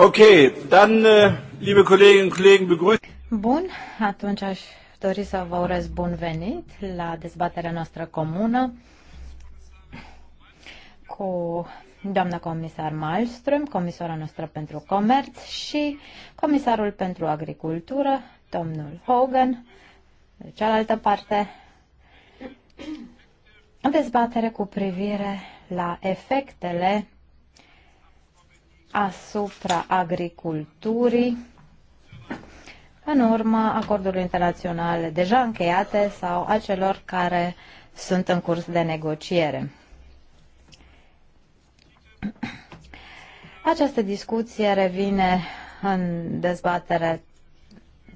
Ok, dann, äh, liebe Kolleginnen und Kollegen, begrüßen. Bun, atunci aș dori să vă urez bun venit la dezbaterea noastră comună cu doamna comisar Malmström, comisara noastră pentru comerț și comisarul pentru agricultură, domnul Hogan, de cealaltă parte, dezbatere cu privire la efectele asupra agriculturii în urma acordurilor internaționale deja încheiate sau a celor care sunt în curs de negociere. Această discuție revine în dezbatere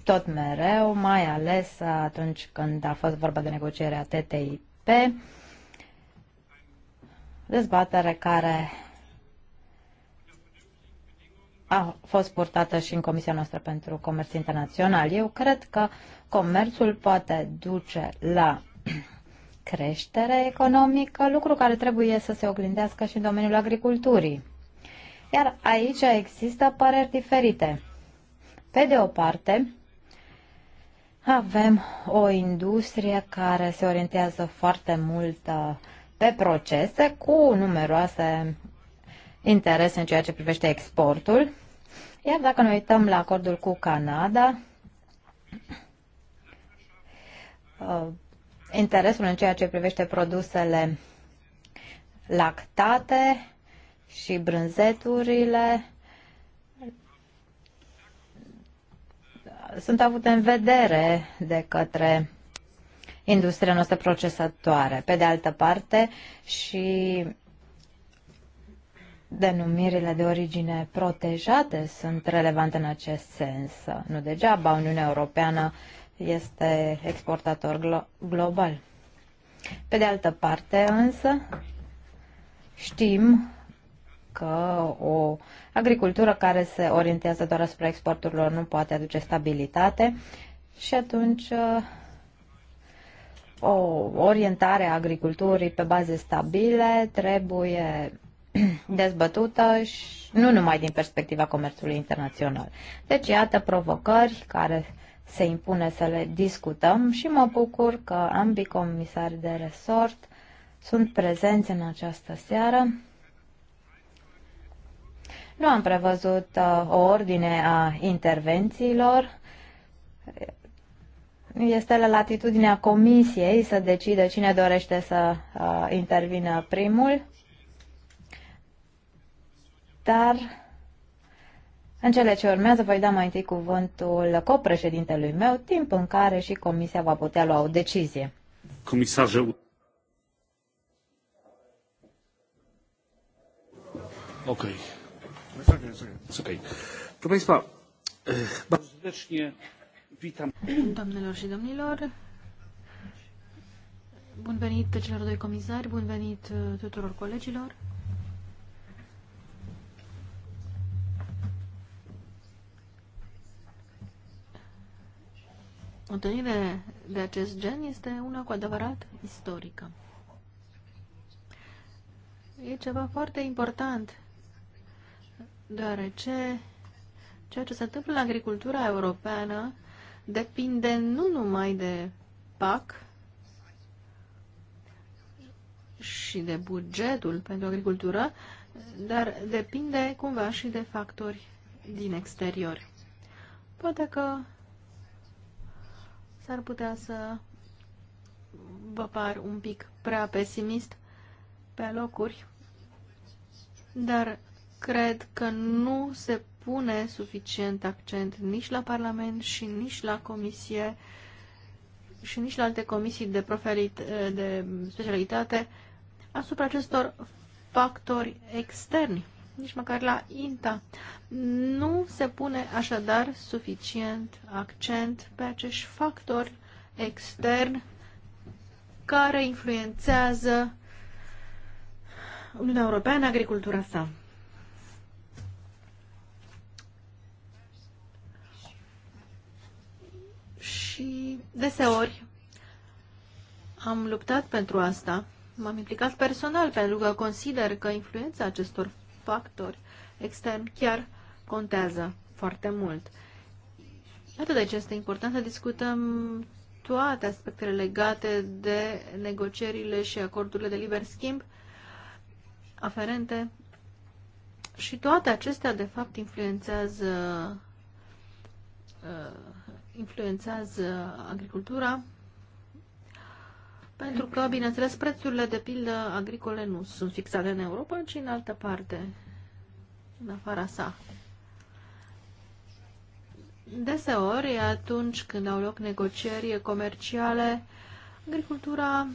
tot mereu, mai ales atunci când a fost vorba de negocierea TTIP, dezbatere care a fost purtată și în Comisia noastră pentru Comerț Internațional. Eu cred că comerțul poate duce la creștere economică, lucru care trebuie să se oglindească și în domeniul agriculturii. Iar aici există păreri diferite. Pe de o parte, avem o industrie care se orientează foarte mult uh, pe procese cu numeroase interes în ceea ce privește exportul. Iar dacă ne uităm la acordul cu Canada, uh, interesul în ceea ce privește produsele lactate și brânzeturile uh, sunt avute în vedere de către industria noastră procesatoare. Pe de altă parte, și denumirile de origine protejate sunt relevante în acest sens. Nu degeaba Uniunea Europeană este exportator glo global. Pe de altă parte, însă, știm că o agricultură care se orientează doar spre exporturilor nu poate aduce stabilitate și atunci o orientare a agriculturii pe baze stabile trebuie dezbătută și nu numai din perspectiva comerțului internațional. Deci, iată provocări care se impune să le discutăm și mă bucur că ambii comisari de resort sunt prezenți în această seară. Nu am prevăzut uh, o ordine a intervențiilor. Este la latitudinea comisiei să decide cine dorește să uh, intervină primul dar în cele ce urmează voi da mai întâi cuvântul copreședintelui meu, timp în care și Comisia va putea lua o decizie. Comisarul. Ok. It's okay. Proszę Państwa, bardzo serdecznie Doamnelor și domnilor, bun venit celor doi comisari, bun venit tuturor colegilor. întâlnire de acest gen este una cu adevărat istorică. E ceva foarte important, deoarece ceea ce se întâmplă în agricultura europeană depinde nu numai de PAC și de bugetul pentru agricultură, dar depinde cumva și de factori din exterior. Poate că s-ar putea să vă par un pic prea pesimist pe locuri, dar cred că nu se pune suficient accent nici la Parlament și nici la Comisie și nici la alte comisii de, profilit, de specialitate asupra acestor factori externi nici măcar la INTA. Nu se pune așadar suficient accent pe acești factori externi care influențează Uniunea Europeană, agricultura sa. Și deseori am luptat pentru asta. M-am implicat personal pentru că consider că influența acestor factori externi chiar contează foarte mult. Iată de ce este important să discutăm toate aspectele legate de negocierile și acordurile de liber schimb aferente și toate acestea, de fapt, influențează, uh, influențează agricultura, pentru că, bineînțeles, prețurile de pildă agricole nu sunt fixate în Europa, ci în altă parte, în afara sa. Deseori, atunci când au loc negocieri comerciale, agricultura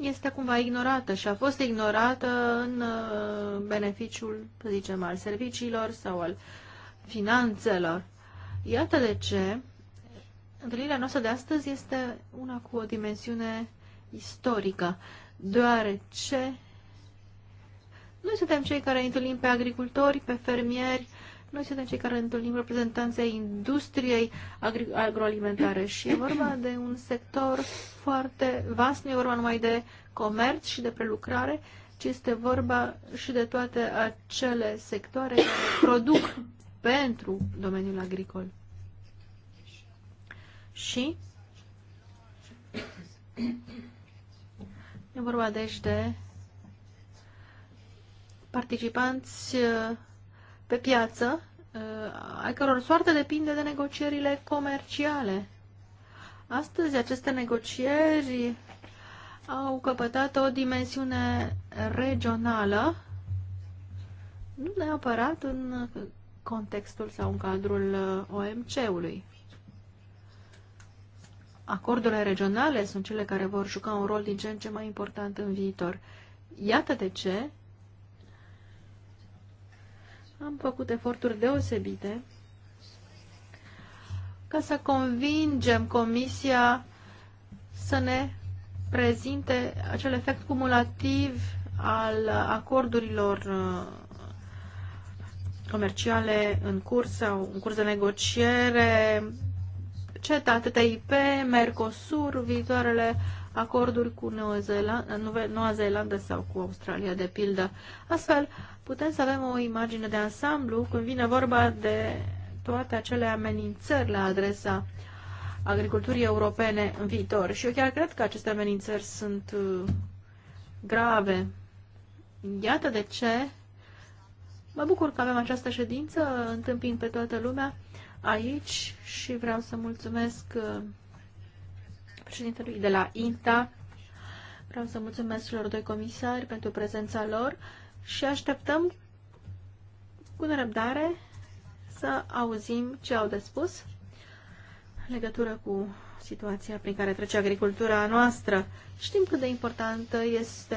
este cumva ignorată și a fost ignorată în uh, beneficiul, să zicem, al serviciilor sau al finanțelor. Iată de ce Întâlnirea noastră de astăzi este una cu o dimensiune istorică, deoarece noi suntem cei care întâlnim pe agricultori, pe fermieri, noi suntem cei care întâlnim reprezentanții industriei agroalimentare și e vorba de un sector foarte vast, nu e vorba numai de comerț și de prelucrare, ci este vorba și de toate acele sectoare care produc pentru domeniul agricol și e vorba deci de participanți uh, pe piață, uh, ai căror soartă depinde de negocierile comerciale. Astăzi aceste negocieri au căpătat o dimensiune regională, nu neapărat în contextul sau în cadrul uh, OMC-ului acordurile regionale sunt cele care vor juca un rol din ce în ce mai important în viitor. Iată de ce am făcut eforturi deosebite ca să convingem Comisia să ne prezinte acel efect cumulativ al acordurilor uh, comerciale în curs sau în curs de negociere CETA, TTIP, Mercosur, viitoarele acorduri cu Noua Zeelandă, Noua Zeelandă sau cu Australia, de pildă. Astfel, putem să avem o imagine de ansamblu când vine vorba de toate acele amenințări la adresa agriculturii europene în viitor. Și eu chiar cred că aceste amenințări sunt uh, grave. Iată de ce mă bucur că avem această ședință, întâmpind pe toată lumea aici și vreau să mulțumesc uh, președintelui de la INTA. Vreau să mulțumesc celor doi comisari pentru prezența lor și așteptăm cu nerăbdare să auzim ce au de spus în legătură cu situația prin care trece agricultura noastră. Știm cât de importantă este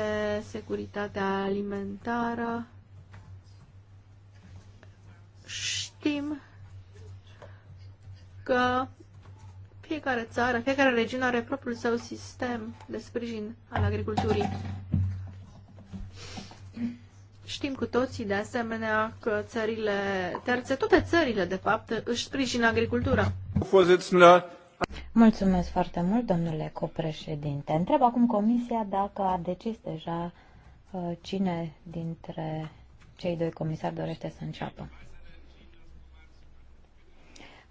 securitatea alimentară. Știm că fiecare țară, fiecare regiune are propriul său sistem de sprijin al agriculturii. Știm cu toții, de asemenea, că țările terțe, toate țările, de fapt, își sprijină agricultura. Mulțumesc foarte mult, domnule copreședinte. Întreb acum Comisia dacă a decis deja uh, cine dintre cei doi comisari dorește să înceapă.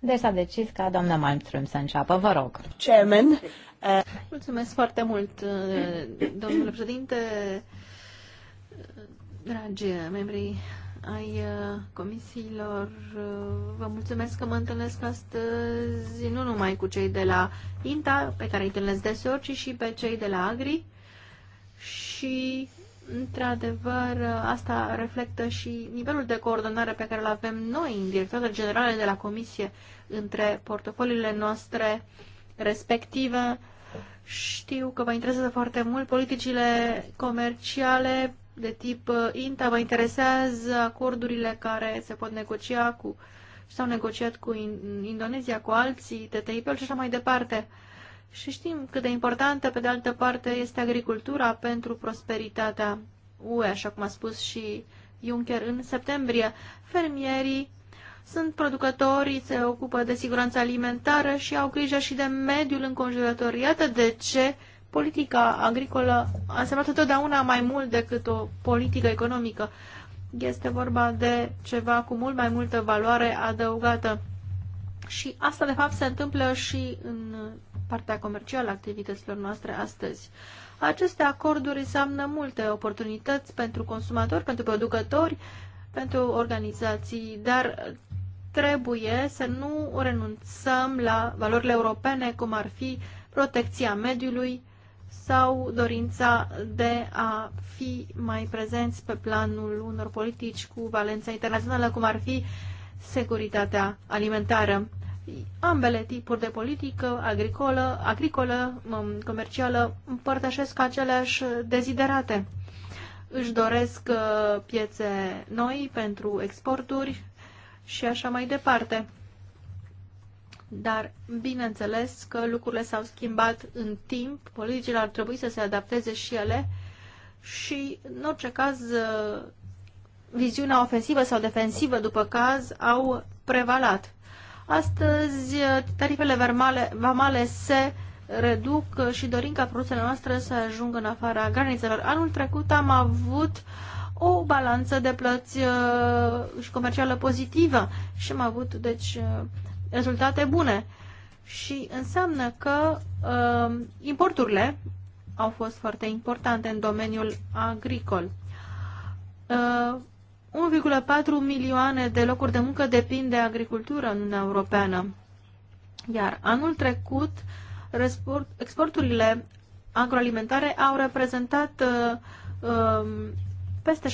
Deci s-a decis ca doamna Malmström să înceapă. Vă rog. Chairman. Uh... Mulțumesc foarte mult, uh, domnule președinte, dragi membrii ai uh, comisiilor. Uh, vă mulțumesc că mă întâlnesc astăzi nu numai cu cei de la INTA, pe care îi întâlnesc deseori, ci și pe cei de la AGRI și într-adevăr, asta reflectă și nivelul de coordonare pe care îl avem noi în directoarele generale de la Comisie între portofoliile noastre respective. Știu că vă interesează foarte mult politicile comerciale de tip uh, INTA, vă interesează acordurile care se pot negocia cu sau negociat cu Indonezia, cu alții, TTIP-ul și așa mai departe. Și știm cât de importantă, pe de altă parte, este agricultura pentru prosperitatea UE, așa cum a spus și Juncker în septembrie. Fermierii sunt producători, se ocupă de siguranța alimentară și au grijă și de mediul înconjurător. Iată de ce politica agricolă a însemnat întotdeauna mai mult decât o politică economică. Este vorba de ceva cu mult mai multă valoare adăugată. Și asta, de fapt, se întâmplă și în partea comercială a activităților noastre astăzi. Aceste acorduri înseamnă multe oportunități pentru consumatori, pentru producători, pentru organizații, dar trebuie să nu renunțăm la valorile europene, cum ar fi protecția mediului sau dorința de a fi mai prezenți pe planul unor politici cu valența internațională, cum ar fi securitatea alimentară ambele tipuri de politică, agricolă, agricolă um, comercială, împărtășesc aceleași deziderate. Își doresc uh, piețe noi pentru exporturi și așa mai departe. Dar, bineînțeles că lucrurile s-au schimbat în timp, politicile ar trebui să se adapteze și ele și, în orice caz, uh, viziunea ofensivă sau defensivă, după caz, au prevalat. Astăzi, uh, tarifele vermale, vamale se reduc și dorim ca produsele noastre să ajungă în afara granițelor. Anul trecut am avut o balanță de plăți uh, și comercială pozitivă și am avut, deci, uh, rezultate bune. Și înseamnă că uh, importurile au fost foarte importante în domeniul agricol. Uh, 1,4 milioane de locuri de muncă depind de agricultură în Uniunea Europeană. Iar anul trecut, exporturile agroalimentare au reprezentat uh, um, peste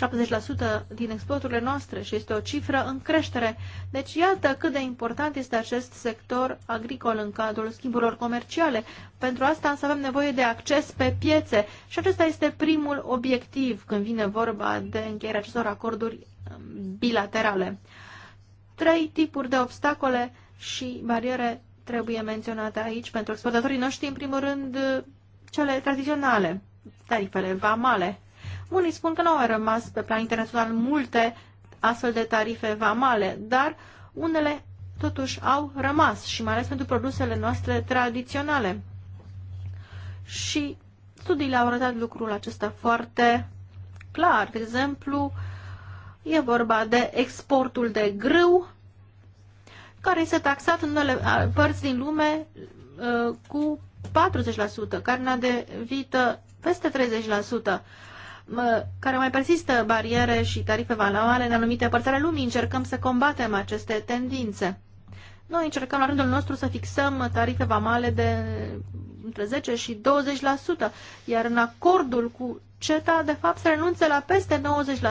70% din exporturile noastre și este o cifră în creștere. Deci iată cât de important este acest sector agricol în cadrul schimburilor comerciale. Pentru asta însă avem nevoie de acces pe piețe și acesta este primul obiectiv când vine vorba de încheierea acestor acorduri um, bilaterale. Trei tipuri de obstacole și bariere trebuie menționate aici pentru exportatorii noștri, în primul rând cele tradiționale, tarifele vamale, unii spun că nu au rămas pe plan internațional multe astfel de tarife vamale, dar unele totuși au rămas și mai ales pentru produsele noastre tradiționale. Și studiile au arătat lucrul acesta foarte clar. De exemplu, e vorba de exportul de grâu, care este taxat în unele părți din lume uh, cu 40%, carnea de vită peste 30% care mai persistă bariere și tarife valoare în anumite părți ale lumii. Încercăm să combatem aceste tendințe. Noi încercăm la rândul nostru să fixăm tarife vamale de între 10 și 20%, iar în acordul cu CETA, de fapt, se renunță la peste 90%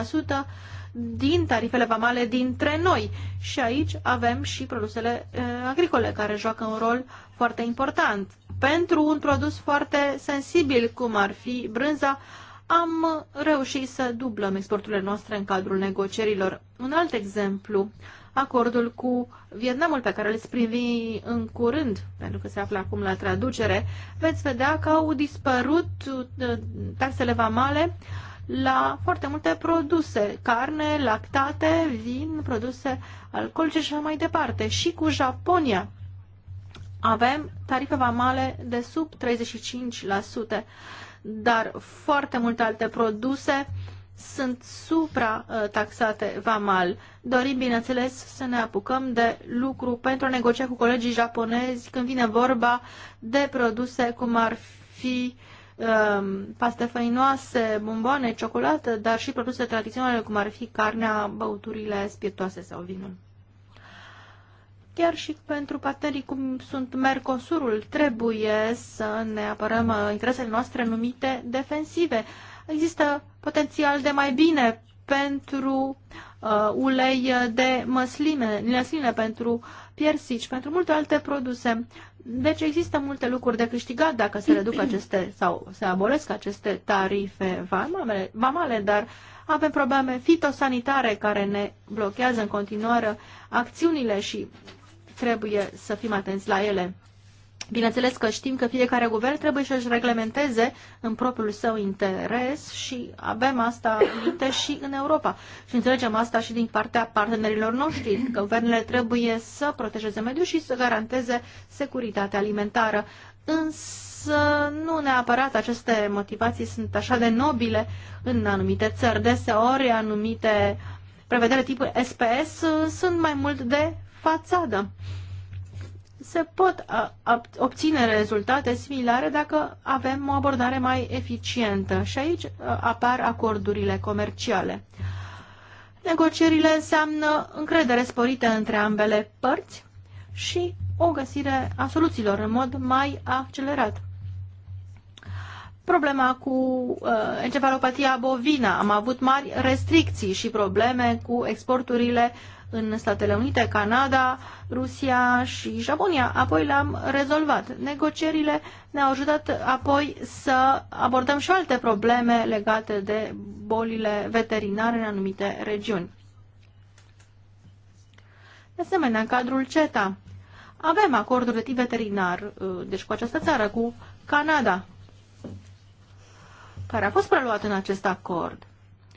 din tarifele vamale dintre noi. Și aici avem și produsele uh, agricole, care joacă un rol foarte important. Pentru un produs foarte sensibil, cum ar fi brânza, am reușit să dublăm exporturile noastre în cadrul negocierilor. Un alt exemplu, acordul cu Vietnamul pe care îl privi în curând, pentru că se află acum la traducere, veți vedea că au dispărut uh, taxele vamale la foarte multe produse, carne, lactate, vin, produse alcoolice și așa mai departe. Și cu Japonia avem tarife vamale de sub 35% dar foarte multe alte produse sunt supra-taxate vamal. Dorim, bineînțeles, să ne apucăm de lucru pentru a negocia cu colegii japonezi când vine vorba de produse cum ar fi um, paste făinoase, bomboane, ciocolată, dar și produse tradiționale cum ar fi carnea, băuturile spiritoase sau vinul. Chiar și pentru partenerii cum sunt Mercosurul, trebuie să ne apărăm uh, interesele noastre numite defensive. Există potențial de mai bine pentru uh, ulei de măsline, măsline, pentru piersici, pentru multe alte produse. Deci există multe lucruri de câștigat dacă se reduc aceste sau se abolesc aceste tarife vamale, vamale dar avem probleme fitosanitare care ne blochează în continuare acțiunile și trebuie să fim atenți la ele. Bineînțeles că știm că fiecare guvern trebuie să-și reglementeze în propriul său interes și avem asta minte și în Europa. Și înțelegem asta și din partea partenerilor noștri. Că guvernele trebuie să protejeze mediul și să garanteze securitatea alimentară. Însă nu neapărat aceste motivații sunt așa de nobile în anumite țări. Deseori anumite prevedere tipul SPS sunt mai mult de fațadă. Se pot obține rezultate similare dacă avem o abordare mai eficientă și aici apar acordurile comerciale. Negocierile înseamnă încredere sporită între ambele părți și o găsire a soluțiilor în mod mai accelerat. Problema cu uh, encefalopatia bovina. Am avut mari restricții și probleme cu exporturile uh, în Statele Unite, Canada, Rusia și Japonia. Apoi le-am rezolvat. Negocierile ne-au ajutat apoi să abordăm și alte probleme legate de bolile veterinare în anumite regiuni. De asemenea, în cadrul CETA avem acordul de tip veterinar, uh, deci cu această țară, cu Canada, care a fost preluat în acest acord.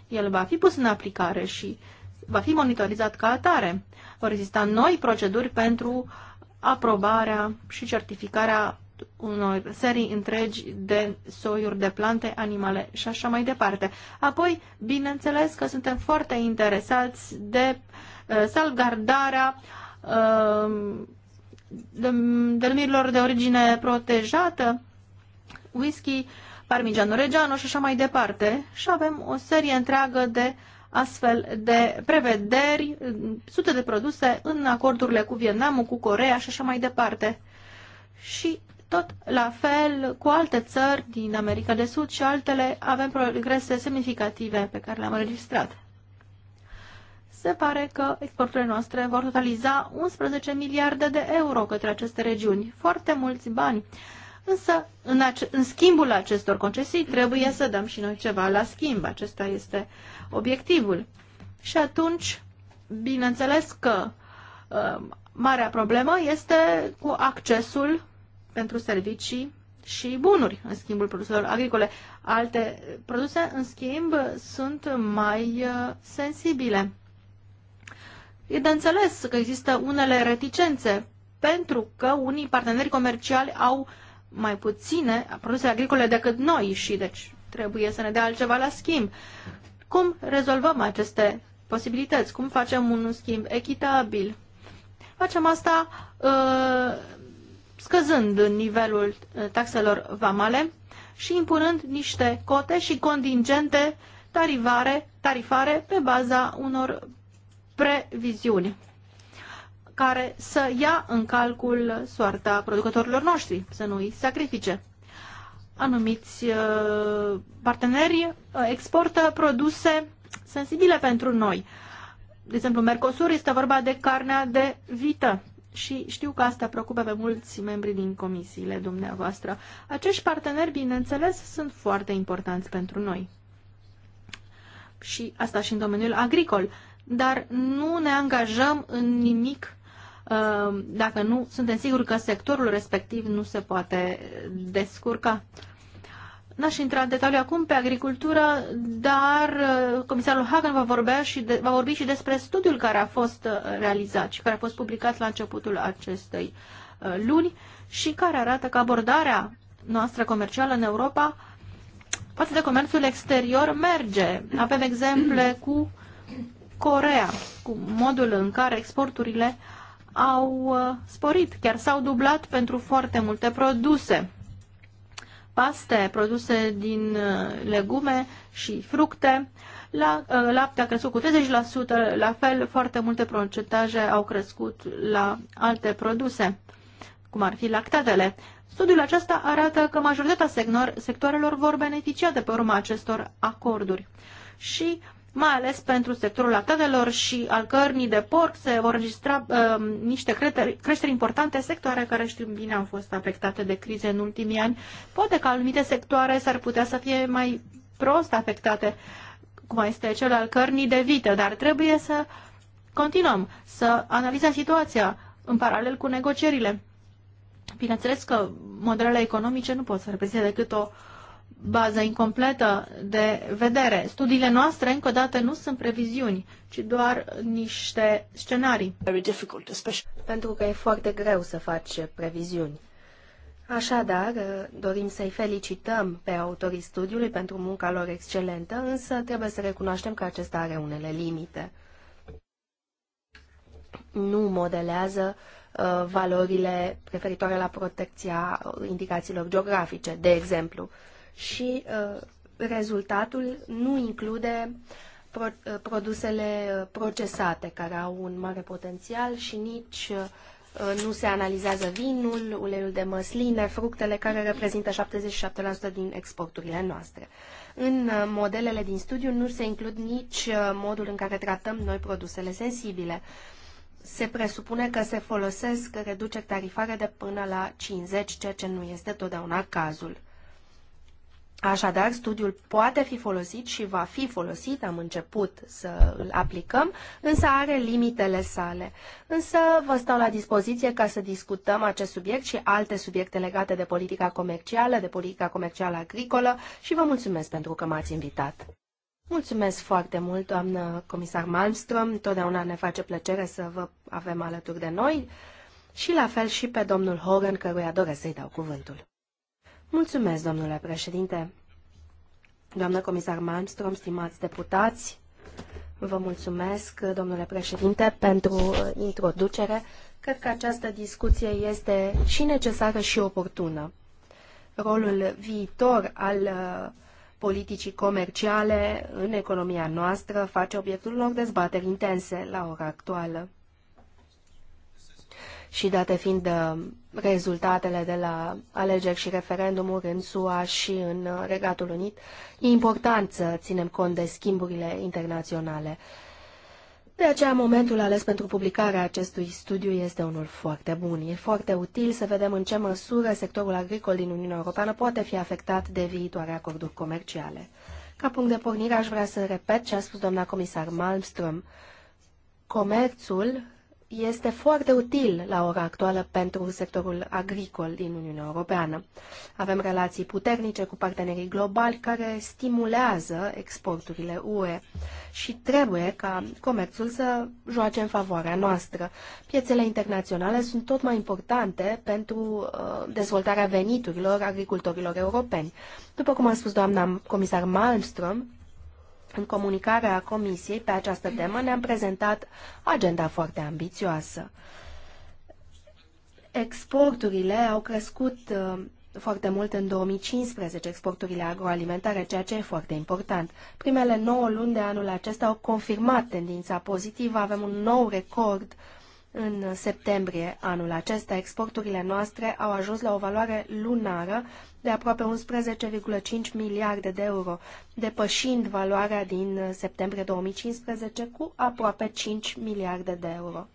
El va fi pus în aplicare și uh, va fi monitorizat ca atare. Vor exista noi proceduri pentru aprobarea și certificarea unor serii întregi de soiuri de plante, animale și așa mai departe. Apoi, bineînțeles că suntem foarte interesați de uh, salvgardarea uh, denumirilor de origine protejată, whisky, parmigiano regiano și așa mai departe. Și avem o serie întreagă de uh, astfel de prevederi, sute de produse în acordurile cu Vietnamul, cu Corea și așa mai departe. Și tot la fel cu alte țări din America de Sud și altele avem progrese semnificative pe care le-am înregistrat. Se pare că exporturile noastre vor totaliza 11 miliarde de euro către aceste regiuni, foarte mulți bani. Însă, în, ace- în schimbul acestor concesii, trebuie să dăm și noi ceva la schimb. Acesta este uh, obiectivul. Și atunci, bineînțeles că uh, marea problemă este cu accesul pentru servicii și bunuri în schimbul produselor agricole. Alte produse, în schimb, sunt mai uh, sensibile. E de înțeles că există unele reticențe pentru că unii parteneri comerciali au mai puține produse agricole decât noi și deci trebuie să ne dea altceva la schimb. Cum rezolvăm aceste posibilități? Cum facem un schimb echitabil? Facem asta uh, scăzând nivelul uh, taxelor vamale și impunând niște cote și contingente tarivare, tarifare pe baza unor previziuni care să ia în calcul soarta producătorilor noștri, să nu îi sacrifice anumiți uh, parteneri uh, exportă produse sensibile pentru noi. De exemplu, Mercosur este vorba de carnea de vită și știu că asta preocupă pe mulți membri din comisiile dumneavoastră. Acești parteneri, bineînțeles, sunt foarte importanți pentru noi. Și asta și în domeniul agricol. Dar nu ne angajăm în nimic Ehm, dacă nu suntem siguri că sectorul respectiv nu se poate descurca. N-aș intra în detaliu acum pe agricultură, dar eh, comisarul Hagen va, vorbea și de, va vorbi și despre studiul care a fost eh, realizat și care a fost publicat la începutul acestei eh, luni și care arată că abordarea noastră comercială în Europa față de comerțul exterior merge. Avem exemple cu Corea, cu modul în care exporturile uh, au uh, sporit, chiar s-au dublat pentru foarte multe produse. Paste, produse din uh, legume și fructe, la, uh, lapte a crescut cu 30%, la fel foarte multe procentaje au crescut la alte produse, cum ar fi lactatele. Studiul acesta arată că majoritatea sector, sectoarelor vor beneficia de pe urma acestor acorduri. Și mai ales pentru sectorul lactatelor și al cărnii de porc, se vor registra uh, um, niște creșteri, creșteri importante, sectoare care știm bine au fost afectate de crize în ultimii ani. Poate că anumite sectoare s-ar putea să fie mai prost afectate, cum este cel al cărnii de vită, dar trebuie să continuăm să analizăm situația în paralel cu negocierile. Bineînțeles că modelele economice nu pot să reprezinte decât o uh, bază incompletă de vedere. Studiile noastre, încă o dată, nu sunt previziuni, ci doar niște scenarii. Pentru că e foarte greu să faci previziuni. Așadar, dorim să-i felicităm pe autorii studiului pentru munca lor excelentă, însă trebuie să recunoaștem că acesta are unele limite. Nu modelează uh, valorile preferitoare la protecția uh, indicațiilor geografice, de exemplu. Uh, și uh, rezultatul nu include uh, produsele procesate, care au un mare potențial și nici uh, nu se analizează vinul, uleiul de măsline, fructele care reprezintă 77% din exporturile noastre. În modelele din studiu nu se includ nici modul în care tratăm noi produsele sensibile se presupune că se folosesc reduceri tarifare de până la 50, ceea ce nu este totdeauna cazul. Așadar, studiul poate fi folosit și va fi folosit, am început să îl aplicăm, însă are limitele sale. Însă vă stau la dispoziție ca să discutăm acest subiect și alte subiecte legate de politica comercială, de politica comercială agricolă și vă mulțumesc pentru că m-ați invitat. Mulțumesc foarte mult, doamnă comisar Malmström, totdeauna ne face plăcere să vă avem alături de noi și la fel și pe domnul Hogan, căruia doresc să-i dau cuvântul. Mulțumesc, domnule președinte. Doamnă comisar Malmström, stimați deputați, vă mulțumesc, domnule președinte, pentru introducere. Cred că această discuție este și necesară și oportună. Rolul viitor al uh, politicii comerciale în economia noastră face obiectul unor dezbateri intense la ora actuală și date fiind uh, rezultatele de la alegeri și referendumuri în SUA și în uh, Regatul Unit, e important să ținem cont de schimburile internaționale. De aceea, momentul ales pentru publicarea acestui studiu este unul foarte bun. E foarte util să vedem în ce măsură sectorul agricol din Uniunea Europeană poate fi afectat de viitoare acorduri comerciale. Ca punct de pornire, aș vrea să repet ce a spus doamna comisar Malmström. Comerțul este foarte util la ora actuală pentru sectorul agricol din Uniunea Europeană. Avem relații puternice cu partenerii globali care stimulează exporturile UE și trebuie ca comerțul să joace în favoarea noastră. Piețele internaționale sunt tot mai importante pentru uh, dezvoltarea veniturilor agricultorilor europeni. După cum a spus doamna comisar Malmström, în comunicarea Comisiei pe această temă ne-am prezentat agenda foarte ambițioasă. Exporturile au crescut uh, foarte mult în 2015 exporturile agroalimentare, ceea ce e foarte important. Primele 9 luni de anul acesta au confirmat tendința pozitivă, avem un nou record uh, în septembrie anul acesta, exporturile noastre au ajuns la o valoare lunară de aproape 11,5 miliarde de euro, depășind valoarea din septembrie 2015 cu aproape 5 miliarde de euro.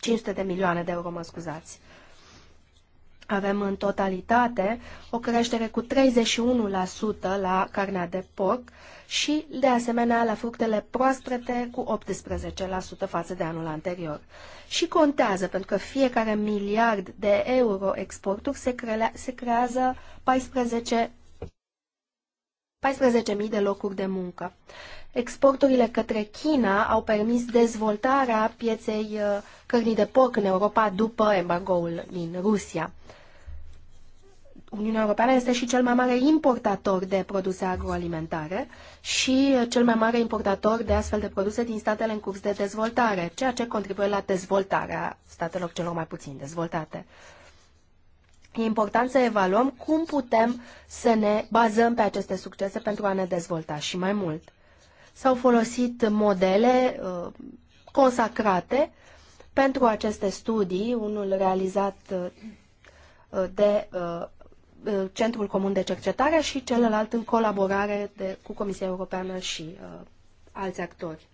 500 de milioane de euro, mă scuzați. Avem în totalitate o creștere cu 31% la carnea de porc și, de asemenea, la fructele proaspete cu 18% față de anul anterior. Și contează, pentru că fiecare miliard de euro exporturi se, crea, se creează 14 14.000 de locuri de muncă. Exporturile către China au permis dezvoltarea pieței uh, cărnii de porc în Europa după embargoul din Rusia. Uniunea Europeană este și cel mai mare importator de produse agroalimentare și cel mai mare importator de astfel de produse din statele în curs de dezvoltare, ceea ce contribuie la dezvoltarea statelor celor mai puțin dezvoltate. E important să evaluăm cum putem să ne bazăm pe aceste succese pentru a ne dezvolta și mai mult. S-au folosit modele uh, consacrate pentru aceste studii, unul realizat uh, de uh, Uh, Centrul Comun de Cercetare și celălalt în colaborare de, cu Comisia Europeană și uh, alți actori.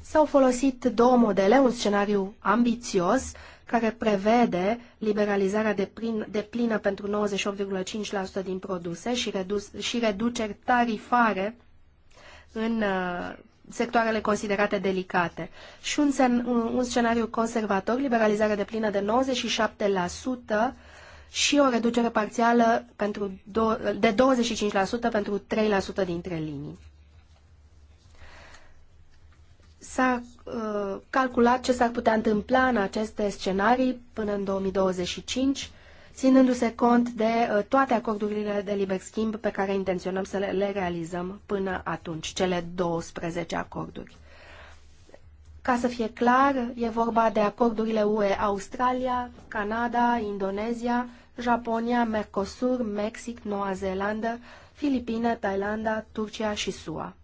S-au folosit două modele, un scenariu ambițios care prevede liberalizarea de, plin, de plină pentru 98,5% din produse și, redus, și reduceri tarifare în uh, sectoarele considerate delicate. Și un, un, un scenariu conservator, liberalizarea de plină de 97% și o reducere parțială pentru de 25% pentru 3% dintre linii. S-a uh, calculat ce s-ar putea întâmpla în aceste scenarii până în 2025, ținându-se cont de uh, toate acordurile de liber schimb pe care intenționăm să le, le realizăm până atunci, cele 12 acorduri. Ca să fie clar, e vorba de acordurile UE Australia, Canada, Indonezia, Japonia, Mercosur, Mexic, Noua Zeelandă, Filipine, Thailanda, Turcia și SUA.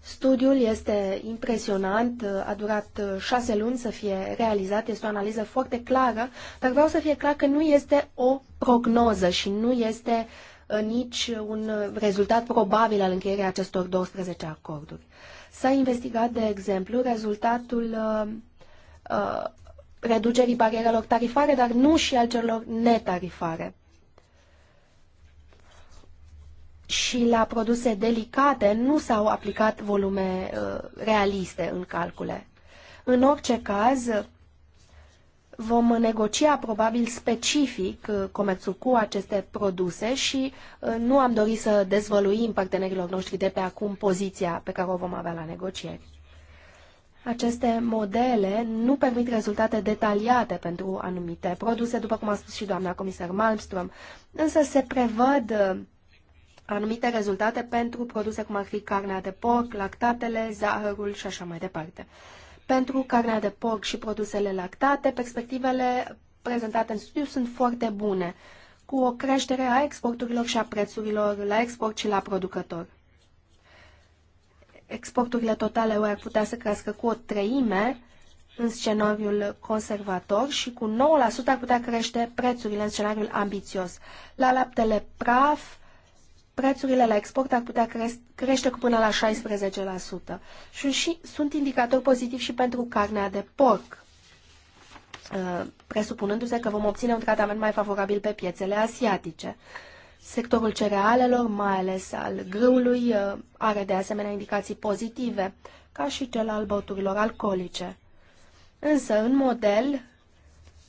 Studiul este impresionant, a durat șase luni să fie realizat, este o analiză foarte clară, dar vreau să fie clar că nu este o prognoză și nu este uh, nici un rezultat probabil al încheierii acestor 12 acorduri. S-a investigat, de exemplu, rezultatul uh, uh, reducerii barierelor tarifare, dar nu și al celor netarifare. Și la produse delicate nu s-au aplicat volume uh, realiste în calcule. În orice caz, vom negocia probabil specific uh, comerțul cu aceste produse și uh, nu am dorit să dezvăluim partenerilor noștri de pe acum poziția pe care o vom avea la negocieri. Aceste modele nu permit rezultate detaliate pentru anumite produse, după cum a spus și doamna comisar Malmström, însă se prevăd uh, anumite rezultate pentru produse cum ar fi carnea de porc, lactatele, zahărul și așa mai departe. Pentru carnea de porc și produsele lactate, perspectivele prezentate în studiu sunt foarte bune, cu o creștere a exporturilor și a prețurilor la export și la producător exporturile totale UE ar putea să crească cu o treime în scenariul conservator și cu 9% ar putea crește prețurile în scenariul ambițios. La laptele praf, prețurile la export ar putea crește cu până la 16%. Și, și sunt indicatori pozitivi și pentru carnea de porc, uh, presupunându-se că vom obține un tratament mai favorabil pe piețele asiatice. Sectorul cerealelor, mai ales al grâului, uh, are de asemenea indicații pozitive, ca și cel al băuturilor alcoolice. Însă, în model,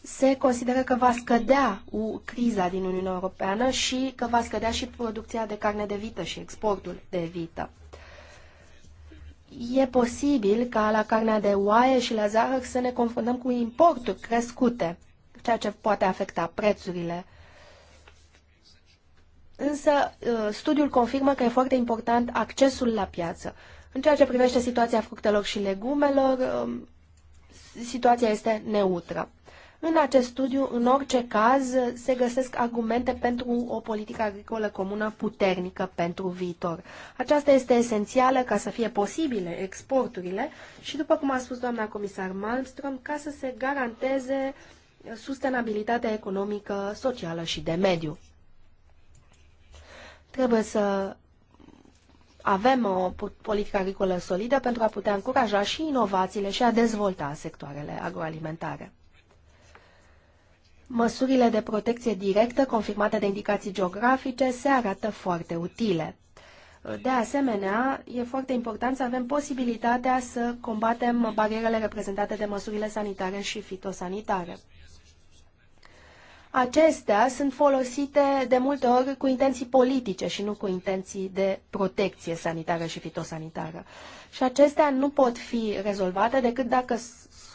se consideră că va scădea criza din Uniunea Europeană și că va scădea și producția de carne de vită și exportul de vită. E posibil ca la carnea de oaie și la zahăr să ne confundăm cu importuri crescute, ceea ce poate afecta prețurile însă uh, studiul confirmă că e foarte important accesul la piață. În ceea ce privește situația fructelor și legumelor, um, situația este neutră. În acest studiu, în orice caz, se găsesc argumente pentru o politică agricolă comună puternică pentru viitor. Aceasta este esențială ca să fie posibile exporturile și, după cum a spus doamna comisar Malmström, ca să se garanteze sustenabilitatea economică, socială și de mediu. Trebuie să avem o politică agricolă solidă pentru a putea încuraja și inovațiile și a dezvolta sectoarele agroalimentare. Măsurile de protecție directă confirmate de indicații geografice se arată foarte utile. De asemenea, e foarte important să avem posibilitatea să combatem barierele reprezentate de măsurile sanitare și fitosanitare acestea sunt folosite de multe ori cu intenții politice și nu cu intenții de protecție sanitară și fitosanitară. Și acestea nu pot fi rezolvate decât dacă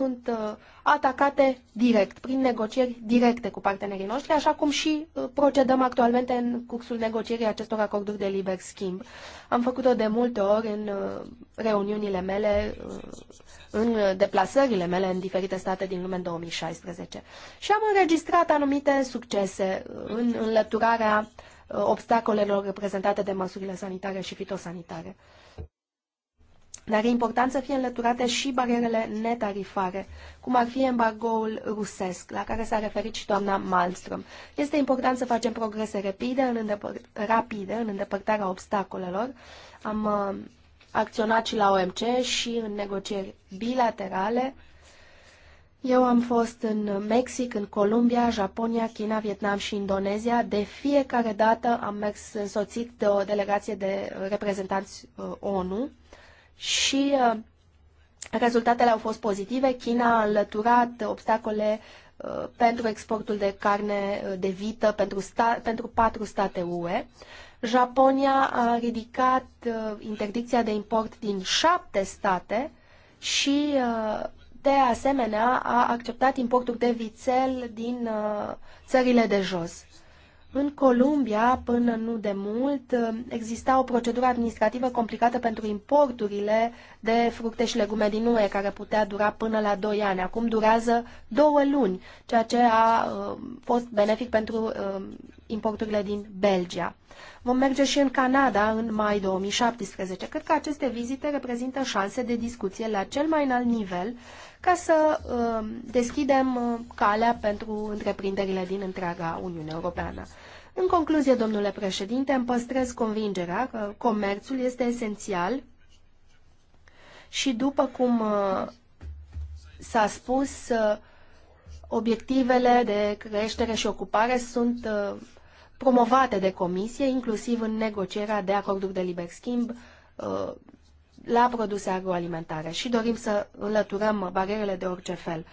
sunt uh, atacate direct, prin negocieri directe cu partenerii noștri, așa cum și uh, procedăm actualmente în cursul negocierii acestor acorduri de liber schimb. Am făcut-o de multe ori în uh, reuniunile mele, în deplasările mele în diferite state din lume în 2016. Și am înregistrat anumite succese în înlăturarea obstacolelor reprezentate de măsurile sanitare și fitosanitare. Uh, dar e important să fie înlăturate și barierele netarifare, cum ar fi embargoul rusesc, la care s-a referit și doamna Malmström. Este important să facem progrese rapide în, îndepăr- rapide în îndepărtarea obstacolelor. Am uh, acționat și la OMC și în negocieri bilaterale. Eu am fost în Mexic, în Columbia, Japonia, China, Vietnam și Indonezia. De fiecare dată am mers însoțit de o delegație de reprezentanți uh, ONU și uh, rezultatele au fost pozitive. China a înlăturat obstacole uh, pentru exportul de carne uh, de vită pentru, sta, pentru patru state UE. Japonia a ridicat interdicția de import din șapte state și, de asemenea, a acceptat importul de vițel din țările de jos. În Columbia, până nu de mult, exista o procedură administrativă complicată pentru importurile de fructe și legume din UE, care putea dura până la 2 ani. Acum durează 2 luni, ceea ce a uh, fost benefic pentru uh, importurile din Belgia. Vom merge și în Canada în mai 2017. Cred că aceste vizite reprezintă șanse de discuție la cel mai înalt nivel ca să uh, deschidem calea pentru întreprinderile din întreaga Uniune Europeană. În concluzie, domnule președinte, îmi păstrez convingerea că comerțul este esențial și după cum uh, s-a spus, uh, obiectivele de creștere și ocupare sunt uh, promovate de comisie, inclusiv în negocierea de acorduri de liber schimb la produse agroalimentare și dorim să înlăturăm barierele de orice fel.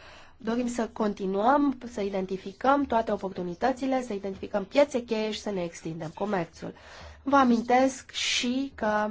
Dorim să continuăm, să identificăm toate oportunitățile, să identificăm piețe cheie și să ne extindem comerțul. Vă amintesc și că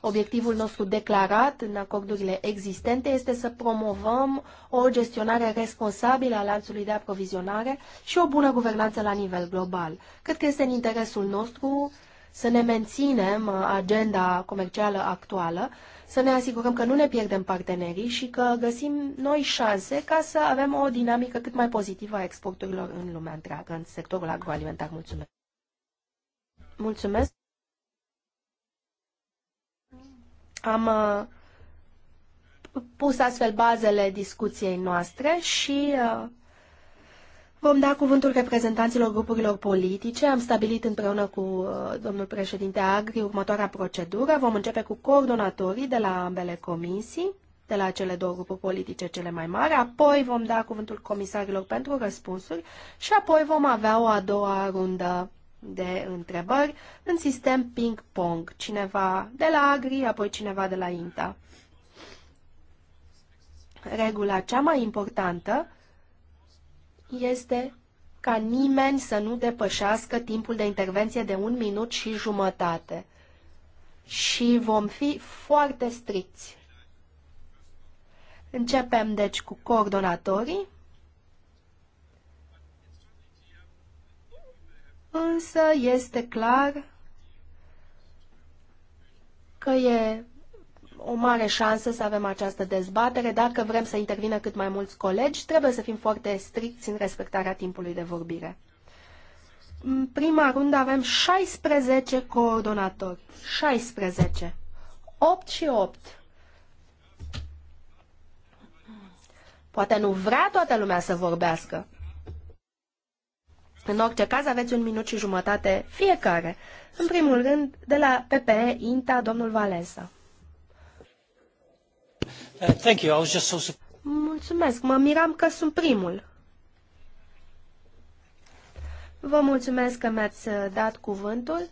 obiectivul nostru declarat în acordurile existente este să promovăm o gestionare responsabilă a lanțului de aprovizionare și o bună guvernanță la nivel global. Cred că este în interesul nostru să ne menținem agenda comercială actuală să ne asigurăm că nu ne pierdem partenerii și că găsim noi șanse ca să avem o dinamică cât mai pozitivă a exporturilor în lumea întreagă, în sectorul agroalimentar. Mulțumesc! Mulțumesc! Am uh, pus astfel bazele discuției noastre și uh, Vom da cuvântul reprezentanților grupurilor politice. Am stabilit împreună cu uh, domnul președinte Agri următoarea procedură. Vom începe cu coordonatorii de la ambele comisii, de la cele două grupuri politice cele mai mari, apoi vom da cuvântul comisarilor pentru răspunsuri și apoi vom avea o a doua rundă de întrebări în sistem ping-pong. Cineva de la Agri, apoi cineva de la INTA. Regula cea mai importantă este ca nimeni să nu depășească timpul de intervenție de un minut și jumătate. Și vom fi foarte stricți. Începem deci cu coordonatorii. Însă este clar că e o mare șansă să avem această dezbatere. Dacă vrem să intervină cât mai mulți colegi, trebuie să fim foarte stricți în respectarea timpului de vorbire. În prima rundă avem 16 coordonatori. 16. 8 și 8. Poate nu vrea toată lumea să vorbească. În orice caz, aveți un minut și jumătate fiecare. În primul rând, de la PPE INTA, domnul Valesa. Uh, thank you. I was just so... Mulțumesc. Mă miram că sunt primul. Vă mulțumesc că mi-ați uh, dat cuvântul.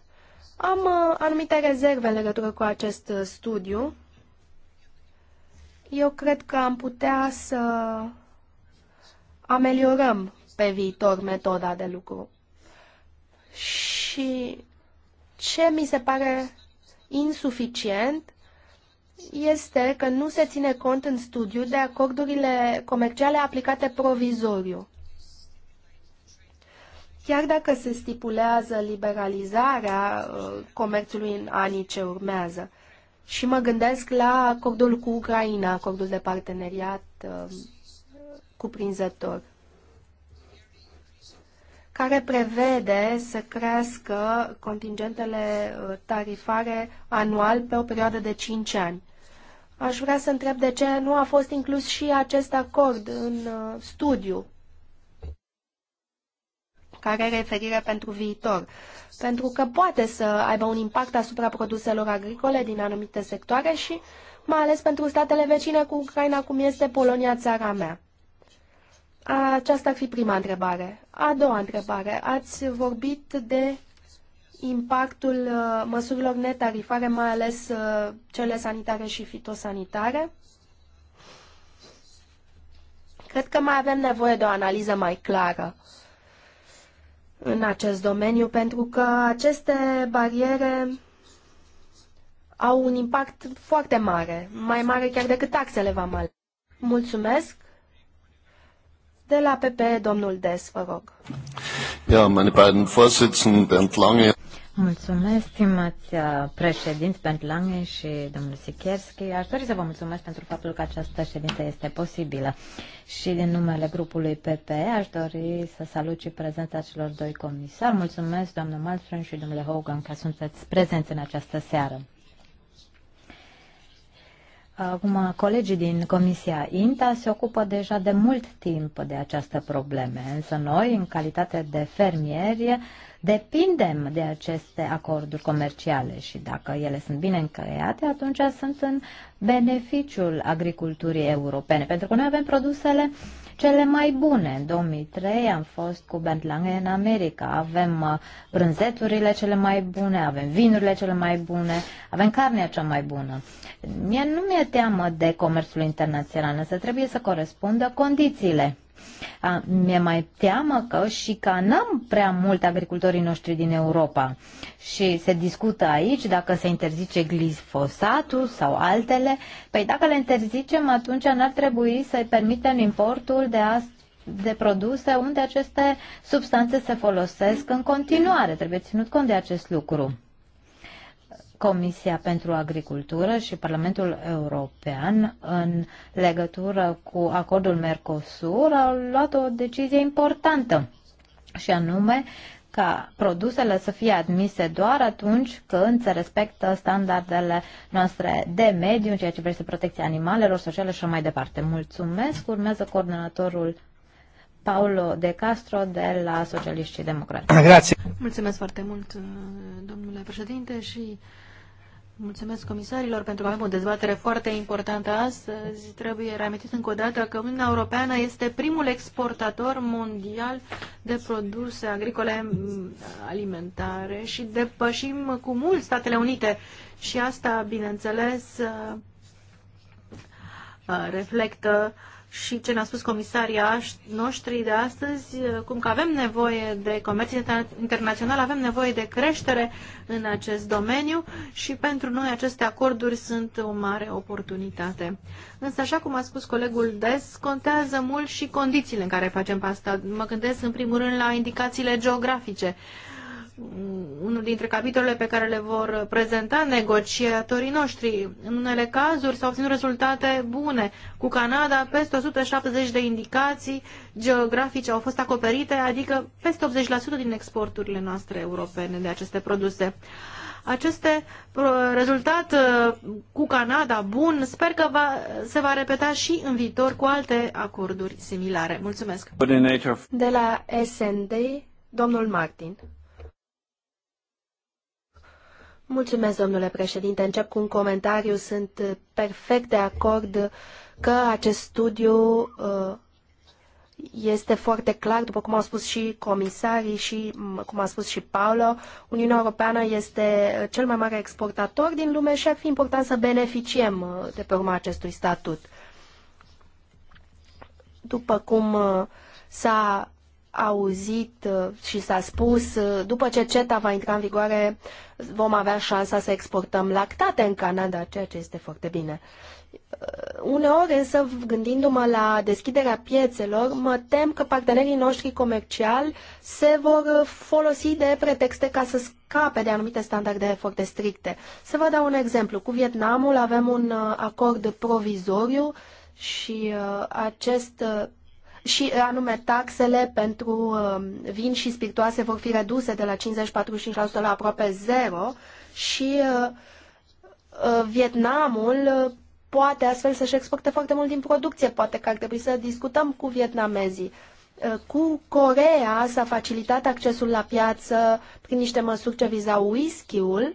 Am uh, anumite rezerve în legătură cu acest studiu. Eu cred că am putea să ameliorăm pe viitor metoda de lucru. Și ce mi se pare insuficient este că nu se ține cont în studiu de acordurile comerciale aplicate provizoriu. Chiar dacă se stipulează liberalizarea uh, comerțului în anii ce urmează. Și mă gândesc la acordul cu Ucraina, acordul de parteneriat uh, cuprinzător, care prevede să crească contingentele uh, tarifare anual pe o perioadă de 5 ani. Aș vrea să întreb de ce nu a fost inclus și acest acord în uh, studiu care are referire pentru viitor, pentru că poate să aibă un impact asupra produselor agricole din anumite sectoare și mai ales pentru statele vecine cu Ucraina, cum este Polonia, țara mea. Aceasta ar fi prima întrebare. A doua întrebare. Ați vorbit de impactul uh, măsurilor netarifare, mai ales uh, cele sanitare și fitosanitare. Cred că mai avem nevoie de o analiză mai clară în acest domeniu, pentru că aceste bariere au un impact foarte mare, mai mare chiar decât taxele vamale. Mulțumesc! De la PP, domnul Des, vă rog. Ja, meine beiden Vorsitzenden, Bernd Lange Mulțumesc, stimați uh, președinți pentru Lange și domnul Sikierski. Aș dori să vă mulțumesc pentru faptul că această ședință este posibilă. Și din numele grupului PP aș dori să salut și prezența celor doi comisari. Mulțumesc, doamnă Malfrân și domnule Hogan, că sunteți prezenți în această seară. Acum, colegii din Comisia INTA se ocupă deja de mult timp de această probleme, însă noi, în calitate de fermieri, depindem de aceste acorduri comerciale și dacă ele sunt bine încăiate, atunci sunt în beneficiul agriculturii europene, pentru că noi avem produsele cele mai bune. În 2003 am fost cu Bent Lange în America, avem uh, brânzeturile cele mai bune, avem vinurile cele mai bune, avem carnea cea mai bună. Mie nu mi-e teamă de comerțul internațional, însă trebuie să corespundă condițiile mi-e mai teamă că și că n-am prea mult agricultorii noștri din Europa și se discută aici dacă se interzice glifosatul sau altele. Păi dacă le interzicem, atunci n-ar trebui să-i permitem importul de astăzi de produse unde aceste substanțe se folosesc în continuare. Trebuie ținut cont de acest lucru. Comisia pentru Agricultură și Parlamentul European în legătură cu acordul Mercosur au luat o decizie importantă și anume ca produsele să fie admise doar atunci când se respectă standardele noastre de mediu în ceea ce privește protecția animalelor sociale și așa mai departe. Mulțumesc. Urmează coordonatorul Paulo De Castro de la Socialiști și Democrați. Mulțumesc foarte mult, domnule președinte, și Mulțumesc comisarilor pentru că avem o dezbatere foarte importantă astăzi. Trebuie reamintit încă o dată că Uniunea Europeană este primul exportator mondial de produse agricole alimentare și depășim cu mult Statele Unite și asta, bineînțeles, uh, reflectă uh, și ce ne-au spus comisaria noștri de astăzi, cum că avem nevoie de comerț internațional, avem nevoie de creștere în acest domeniu și pentru noi aceste acorduri sunt o mare oportunitate. Însă, așa cum a spus colegul Des, contează mult și condițiile în care facem asta. Mă gândesc în primul rând la indicațiile geografice. Uh, unul dintre capitolele pe care le vor prezenta negociatorii noștri. În unele cazuri s-au obținut rezultate bune. Cu Canada, peste 170 de indicații geografice au fost acoperite, adică peste 80% din exporturile noastre europene de aceste produse. Aceste uh, rezultat uh, cu Canada bun, sper că va, se va repeta și în viitor cu alte acorduri similare. Mulțumesc! De la SND, domnul Martin. Mulțumesc, domnule președinte. Încep cu un comentariu. Sunt uh, perfect de acord că acest studiu uh, este foarte clar, după cum au spus și comisarii și cum a spus și Paolo, Uniunea Europeană este uh, cel mai mare exportator din lume și ar fi important să beneficiem de pe urma acestui statut. După cum s-a auzit uh, și s-a spus, uh, după ce CETA va intra în vigoare, vom avea șansa să exportăm lactate în Canada, ceea ce este foarte bine. Uh, uneori însă, gândindu-mă la deschiderea piețelor, mă tem că partenerii noștri comerciali se vor folosi de pretexte ca să scape de anumite standarde foarte stricte. Să vă dau un exemplu. Cu Vietnamul avem un acord provizoriu și acest și anume taxele pentru um, vin și spiritoase vor fi reduse de la 50-45% la aproape zero și uh, uh, Vietnamul uh, poate astfel să-și exporte foarte mult din producție. Poate că ar trebui să discutăm cu vietnamezii. Cu Corea s-a facilitat accesul la piață prin niște măsuri ce vizau whisky-ul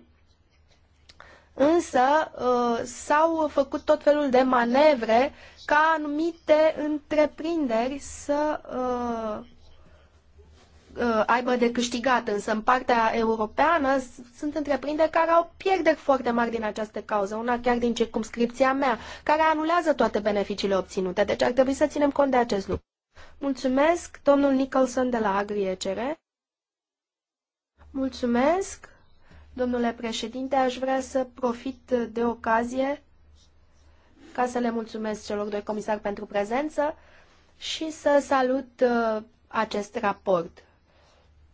însă uh, s-au făcut tot felul de manevre ca anumite întreprinderi să uh, uh, aibă de câștigat, însă în partea europeană sunt întreprinderi care au pierderi foarte mari din această cauză, una chiar din circumscripția mea, care anulează toate beneficiile obținute, deci ar trebui să ținem cont de acest lucru. Mulțumesc, domnul Nicholson de la Agriecere. Mulțumesc. Domnule președinte, aș vrea să profit de ocazie ca să le mulțumesc celor doi comisari pentru prezență și să salut uh, acest raport.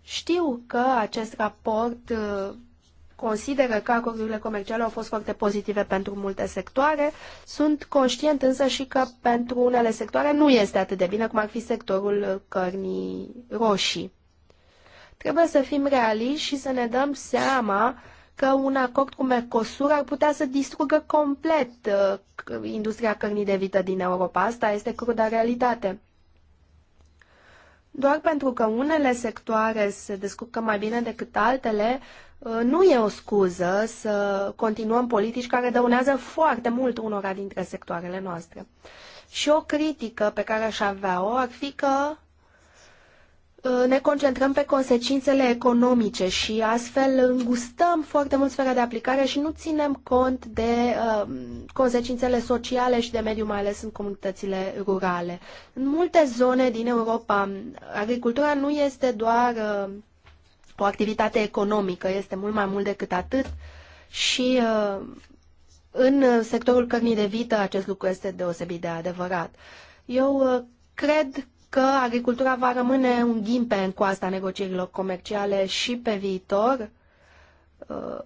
Știu că acest raport uh, consideră că acordurile comerciale au fost foarte pozitive pentru multe sectoare. Sunt conștient însă și că pentru unele sectoare nu este atât de bine cum ar fi sectorul cărnii roșii. Trebuie să fim realiști și să ne dăm seama că un acord cu Mercosur ar putea să distrugă complet uh, industria cărnii de vită din Europa. Asta este cruda realitate. Doar pentru că unele sectoare se descurcă mai bine decât altele, uh, nu e o scuză să continuăm politici care dăunează foarte mult unora dintre sectoarele noastre. Și o critică pe care aș avea-o ar fi că Uh, ne concentrăm pe consecințele economice și astfel îngustăm foarte mult sfera de aplicare și nu ținem cont de uh, consecințele sociale și de mediu, mai ales în comunitățile rurale. În multe zone din Europa, agricultura nu este doar uh, o activitate economică, este mult mai mult decât atât și uh, în sectorul cărnii de vită acest lucru este deosebit de adevărat. Eu uh, cred că agricultura va rămâne un ghimpe în coasta negocierilor comerciale și pe viitor. Uh,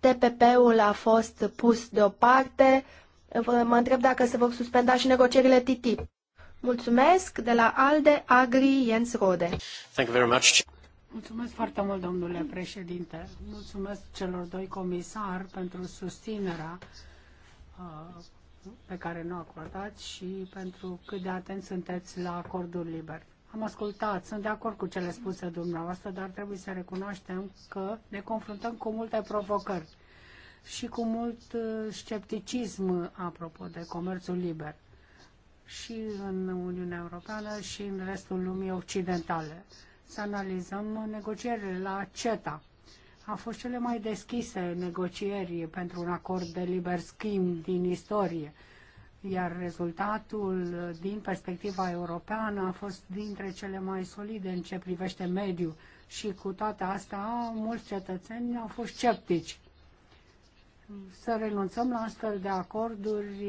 TPP-ul a fost pus deoparte. Mă întreb dacă se vor suspenda și negocierile TTIP. Mulțumesc de la ALDE Agri Jens Rode. Thank you very much. Mulțumesc foarte mult, domnule președinte. Mulțumesc celor doi comisari pentru susținerea uh, pe care nu acordați și pentru cât de atent sunteți la acordul liber. Am ascultat, sunt de acord cu cele spuse dumneavoastră, dar trebuie să recunoaștem că ne confruntăm cu multe provocări și cu mult uh, scepticism apropo de comerțul liber și în Uniunea Europeană și în restul lumii occidentale. Să analizăm negocierile la CETA a fost cele mai deschise negocieri pentru un acord de liber schimb din istorie, iar rezultatul din perspectiva europeană a fost dintre cele mai solide în ce privește mediul și cu toate astea mulți cetățeni au fost sceptici. Să renunțăm la astfel de acorduri,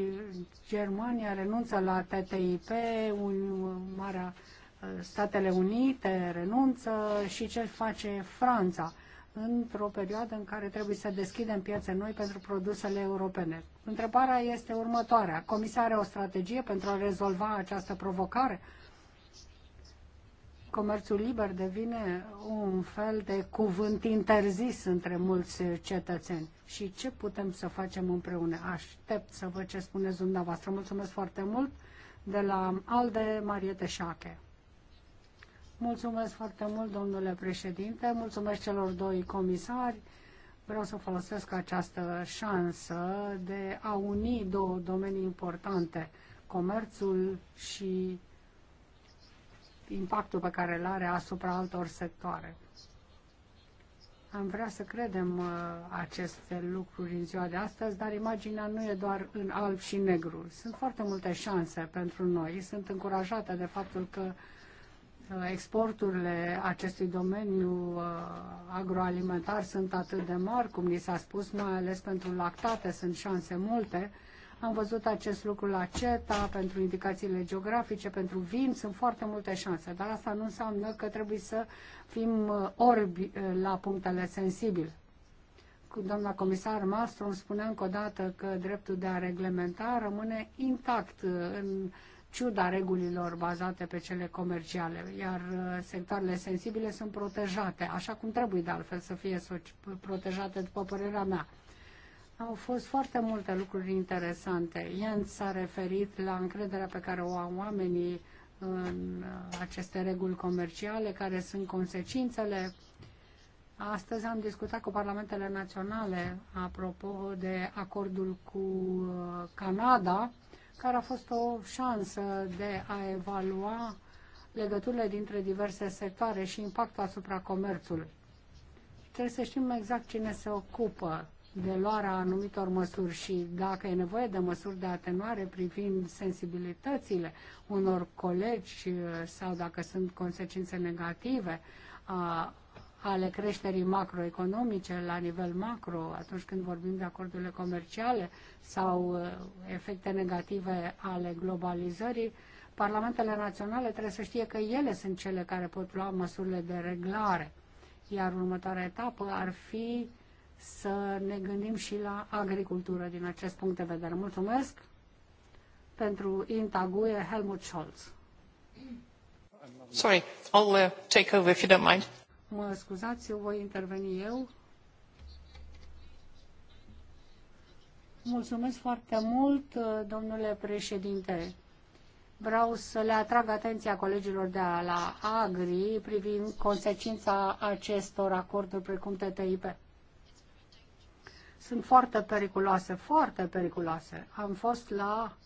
Germania renunță la TTIP, un, Marea, Statele Unite renunță și ce face Franța? într-o perioadă în care trebuie să deschidem piețe noi pentru produsele europene. Întrebarea este următoarea. Comisia are o strategie pentru a rezolva această provocare? Comerțul liber devine un fel de cuvânt interzis între mulți cetățeni. Și ce putem să facem împreună? Aștept să vă ce spuneți dumneavoastră. Mulțumesc foarte mult de la Alde Mariete Șache. Mulțumesc foarte mult, domnule președinte, mulțumesc celor doi comisari. Vreau să folosesc această șansă de a uni două domenii importante, comerțul și impactul pe care îl are asupra altor sectoare. Am vrea să credem uh, aceste lucruri în ziua de astăzi, dar imaginea nu e doar în alb și negru. Sunt foarte multe șanse pentru noi. Sunt încurajată de faptul că exporturile acestui domeniu uh, agroalimentar sunt atât de mari, cum ni s-a spus, mai ales pentru lactate sunt șanse multe. Am văzut acest lucru la CETA, pentru indicațiile geografice, pentru vin, sunt foarte multe șanse, dar asta nu înseamnă că trebuie să fim uh, orbi uh, la punctele sensibile. Doamna comisar îmi spune încă o dată că dreptul de a reglementa rămâne intact în ciuda regulilor bazate pe cele comerciale, iar uh, sectoarele sensibile sunt protejate, așa cum trebuie de altfel să fie protejate, după părerea mea. Au fost foarte multe lucruri interesante. Ian s-a referit la încrederea pe care o au oamenii în uh, aceste reguli comerciale, care sunt consecințele. Astăzi am discutat cu parlamentele naționale apropo de acordul cu uh, Canada, care a fost o șansă de a evalua legăturile dintre diverse sectoare și impactul asupra comerțului. Trebuie să știm exact cine se ocupă de luarea anumitor măsuri și dacă e nevoie de măsuri de atenuare privind sensibilitățile unor colegi sau dacă sunt consecințe negative a ale creșterii macroeconomice la nivel macro, atunci când vorbim de acordurile comerciale sau uh, efecte negative ale globalizării, parlamentele naționale trebuie să știe că ele sunt cele care pot lua măsurile de reglare. Iar următoarea etapă ar fi să ne gândim și la agricultură din acest punct de vedere. Mulțumesc pentru Intaguie Helmut Scholz. Sorry, I'll uh, take over if you don't mind. Mă scuzați, eu voi interveni eu. Mulțumesc foarte mult, domnule președinte. Vreau să le atrag atenția colegilor de la Agri privind consecința acestor acorduri precum TTIP. Sunt foarte periculoase, foarte periculoase. Am fost la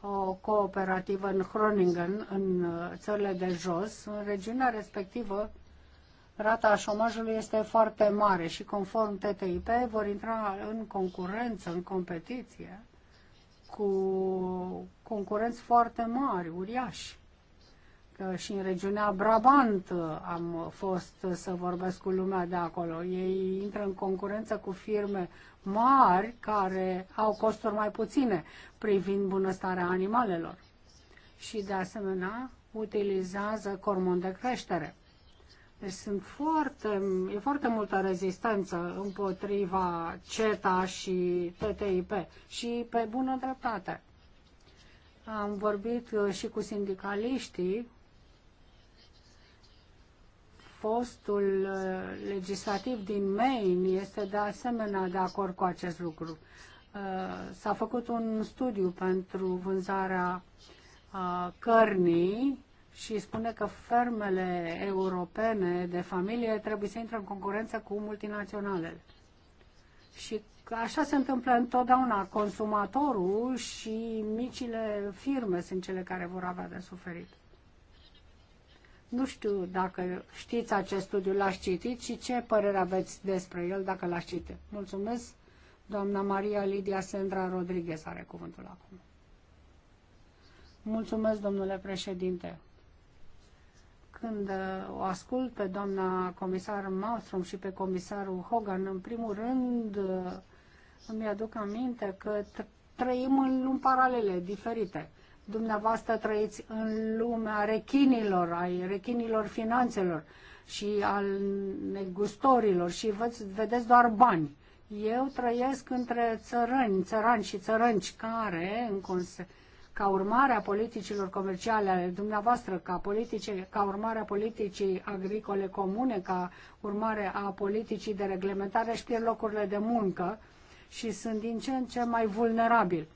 o cooperativă în Groningen, în uh, țările de jos. În regiunea respectivă rata șomajului este foarte mare și conform TTIP vor intra în concurență, în competiție cu concurenți foarte mari, uriași. Că și în regiunea Brabant uh, am fost să vorbesc cu lumea de acolo. Ei intră în concurență cu firme mari care au costuri mai puține privind bunăstarea animalelor. Și de asemenea utilizează cormon de creștere deci sunt foarte, e foarte multă rezistență împotriva CETA și TTIP și pe bună dreptate. Am vorbit uh, și cu sindicaliștii. Fostul uh, legislativ din Maine este de asemenea de acord cu acest lucru. Uh, s-a făcut un studiu pentru vânzarea cărnii și spune că fermele europene de familie trebuie să intre în concurență cu multinaționalele. Și așa se întâmplă întotdeauna. Consumatorul și micile firme sunt cele care vor avea de suferit. Nu știu dacă știți acest studiu, l-ați citit și ce părere aveți despre el dacă l-ați citit. Mulțumesc. Doamna Maria Lidia Sandra Rodriguez are cuvântul acum. Mulțumesc, domnule președinte când uh, o ascult pe doamna comisar Malmström și pe comisarul Hogan, în primul rând uh, îmi aduc aminte că trăim în lumi paralele, diferite. Dumneavoastră trăiți în lumea rechinilor, ai rechinilor finanțelor și al negustorilor și vedeți doar bani. Eu trăiesc între țărâni, țărani și țărânci care, în consecință, ca urmare a politicilor comerciale ale dumneavoastră, ca, politice, ca urmare a politicii agricole comune, ca urmare a politicii de reglementare, își pierd locurile de muncă și sunt din ce în ce mai vulnerabili.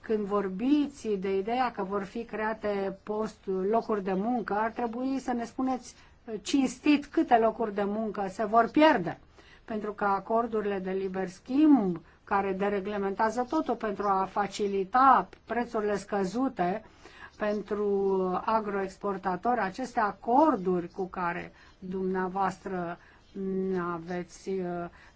Când vorbiți de ideea că vor fi create post, locuri de muncă, ar trebui să ne spuneți uh, cinstit câte locuri de muncă se vor pierde. Pentru că acordurile de liber schimb care dereglementează totul pentru a facilita prețurile scăzute pentru agroexportatori, aceste acorduri cu care dumneavoastră nu aveți uh,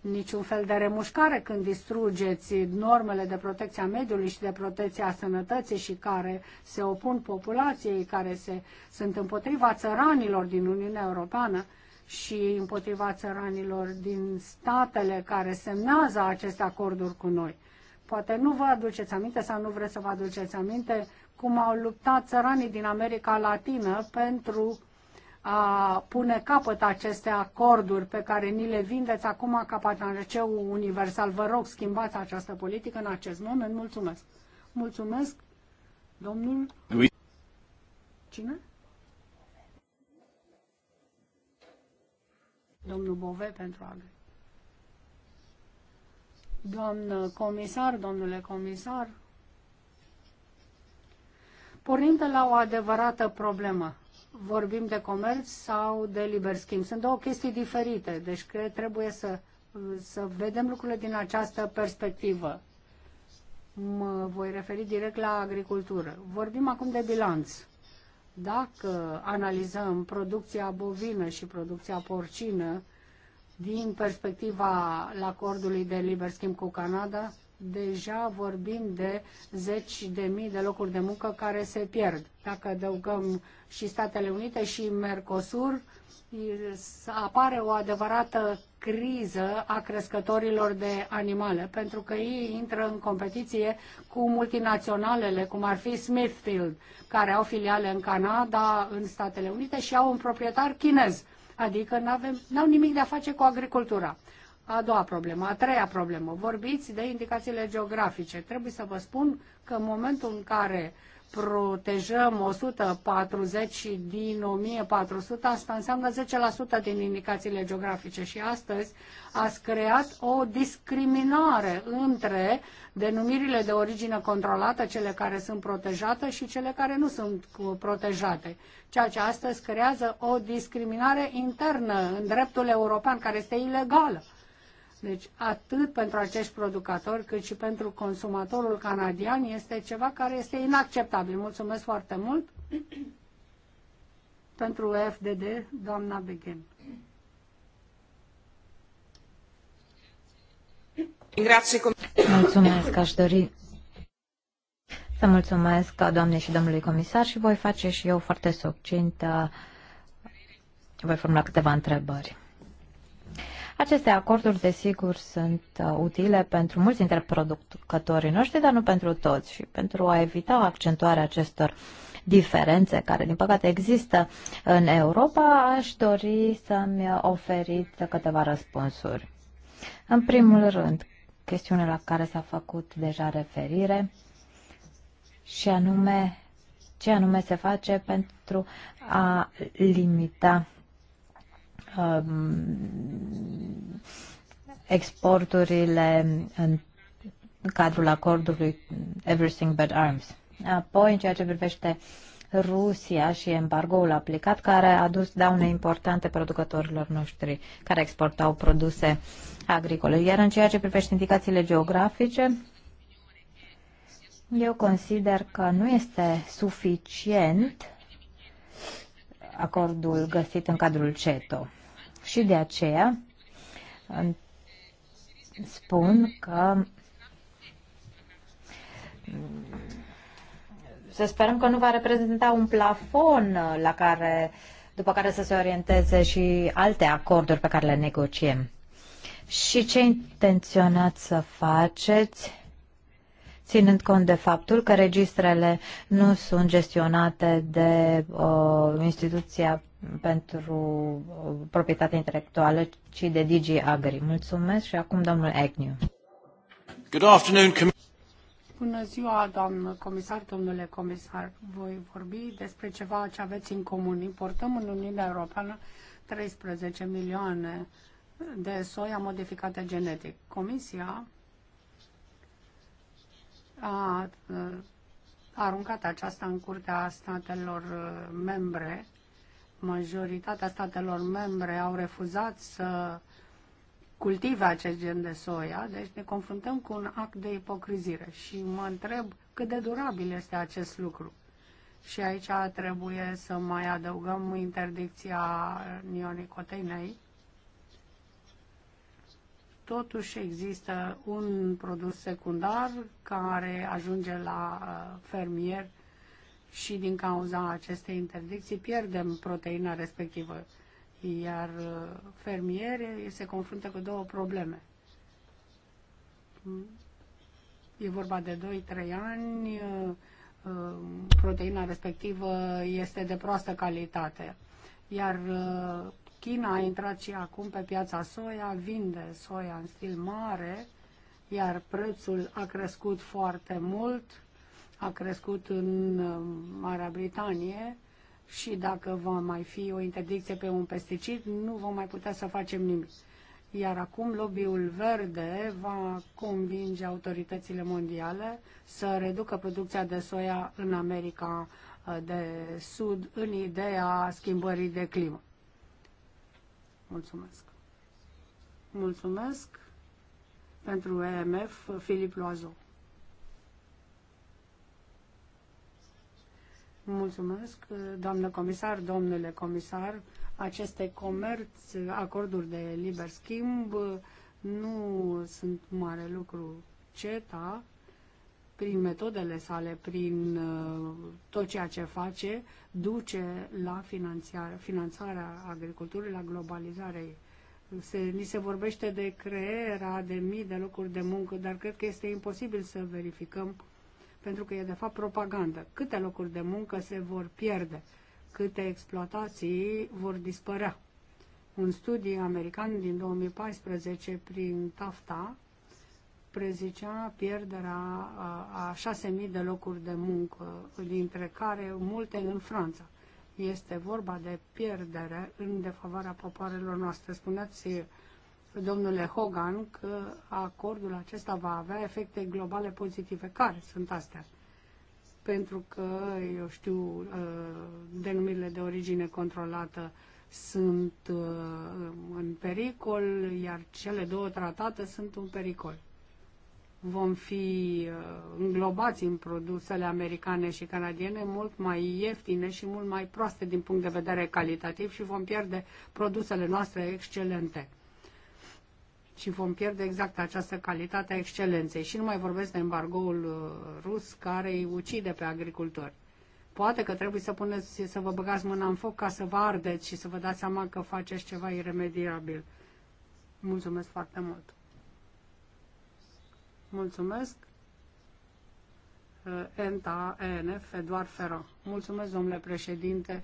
niciun fel de remușcare când distrugeți normele de protecție a mediului și de protecție a sănătății și care se opun populației, care se, sunt împotriva țăranilor din Uniunea Europeană și împotriva țăranilor din statele care semnează aceste acorduri cu noi. Poate nu vă aduceți aminte sau nu vreți să vă aduceți aminte cum au luptat țăranii din America Latină pentru a pune capăt aceste acorduri pe care ni le vindeți acum ca patanreceu universal. Vă rog, schimbați această politică în acest moment. Mulțumesc. Mulțumesc, domnul... Cine? Domnul Bove pentru agri. Doamnă comisar, domnule comisar, pornim de la o adevărată problemă. Vorbim de comerț sau de liber schimb. Sunt două chestii diferite, deci cred trebuie să, să vedem lucrurile din această perspectivă. Mă voi referi direct la agricultură. Vorbim acum de bilanț. Dacă analizăm producția bovină și producția porcină din perspectiva acordului de liber schimb cu Canada, deja vorbim de zeci de mii de locuri de muncă care se pierd. Dacă adăugăm și Statele Unite și Mercosur, apare o adevărată criză a crescătorilor de animale, pentru că ei intră în competiție cu multinaționalele, cum ar fi Smithfield, care au filiale în Canada, în Statele Unite și au un proprietar chinez. Adică nu au nimic de a face cu agricultura. A doua problemă, a treia problemă, vorbiți de indicațiile geografice. Trebuie să vă spun că în momentul în care protejăm 140 din 1400, asta înseamnă 10% din indicațiile geografice și astăzi ați creat o discriminare între denumirile de origine controlată, cele care sunt protejate și cele care nu sunt protejate, ceea ce astăzi creează o discriminare internă în dreptul european care este ilegală. Deci atât pentru acești producători cât și pentru consumatorul canadian este ceva care este inacceptabil. Mulțumesc foarte mult pentru FDD, doamna Beghem. Mulțumesc, aș dori să mulțumesc doamne și domnului comisar și voi face și eu foarte succint, uh, voi formula câteva întrebări. Aceste acorduri, desigur, sunt uh, utile pentru mulți dintre producătorii noștri, dar nu pentru toți. Și pentru a evita accentuarea acestor diferențe care, din păcate, există în Europa, aș dori să-mi oferiți câteva răspunsuri. În primul rând, chestiunea la care s-a făcut deja referire, și anume ce anume se face pentru a limita Um, exporturile în cadrul acordului Everything But Arms. Apoi, în ceea ce privește Rusia și embargoul aplicat, care a dus daune importante producătorilor noștri care exportau produse agricole. Iar în ceea ce privește indicațiile geografice, eu consider că nu este suficient acordul găsit în cadrul CETO. Și de aceea spun că să sperăm că nu va reprezenta un plafon la care, după care să se orienteze și alte acorduri pe care le negociem. Și ce intenționați să faceți ținând cont de faptul că registrele nu sunt gestionate de uh, instituția pentru proprietate intelectuală, ci de Digi Agri. Mulțumesc și acum domnul Agnew. Good afternoon, Bună ziua, doamnă comisar, domnule comisar. Voi vorbi despre ceva ce aveți în comun. Importăm în Uniunea Europeană 13 milioane de soia modificată genetic. Comisia a, aruncat aceasta în curtea statelor uh, membre. Majoritatea statelor membre au refuzat să cultive acest gen de soia, deci ne confruntăm cu un act de ipocrizire și mă întreb cât de durabil este acest lucru. Și aici trebuie să mai adăugăm interdicția neonicoteinei, totuși există un produs secundar care ajunge la uh, fermier și din cauza acestei interdicții pierdem proteina respectivă, iar uh, fermierii se confruntă cu două probleme. E vorba de 2-3 ani, uh, proteina respectivă este de proastă calitate, iar China a intrat și acum pe piața soia, vinde soia în stil mare, iar prețul a crescut foarte mult, a crescut în um, Marea Britanie și dacă va mai fi o interdicție pe un pesticid, nu vom mai putea să facem nimic. Iar acum lobby-ul verde va convinge autoritățile mondiale să reducă producția de soia în America uh, de Sud în ideea schimbării de climă. Mulțumesc. Mulțumesc pentru EMF, Filip Loazo. Mulțumesc, doamnă comisar, domnule comisar. Aceste comerț, acorduri de liber schimb nu sunt mare lucru. CETA prin metodele sale, prin uh, tot ceea ce face, duce la finanțarea agriculturii, la globalizarea se, ni se vorbește de crearea de mii de locuri de muncă, dar cred că este imposibil să verificăm, pentru că e de fapt propagandă. Câte locuri de muncă se vor pierde, câte exploatații vor dispărea. Un studiu american din 2014 prin TAFTA prezicea pierderea a 6.000 de locuri de muncă, dintre care multe în Franța. Este vorba de pierdere în defavoarea popoarelor noastre. Spuneați, domnule Hogan, că acordul acesta va avea efecte globale pozitive. Care sunt astea? Pentru că, eu știu, ă, denumirile de origine controlată sunt ă, în pericol, iar cele două tratate sunt un pericol vom fi uh, înglobați în produsele americane și canadiene mult mai ieftine și mult mai proaste din punct de vedere calitativ și vom pierde produsele noastre excelente. Și vom pierde exact această calitate a excelenței. Și nu mai vorbesc de embargoul uh, rus care îi ucide pe agricultori. Poate că trebuie să, puneți, să vă băgați mâna în foc ca să vă ardeți și să vă dați seama că faceți ceva iremediabil. Mulțumesc foarte mult! Mulțumesc. ENTA, ENF, Eduard Ferro. Mulțumesc, domnule președinte.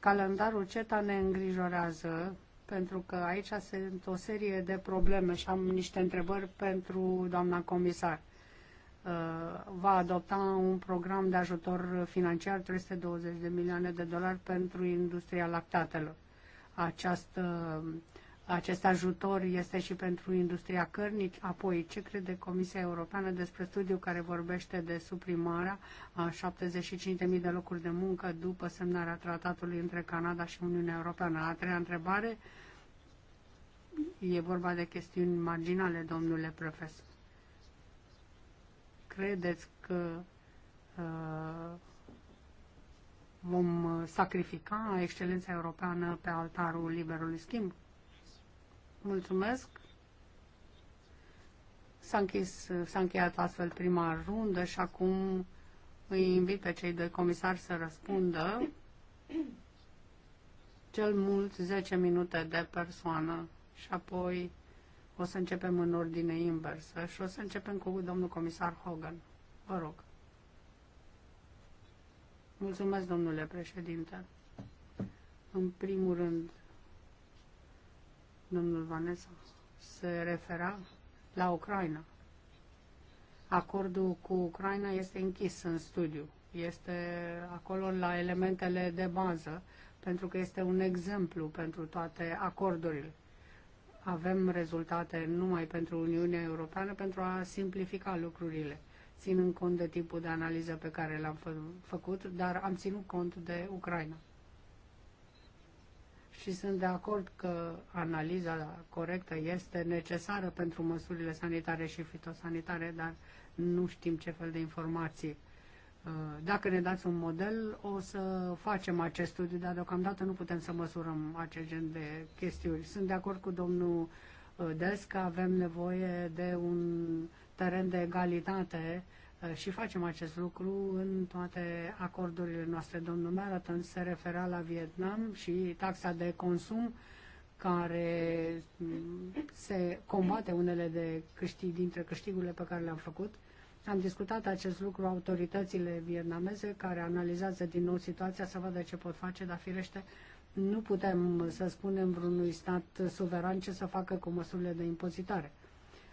Calendarul CETA ne îngrijorează pentru că aici sunt o serie de probleme și am niște întrebări pentru doamna comisar. Uh, va adopta un program de ajutor financiar 320 de milioane de dolari pentru industria lactatelor. Această uh, acest ajutor este și pentru industria cărnic. Apoi, ce crede Comisia Europeană despre studiul care vorbește de suprimarea a 75.000 de locuri de muncă după semnarea tratatului între Canada și Uniunea Europeană? A treia întrebare, e vorba de chestiuni marginale, domnule profesor. Credeți că uh, vom sacrifica excelența europeană pe altarul liberului schimb? Mulțumesc. S-a, închis, s-a încheiat astfel prima rundă și acum îi invit pe cei doi comisari să răspundă. Cel mult 10 minute de persoană și apoi o să începem în ordine inversă și o să începem cu domnul comisar Hogan. Vă rog. Mulțumesc, domnule președinte. În primul rând, domnul Vanessa se refera la Ucraina. Acordul cu Ucraina este închis în studiu. Este acolo la elementele de bază, pentru că este un exemplu pentru toate acordurile. Avem rezultate numai pentru Uniunea Europeană pentru a simplifica lucrurile, ținând cont de tipul de analiză pe care l-am fă făcut, dar am ținut cont de Ucraina și sunt de acord că analiza corectă este necesară pentru măsurile sanitare și fitosanitare, dar nu știm ce fel de informații. Uh, dacă ne dați un model, o să facem acest studiu, dar deocamdată nu putem să măsurăm acest gen de chestiuni. Sunt de acord cu domnul uh, Des că avem nevoie de un teren de egalitate Eh, și facem acest lucru în toate acordurile noastre. Domnul Marathon se refera la Vietnam și taxa de consum care mm, se combate unele de câștig, dintre câștigurile pe care le-am făcut. Am discutat acest lucru autoritățile vietnameze care analizează din nou situația să vadă ce pot face, dar firește nu putem să spunem vreunui stat suveran ce să facă cu măsurile de impozitare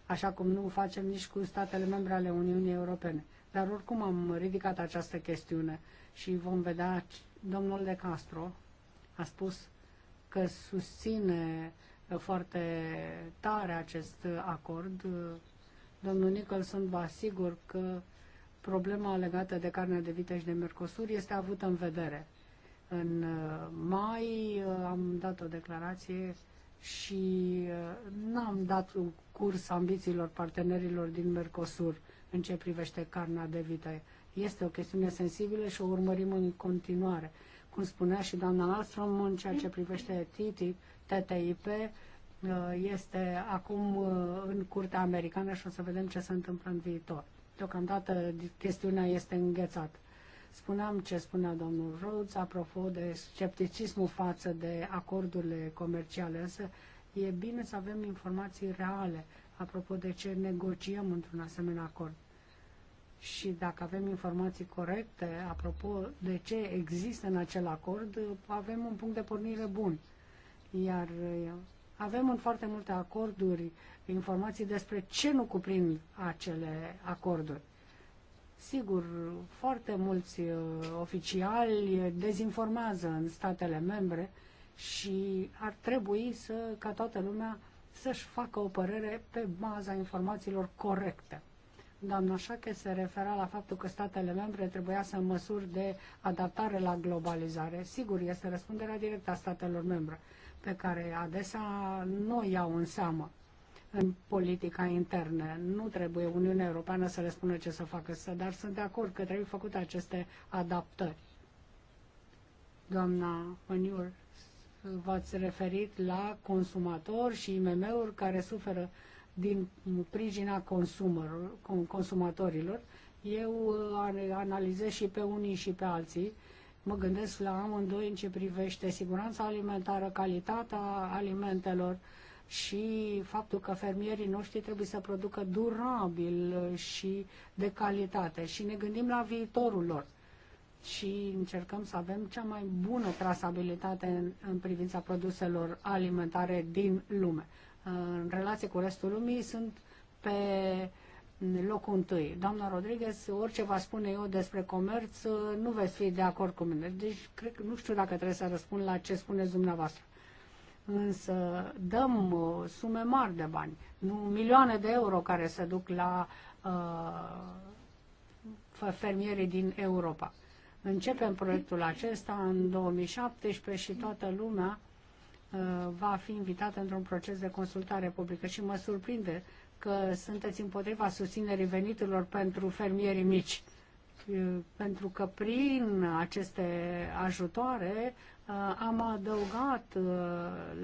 așa cum nu facem nici cu statele membre ale Uniunii Europene. Dar oricum am ridicat această chestiune și vom vedea, domnul De Castro a spus că susține foarte tare acest acord. Domnul Nicholson vă asigur că problema legată de carne de vită și de Mercosur este avută în vedere. În mai am dat o declarație și uh, n-am dat curs ambițiilor partenerilor din Mercosur în ce privește carnea de vită. Este o chestiune sensibilă și o urmărim în continuare. Cum spunea și doamna Alstrom, în ceea ce privește TTIP, TTIP uh, este acum uh, în curtea americană și o să vedem ce se întâmplă în viitor. Deocamdată chestiunea este înghețată. Spuneam ce spunea domnul Rhodes apropo de scepticismul față de acordurile comerciale, însă e bine să avem informații reale apropo de ce negociem într-un asemenea acord. Și dacă avem informații corecte apropo de ce există în acel acord, avem un punct de pornire bun. Iar uh, avem în foarte multe acorduri informații despre ce nu cuprind acele acorduri. Sigur, foarte mulți uh, oficiali dezinformează în statele membre și ar trebui să, ca toată lumea să-și facă o părere pe baza informațiilor corecte. Doamna Șache se refera la faptul că statele membre trebuia să măsuri de adaptare la globalizare. Sigur, este răspunderea directă a statelor membre, pe care adesea nu o iau în seamă în politica internă. Nu trebuie Uniunea Europeană să le spună ce să facă, dar sunt de acord că trebuie făcute aceste adaptări. Doamna Maniur, v-ați referit la consumatori și IMM-uri care suferă din prigina consumatorilor. Eu uh, analizez și pe unii și pe alții. Mă gândesc la amândoi în ce privește siguranța alimentară, calitatea alimentelor, uh, și faptul că fermierii noștri trebuie să producă durabil și de calitate și ne gândim la viitorul lor și încercăm să avem cea mai bună trasabilitate în, în privința produselor alimentare din lume. În relație cu restul lumii sunt pe locul întâi. Doamna Rodriguez, orice va spune eu despre comerț, nu veți fi de acord cu mine. Deci, cred, nu știu dacă trebuie să răspund la ce spuneți dumneavoastră însă dăm uh, sume mari de bani, nu milioane de euro care se duc la uh, fermierii din Europa. Începem proiectul acesta în 2017 și toată lumea uh, va fi invitată într-un proces de consultare publică și mă surprinde că sunteți împotriva susținerii veniturilor pentru fermierii mici pentru că prin aceste ajutoare uh, am adăugat uh,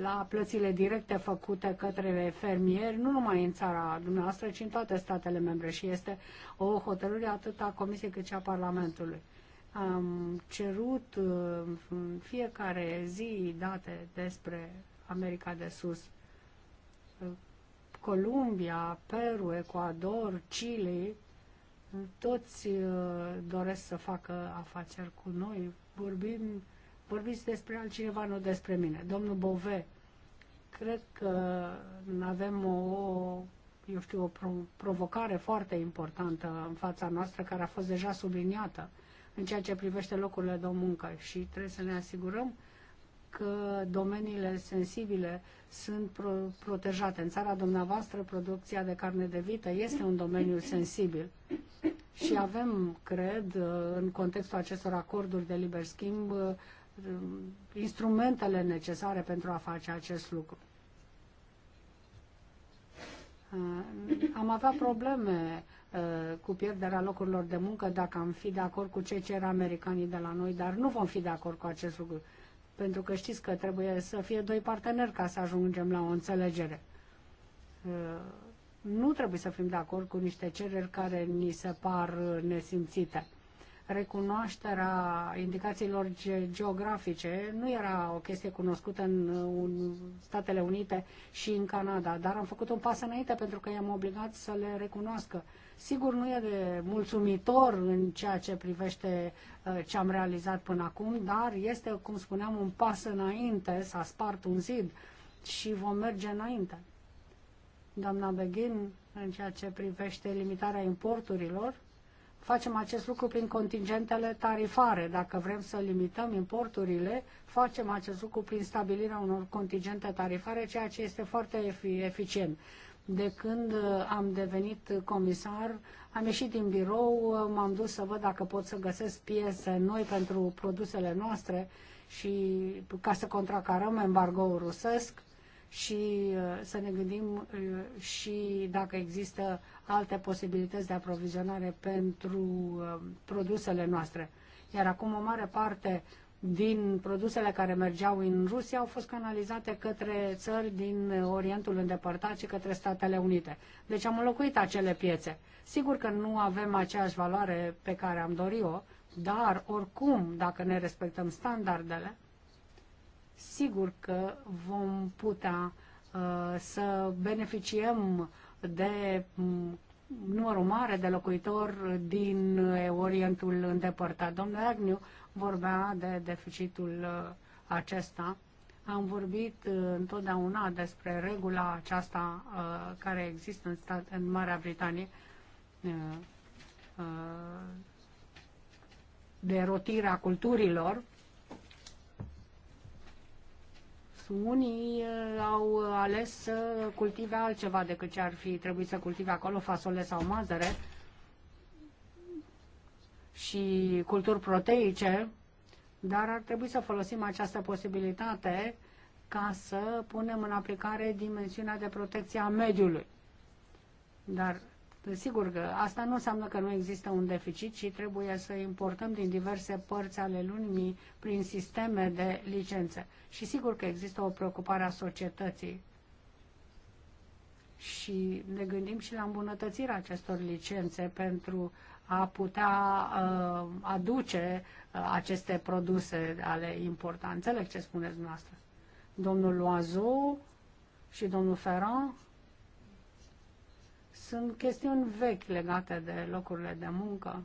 la plățile directe făcute către fermieri, nu numai în țara dumneavoastră, ci în toate statele membre și este o hotărâre atât a Comisiei cât și a Parlamentului. Am cerut uh, în fiecare zi date despre America de Sus, Columbia, Peru, Ecuador, Chile, toți uh, doresc să facă afaceri cu noi. Vorbim, vorbiți despre altcineva, nu despre mine. Domnul Bove, cred că avem o, eu știu, o provocare foarte importantă în fața noastră, care a fost deja subliniată în ceea ce privește locurile de muncă și trebuie să ne asigurăm că domeniile sensibile sunt pro- protejate. În țara dumneavoastră, producția de carne de vită este un domeniu sensibil și avem, cred, în contextul acestor acorduri de liber schimb, instrumentele necesare pentru a face acest lucru. Uh, am avea probleme uh, cu pierderea locurilor de muncă dacă am fi de acord cu ce cer americanii de la noi, dar nu vom fi de acord cu acest lucru pentru că știți că trebuie să fie doi parteneri ca să ajungem la o înțelegere. Uh, nu trebuie să fim de acord cu niște cereri care ni se par uh, nesimțite recunoașterea indicațiilor geografice nu era o chestie cunoscută în Statele Unite și în Canada, dar am făcut un pas înainte pentru că i-am obligat să le recunoască. Sigur, nu e de mulțumitor în ceea ce privește uh, ce am realizat până acum, dar este, cum spuneam, un pas înainte, s-a spart un zid și vom merge înainte. Doamna Beghin, în ceea ce privește limitarea importurilor, facem acest lucru prin contingentele tarifare. Dacă vrem să limităm importurile, facem acest lucru prin stabilirea unor contingente tarifare, ceea ce este foarte eficient. De când uh, am devenit comisar, am ieșit din birou, uh, m-am dus să văd dacă pot să găsesc piese noi pentru produsele noastre și ca să contracarăm embargoul rusesc și uh, să ne gândim uh, și dacă există alte posibilități de aprovizionare pentru uh, produsele noastre. Iar acum o mare parte din produsele care mergeau în Rusia au fost canalizate către țări din Orientul îndepărtat și către Statele Unite. Deci am înlocuit acele piețe. Sigur că nu avem aceeași valoare pe care am dorit-o, dar oricum, dacă ne respectăm standardele, sigur că vom putea uh, să beneficiem de mm, numărul mare de locuitori din Orientul îndepărtat. Domnul Agniu vorbea de deficitul uh, acesta. Am vorbit uh, întotdeauna despre regula aceasta uh, care există în, stat, în Marea Britanie de rotirea culturilor unii uh, au ales să cultive altceva decât ce ar fi trebuit să cultive acolo, fasole sau mazăre și culturi proteice, dar ar trebui să folosim această posibilitate ca să punem în aplicare dimensiunea de protecție a mediului. Dar Sigur că asta nu înseamnă că nu există un deficit, ci trebuie să importăm din diverse părți ale lumii prin sisteme de licențe. Și sigur că există o preocupare a societății. Și ne gândim și la îmbunătățirea acestor licențe pentru a putea uh, aduce uh, aceste produse ale importanțele, ce spuneți dumneavoastră. Domnul Loazou și domnul Ferrand sunt chestiuni vechi legate de locurile de muncă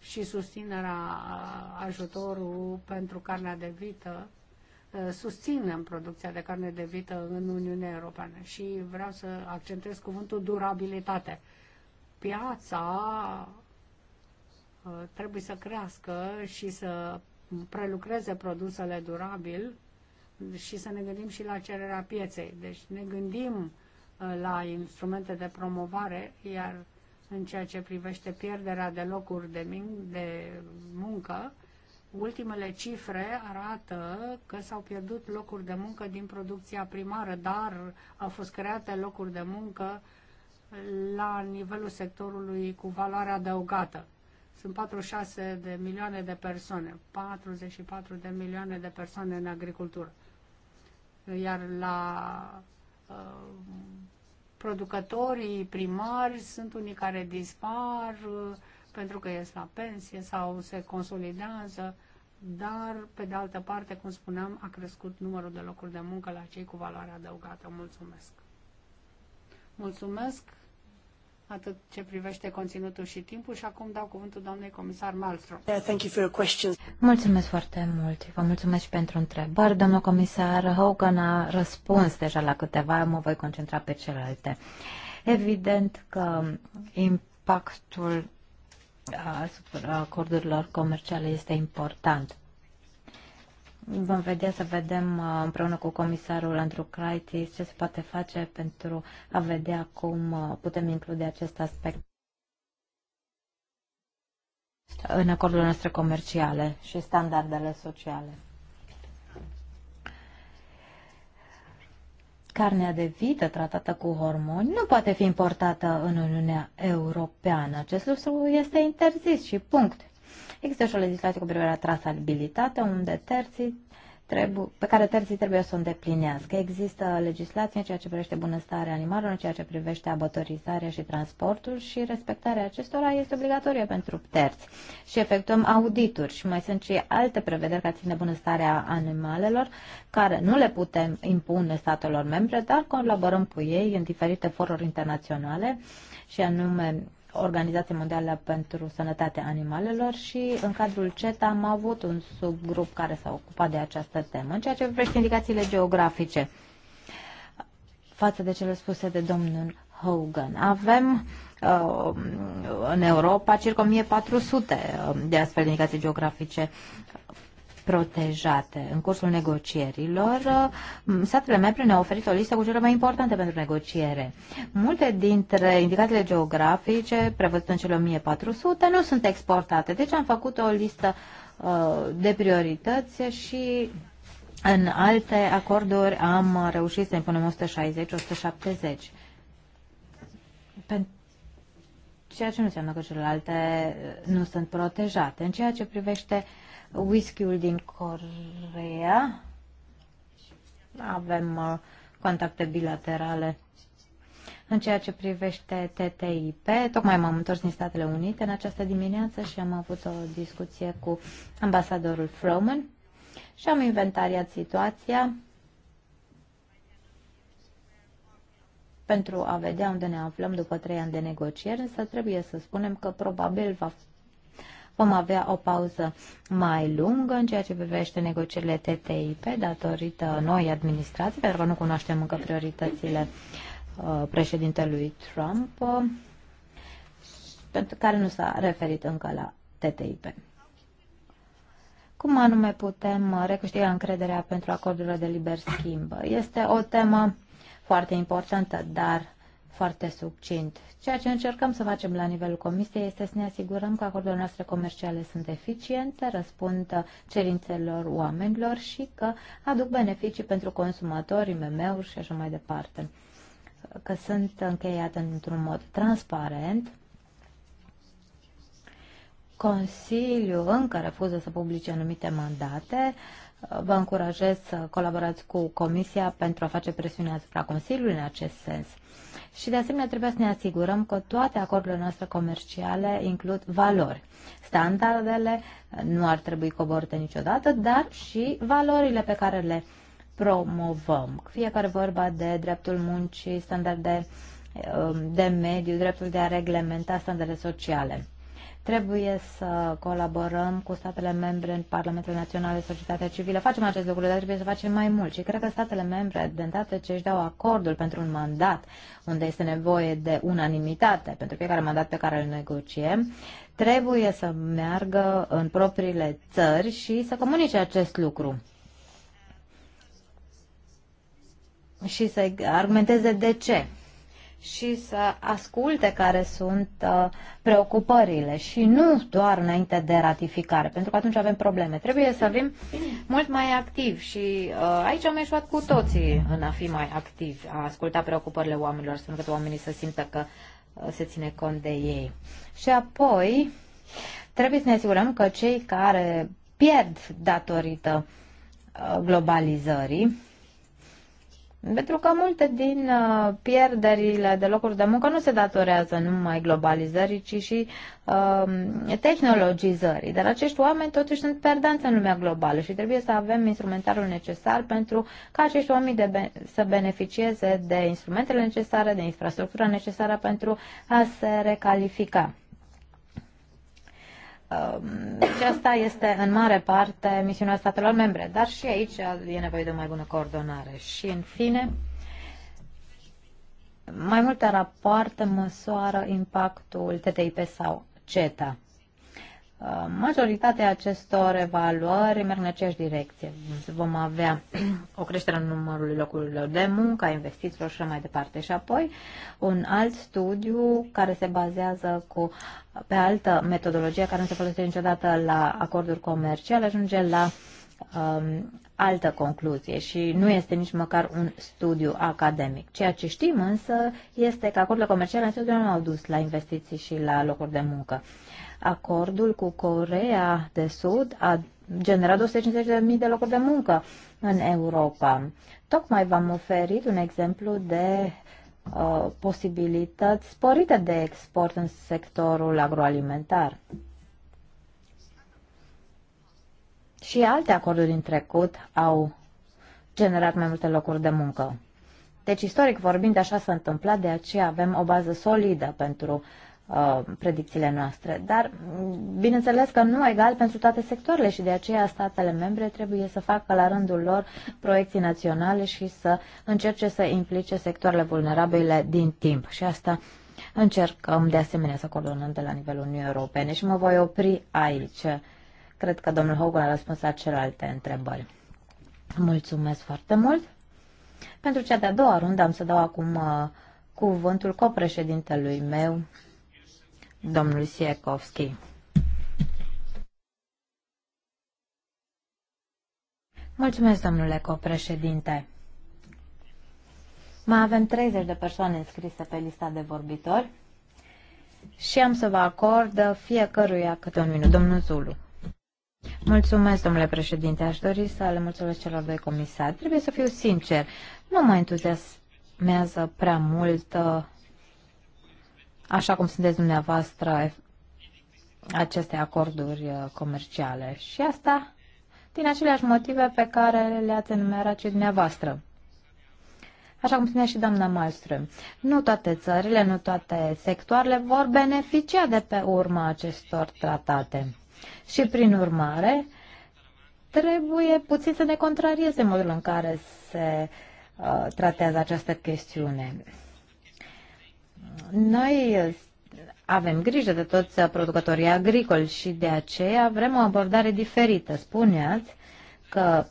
și susținerea ajutorul pentru carnea de vită. Susținem producția de carne de vită în Uniunea Europeană și vreau să accentuez cuvântul durabilitate. Piața trebuie să crească și să prelucreze produsele durabil și să ne gândim și la cererea pieței. Deci ne gândim uh, la instrumente de promovare, iar în ceea ce privește pierderea de locuri de, min- de muncă, ultimele cifre arată că s-au pierdut locuri de muncă din producția primară, dar au fost create locuri de muncă uh, la nivelul sectorului cu valoare adăugată. Sunt 46 de milioane de persoane, 44 de milioane de persoane în agricultură. Iar la uh, producătorii primari sunt unii care dispar uh, pentru că ies la pensie sau se consolidează, dar, pe de altă parte, cum spuneam, a crescut numărul de locuri de muncă la cei cu valoare adăugată. Mulțumesc! Mulțumesc! atât ce privește conținutul și timpul și acum dau cuvântul doamnei comisar Malmström. Thank you for your questions. Mulțumesc foarte mult. Vă mulțumesc și pentru întrebări. Domnul comisar Hogan a răspuns deja la câteva, mă voi concentra pe celelalte. Evident că impactul uh, asupra acordurilor comerciale este important. Vom vedea să vedem uh, împreună cu comisarul Andrew Critis ce se poate face pentru a vedea cum uh, putem include acest aspect în acordurile noastre comerciale și standardele sociale. Carnea de vită tratată cu hormoni nu poate fi importată în Uniunea Europeană. Acest lucru este interzis și punct. Există și o legislație cu privire la trasabilitate, unde terții trebuie, pe care terții trebuie să o îndeplinească. Există legislație în ceea ce privește bunăstarea animalelor, în ceea ce privește abătorizarea și transportul și respectarea acestora este obligatorie pentru terți. Și efectuăm audituri și mai sunt și alte prevederi care țin de bunăstarea animalelor, care nu le putem impune statelor membre, dar colaborăm cu ei în diferite foruri internaționale și anume Organizației Mondiale pentru Sănătatea Animalelor și în cadrul CETA am avut un subgrup care s-a ocupat de această temă. În ceea ce privește indicațiile geografice, față de cele spuse de domnul Hogan, avem uh, în Europa circa 1400 uh, de astfel de indicații geografice protejate. În cursul negocierilor, statele membre ne-au oferit o listă cu cele mai importante pentru negociere. Multe dintre indicațiile geografice prevăzute în cele 1400 nu sunt exportate, deci am făcut o listă uh, de priorități și în alte acorduri am reușit să impunem 160-170. Pentru ceea ce nu înseamnă că celelalte uh, nu sunt protejate. În ceea ce privește uh, whisky-ul din Corea. Avem uh, contacte bilaterale în ceea ce privește TTIP. Tocmai m-am întors din Statele Unite în această dimineață și am avut o discuție cu ambasadorul Froman și am inventariat situația pentru a vedea unde ne aflăm după trei ani de negocieri, însă trebuie să spunem că probabil va Vom avea o pauză mai lungă în ceea ce privește negocierile TTIP datorită noi administrații, pentru că nu cunoaștem încă prioritățile uh, președintelui Trump, uh, pentru care nu s-a referit încă la TTIP. Cum anume putem uh, recâștiga încrederea pentru acordurile de liber schimb? Este o temă foarte importantă, dar foarte succint. Ceea ce încercăm să facem la nivelul Comisiei este să ne asigurăm că acordurile noastre comerciale sunt eficiente, răspund cerințelor oamenilor și că aduc beneficii pentru consumatori, IMM-uri și așa mai departe. Că sunt încheiate într-un mod transparent. Consiliul încă refuză să publice anumite mandate, Vă încurajez să colaborați cu Comisia pentru a face presiune asupra Consiliului în acest sens. Și de asemenea trebuie să ne asigurăm că toate acordurile noastre comerciale includ valori. Standardele nu ar trebui coborâte niciodată, dar și valorile pe care le promovăm. Fie că vorba de dreptul muncii, standarde um, de mediu, dreptul de a reglementa standarde sociale. Trebuie să colaborăm cu statele membre în Parlamentele Naționale, societatea civilă. Facem acest lucru, dar trebuie să facem mai mult. Și cred că statele membre, de îndată ce își dau acordul pentru un mandat, unde este nevoie de unanimitate pentru fiecare mandat pe care îl negociem, trebuie să meargă în propriile țări și să comunice acest lucru. Și să argumenteze de ce și să asculte care sunt uh, preocupările și nu doar înainte de ratificare, pentru că atunci avem probleme. Trebuie să fim mult mai activi și uh, aici am ieșuat cu toții în a fi mai activi, a asculta preocupările oamenilor, să încât oamenii să simtă că uh, se ține cont de ei. Și apoi trebuie să ne asigurăm că cei care pierd datorită uh, globalizării pentru că multe din uh, pierderile de locuri de muncă nu se datorează numai globalizării, ci și uh, tehnologizării. Dar acești oameni totuși sunt perdanți în lumea globală și trebuie să avem instrumentarul necesar pentru ca acești oameni de be- să beneficieze de instrumentele necesare, de infrastructura necesară pentru a se recalifica și um, deci asta este în mare parte misiunea statelor membre, dar și aici e nevoie de o mai bună coordonare. Și în fine, mai multe rapoarte măsoară impactul TTIP sau CETA. Uh, majoritatea acestor evaluări merg în aceeași direcție. Vom avea o creștere în numărul locurilor de muncă, a investițiilor și așa mai departe. Și apoi un alt studiu care se bazează cu, pe altă metodologie care nu se folosește niciodată la acorduri comerciale ajunge la um, altă concluzie și nu este nici măcar un studiu academic. Ceea ce știm însă este că acordurile comerciale întotdeauna au dus la investiții și la locuri de muncă. Acordul cu Corea de Sud a generat 250.000 de locuri de muncă în Europa. Tocmai v-am oferit un exemplu de uh, posibilități sporite de export în sectorul agroalimentar. și alte acorduri din trecut au generat mai multe locuri de muncă. Deci, istoric vorbind, așa s-a întâmplat, de aceea avem o bază solidă pentru uh, predicțiile noastre. Dar, bineînțeles că nu egal pentru toate sectoarele și de aceea statele membre trebuie să facă la rândul lor proiecții naționale și să încerce să implice sectoarele vulnerabile din timp. Și asta încercăm de asemenea să coordonăm de la nivelul Uniunii Europene și mă voi opri aici. Cred că domnul Hogan a răspuns la celelalte întrebări. Mulțumesc foarte mult! Pentru cea de-a doua rundă am să dau acum uh, cuvântul copreședintelui meu, domnul Siekovski. Mulțumesc, domnule copreședinte. Mai avem 30 de persoane înscrise pe lista de vorbitori și am să vă acord fiecăruia câte un minut. Domnul Zulu. Mulțumesc, domnule președinte. Aș dori să le mulțumesc celor doi comisari. Trebuie să fiu sincer, nu mă entuziasmează prea mult, uh, așa cum sunteți dumneavoastră, aceste acorduri uh, comerciale. Și asta din aceleași motive pe care le-ați enumerat și dumneavoastră. Așa cum spunea și doamna Malmström, nu toate țările, nu toate sectoarele vor beneficia de pe urma acestor tratate. Și prin urmare, trebuie puțin să ne contrarieze modul în care se uh, tratează această chestiune. Noi avem grijă de toți producătorii agricoli și de aceea vrem o abordare diferită. Spuneați că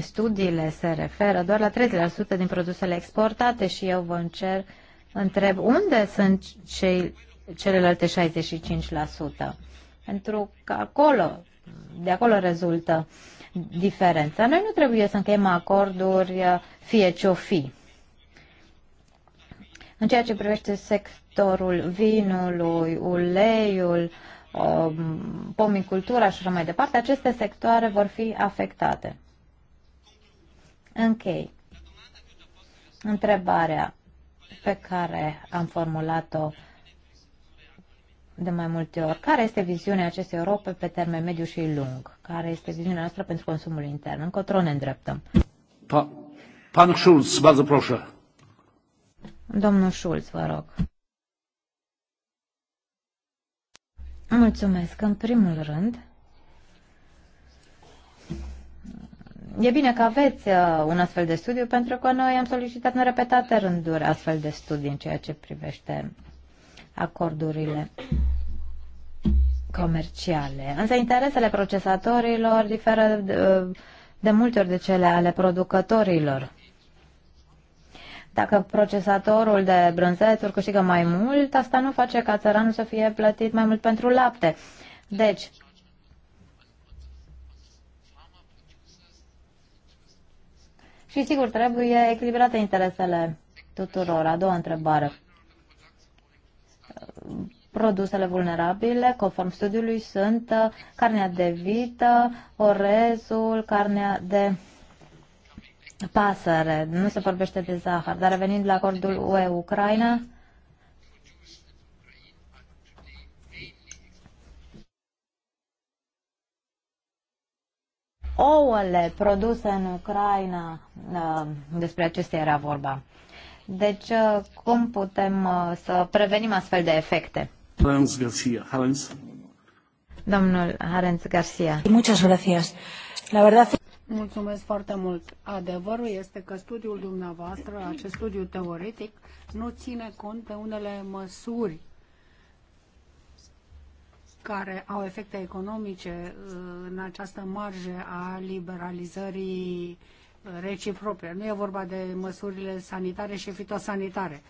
studiile se referă doar la 30% din produsele exportate și eu vă încer, întreb unde sunt cei, celelalte 65% pentru că acolo, de acolo rezultă diferența. Noi nu trebuie să încheiem acorduri uh, fie ce-o fi. În ceea ce privește sectorul vinului, uleiul, um, pomicultura și așa mai departe, aceste sectoare vor fi afectate. Închei. Întrebarea pe care am formulat-o de mai multe ori. Care este viziunea acestei Europe pe termen mediu și lung? Care este viziunea noastră pentru consumul intern? Încotro ne îndreptăm. Pa, pan Schulz, bardzo proszę. Domnul Schulz, vă rog. Mulțumesc. În primul rând, e bine că aveți uh, un astfel de studiu, pentru că noi am solicitat în repetate rânduri astfel de studii în ceea ce privește acordurile comerciale. Însă interesele procesatorilor diferă de, uh, de multe ori de cele ale producătorilor. Dacă procesatorul de brânzeturi câștigă mai mult, asta nu face ca țăranul să fie plătit mai mult pentru lapte. Deci, și sigur, trebuie echilibrate interesele tuturor. A doua întrebare produsele vulnerabile, conform studiului, sunt uh, carnea de vită, orezul, carnea de pasăre. Nu se vorbește de zahăr, dar revenind la acordul UE-Ucraina, ouăle produse în Ucraina, uh, despre acestea era vorba. Deci, uh, cum putem uh, să prevenim astfel de efecte? Hans Garcia. Hans. Domnul Harenț Garcia. Muchas gracias. La verdad... Mulțumesc foarte mult. Adevărul este că studiul dumneavoastră, acest studiu teoretic, nu ține cont de unele măsuri care au efecte economice uh, în această marge a liberalizării uh, reciproce. Nu e vorba de măsurile sanitare și fitosanitare.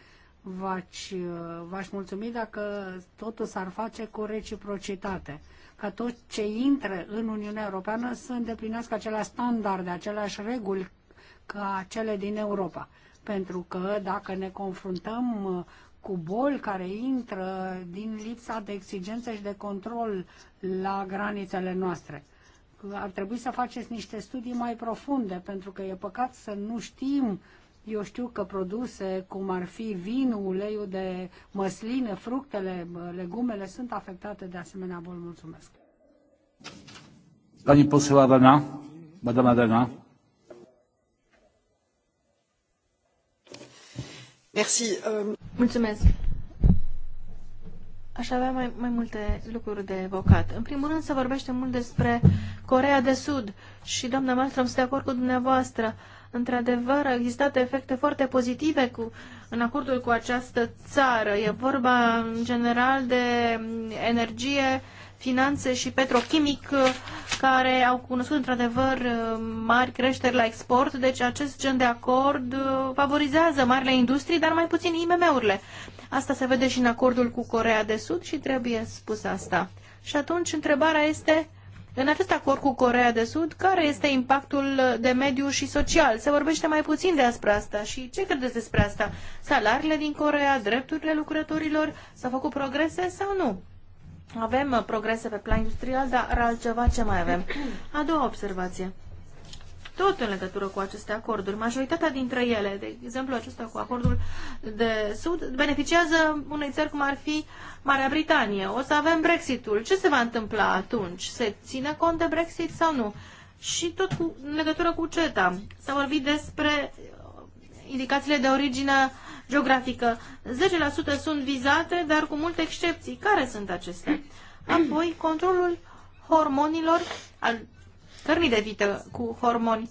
V-aș, v-aș mulțumi dacă totul s-ar face cu reciprocitate, că toți ce intră în Uniunea Europeană să îndeplinească aceleași standarde, aceleași reguli ca cele din Europa. Pentru că dacă ne confruntăm uh, cu boli care intră din lipsa de exigențe și de control la granițele noastre ar trebui să faceți niște studii mai profunde, pentru că e păcat să nu știm, eu știu că produse cum ar fi vinul, uleiul de măsline, fructele, legumele sunt afectate de asemenea boli. Mulțumesc. Pani poseł Adana, madame Adana. Merci. Um- Mulțumesc. Aș avea mai, mai multe lucruri de evocat. În primul rând, se vorbește mult despre Corea de Sud și, doamna Malmström, sunt de acord cu dumneavoastră. Într-adevăr, au existat efecte foarte pozitive cu, în acordul cu această țară. E vorba, în general, de mm, energie, finanțe și petrochimic care au cunoscut într-adevăr mari creșteri la export, deci acest gen de acord uh, favorizează marile industrii, dar mai puțin IMM-urile. Asta se vede și în acordul cu Corea de Sud și trebuie spus asta. Și atunci întrebarea este, în acest acord cu Corea de Sud, care este impactul de mediu și social? Se vorbește mai puțin despre asta și ce credeți despre asta? Salariile din Corea, drepturile lucrătorilor, s-au făcut progrese sau nu? Avem progrese pe plan industrial, dar altceva ce mai avem? A doua observație tot în legătură cu aceste acorduri. Majoritatea dintre ele, de exemplu acesta cu acordul de Sud, beneficiază unei țări cum ar fi Marea Britanie. O să avem Brexitul. Ce se va întâmpla atunci? Se ține cont de Brexit sau nu? Și tot cu, în legătură cu CETA. S-a vorbit despre uh, indicațiile de origine geografică. 10% sunt vizate, dar cu multe excepții. Care sunt acestea? Apoi, controlul hormonilor, al cărnii de vită cu hormoni.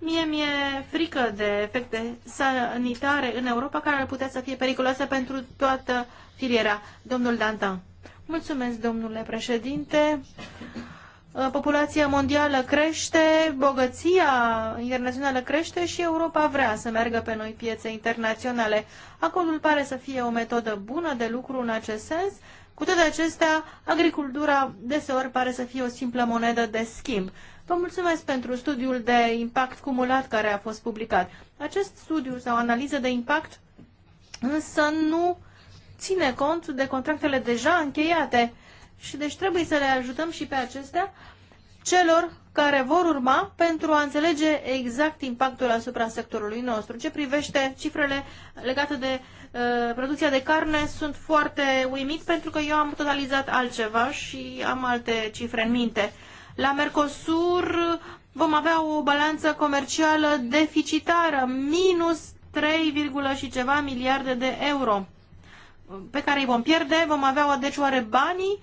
Mie mi-e frică de efecte sanitare în Europa care ar putea să fie periculoase pentru toată filiera. Domnul Dantan. Mulțumesc, domnule președinte. Uh, populația mondială crește, bogăția internațională crește și Europa vrea să meargă pe noi piețe internaționale. Acordul pare să fie o metodă bună de lucru în acest sens cu toate acestea, agricultura deseori pare să fie o simplă monedă de schimb. Vă mulțumesc pentru studiul de impact cumulat care a fost publicat. Acest studiu sau analiză de impact însă nu ține cont de contractele deja încheiate și deci trebuie să le ajutăm și pe acestea celor care vor urma pentru a înțelege exact impactul asupra sectorului nostru. Ce privește cifrele legate de Eh, producția de carne, sunt foarte uimit pentru că eu am totalizat altceva și am alte cifre în minte. La Mercosur vom avea o balanță comercială deficitară, minus 3, și ceva miliarde de euro pe care îi vom pierde, vom avea o adecioare banii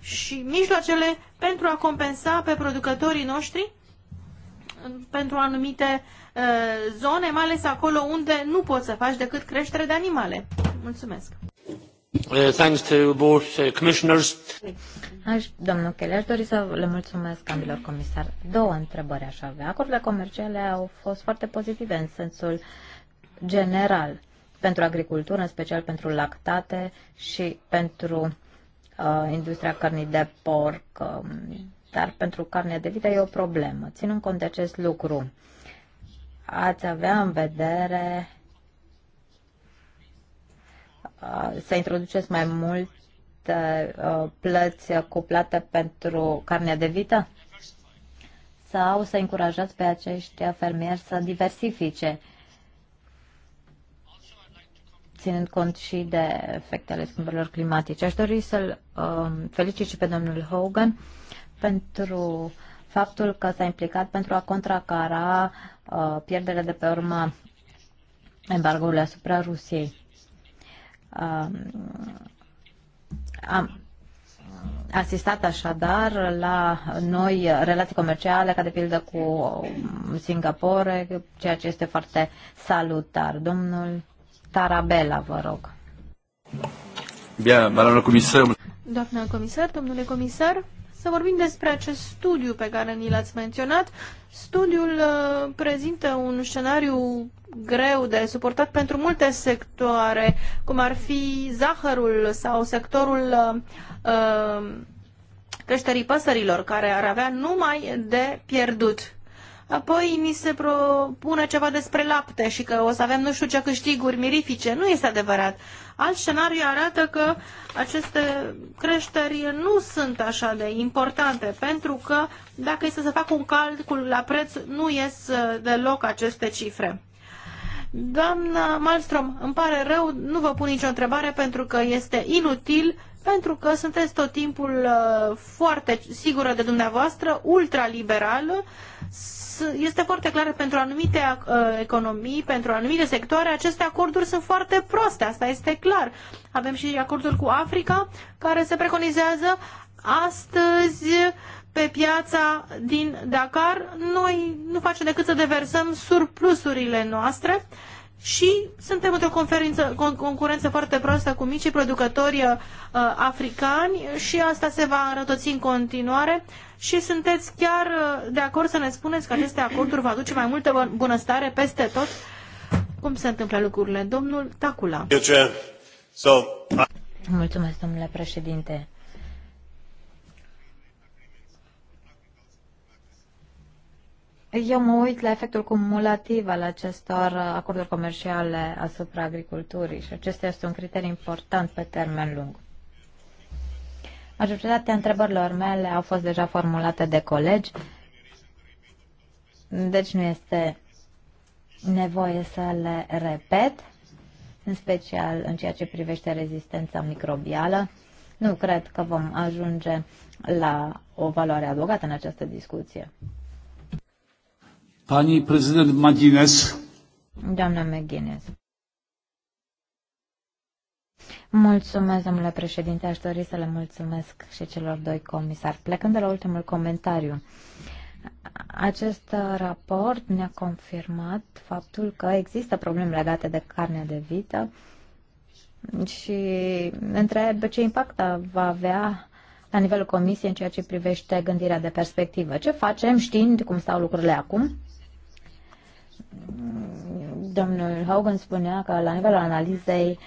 și mijloacele pentru a compensa pe producătorii noștri pentru anumite Uh, zone, mai ales acolo unde nu poți să faci decât creștere de animale. Mulțumesc! Uh, thanks to both uh, commissioners. Aș, domnul Kelly, aș dori să le mulțumesc ambilor comisari. Două întrebări aș avea. Acordurile comerciale au fost foarte pozitive în sensul general pentru agricultură, în special pentru lactate și pentru uh, industria cărnii de porc, uh, dar pentru carnea de vită e o problemă. Ținând cont de acest lucru, uh, ați avea în vedere uh, să introduceți mai multe uh, plăți cuplate pentru carnea de vită? Sau să încurajați pe acești fermieri să diversifice, ținând cont și de efectele schimbărilor climatice. Aș dori să-l um, felicit și pe domnul Hogan pentru faptul că s-a implicat pentru a contracara uh, pierderea de pe urma embargoului asupra Rusiei. Uh, am asistat așadar la noi relații comerciale, ca de pildă cu Singapore, ceea ce este foarte salutar. Domnul Tarabella, vă rog. Bine, doamnă comisar. Doamnă comisar, domnule comisar, să vorbim despre acest studiu pe care ni l-ați menționat. Studiul uh, prezintă un scenariu greu de suportat pentru multe sectoare, cum ar fi zahărul sau sectorul uh, uh, creșterii păsărilor, care ar avea numai de pierdut. Apoi ni se propune ceva despre lapte și că o să avem nu știu ce câștiguri mirifice. Nu este adevărat. Uh, Alt scenariu arată că aceste creșteri nu sunt așa de importante, pentru că dacă este să fac un calcul la preț, nu ies uh, deloc aceste cifre. Doamna Malmström, îmi pare rău, nu vă pun nicio întrebare pentru că este inutil, pentru că sunteți tot timpul uh, foarte sigură de dumneavoastră, ultraliberală, este foarte clar pentru anumite uh, economii, pentru anumite sectoare, aceste acorduri sunt foarte proaste, asta este clar. Avem și acordul cu Africa, care se preconizează astăzi pe piața din Dakar. Noi nu facem decât să deversăm surplusurile noastre și suntem într-o concurență foarte proastă cu micii producători uh, africani și asta se va înrătăți în continuare și sunteți chiar uh, de acord să ne spuneți că aceste acorduri va aduce mai multă bunăstare peste tot? Cum se întâmplă lucrurile? Domnul Tacula. Mulțumesc, domnule președinte. Eu mă uit la efectul cumulativ al acestor acorduri comerciale asupra agriculturii și acesta este un criteriu important pe termen lung. Majoritatea întrebărilor mele au fost deja formulate de colegi, deci nu este nevoie să le repet, în special în ceea ce privește rezistența microbială. Nu cred că vom ajunge la o valoare adăugată în această discuție. Pani prezident Maginez. Doamna McGuinness. Mulțumesc, domnule președinte. Aș dori să le mulțumesc și celor doi comisari. Plecând de la ultimul comentariu, acest raport ne-a confirmat faptul că există probleme legate de carnea de vită și întreb ce impact va avea la nivelul comisiei în ceea ce privește gândirea de perspectivă. Ce facem știind cum stau lucrurile acum? Domnul Hogan spunea că la nivelul analizei uh,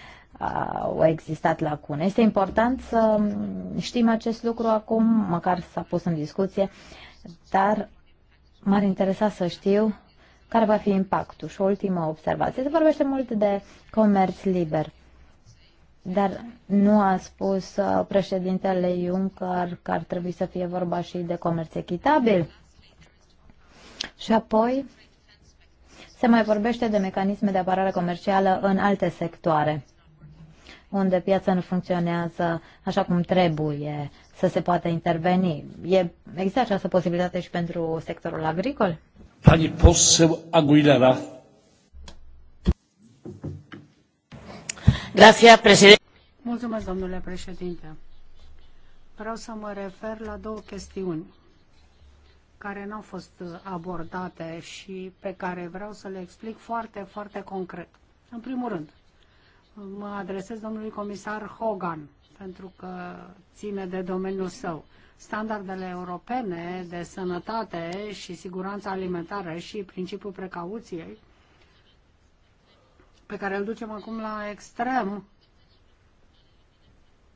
au existat lacune. Este important să știm acest lucru acum, măcar s-a pus în discuție, dar m-ar interesa să știu care va fi impactul. Și o ultimă observație. Se vorbește mult de comerț liber. Dar nu a spus uh, președintele Juncker că ar trebui să fie vorba și de comerț echitabil. Și apoi se mai vorbește de mecanisme de apărare comercială în alte sectoare unde piața nu funcționează așa cum trebuie să se poată interveni. E, există această posibilitate și pentru sectorul agricol? Pani poseł Aguilera. Grazie, președinte. Mulțumesc, domnule președinte. Vreau să mă refer la două chestiuni care nu au fost abordate și pe care vreau să le explic foarte, foarte concret. În primul rând, mă adresez domnului comisar Hogan, pentru că ține de domeniul său. Standardele europene de sănătate și siguranță alimentară și principiul precauției, pe care îl ducem acum la extrem,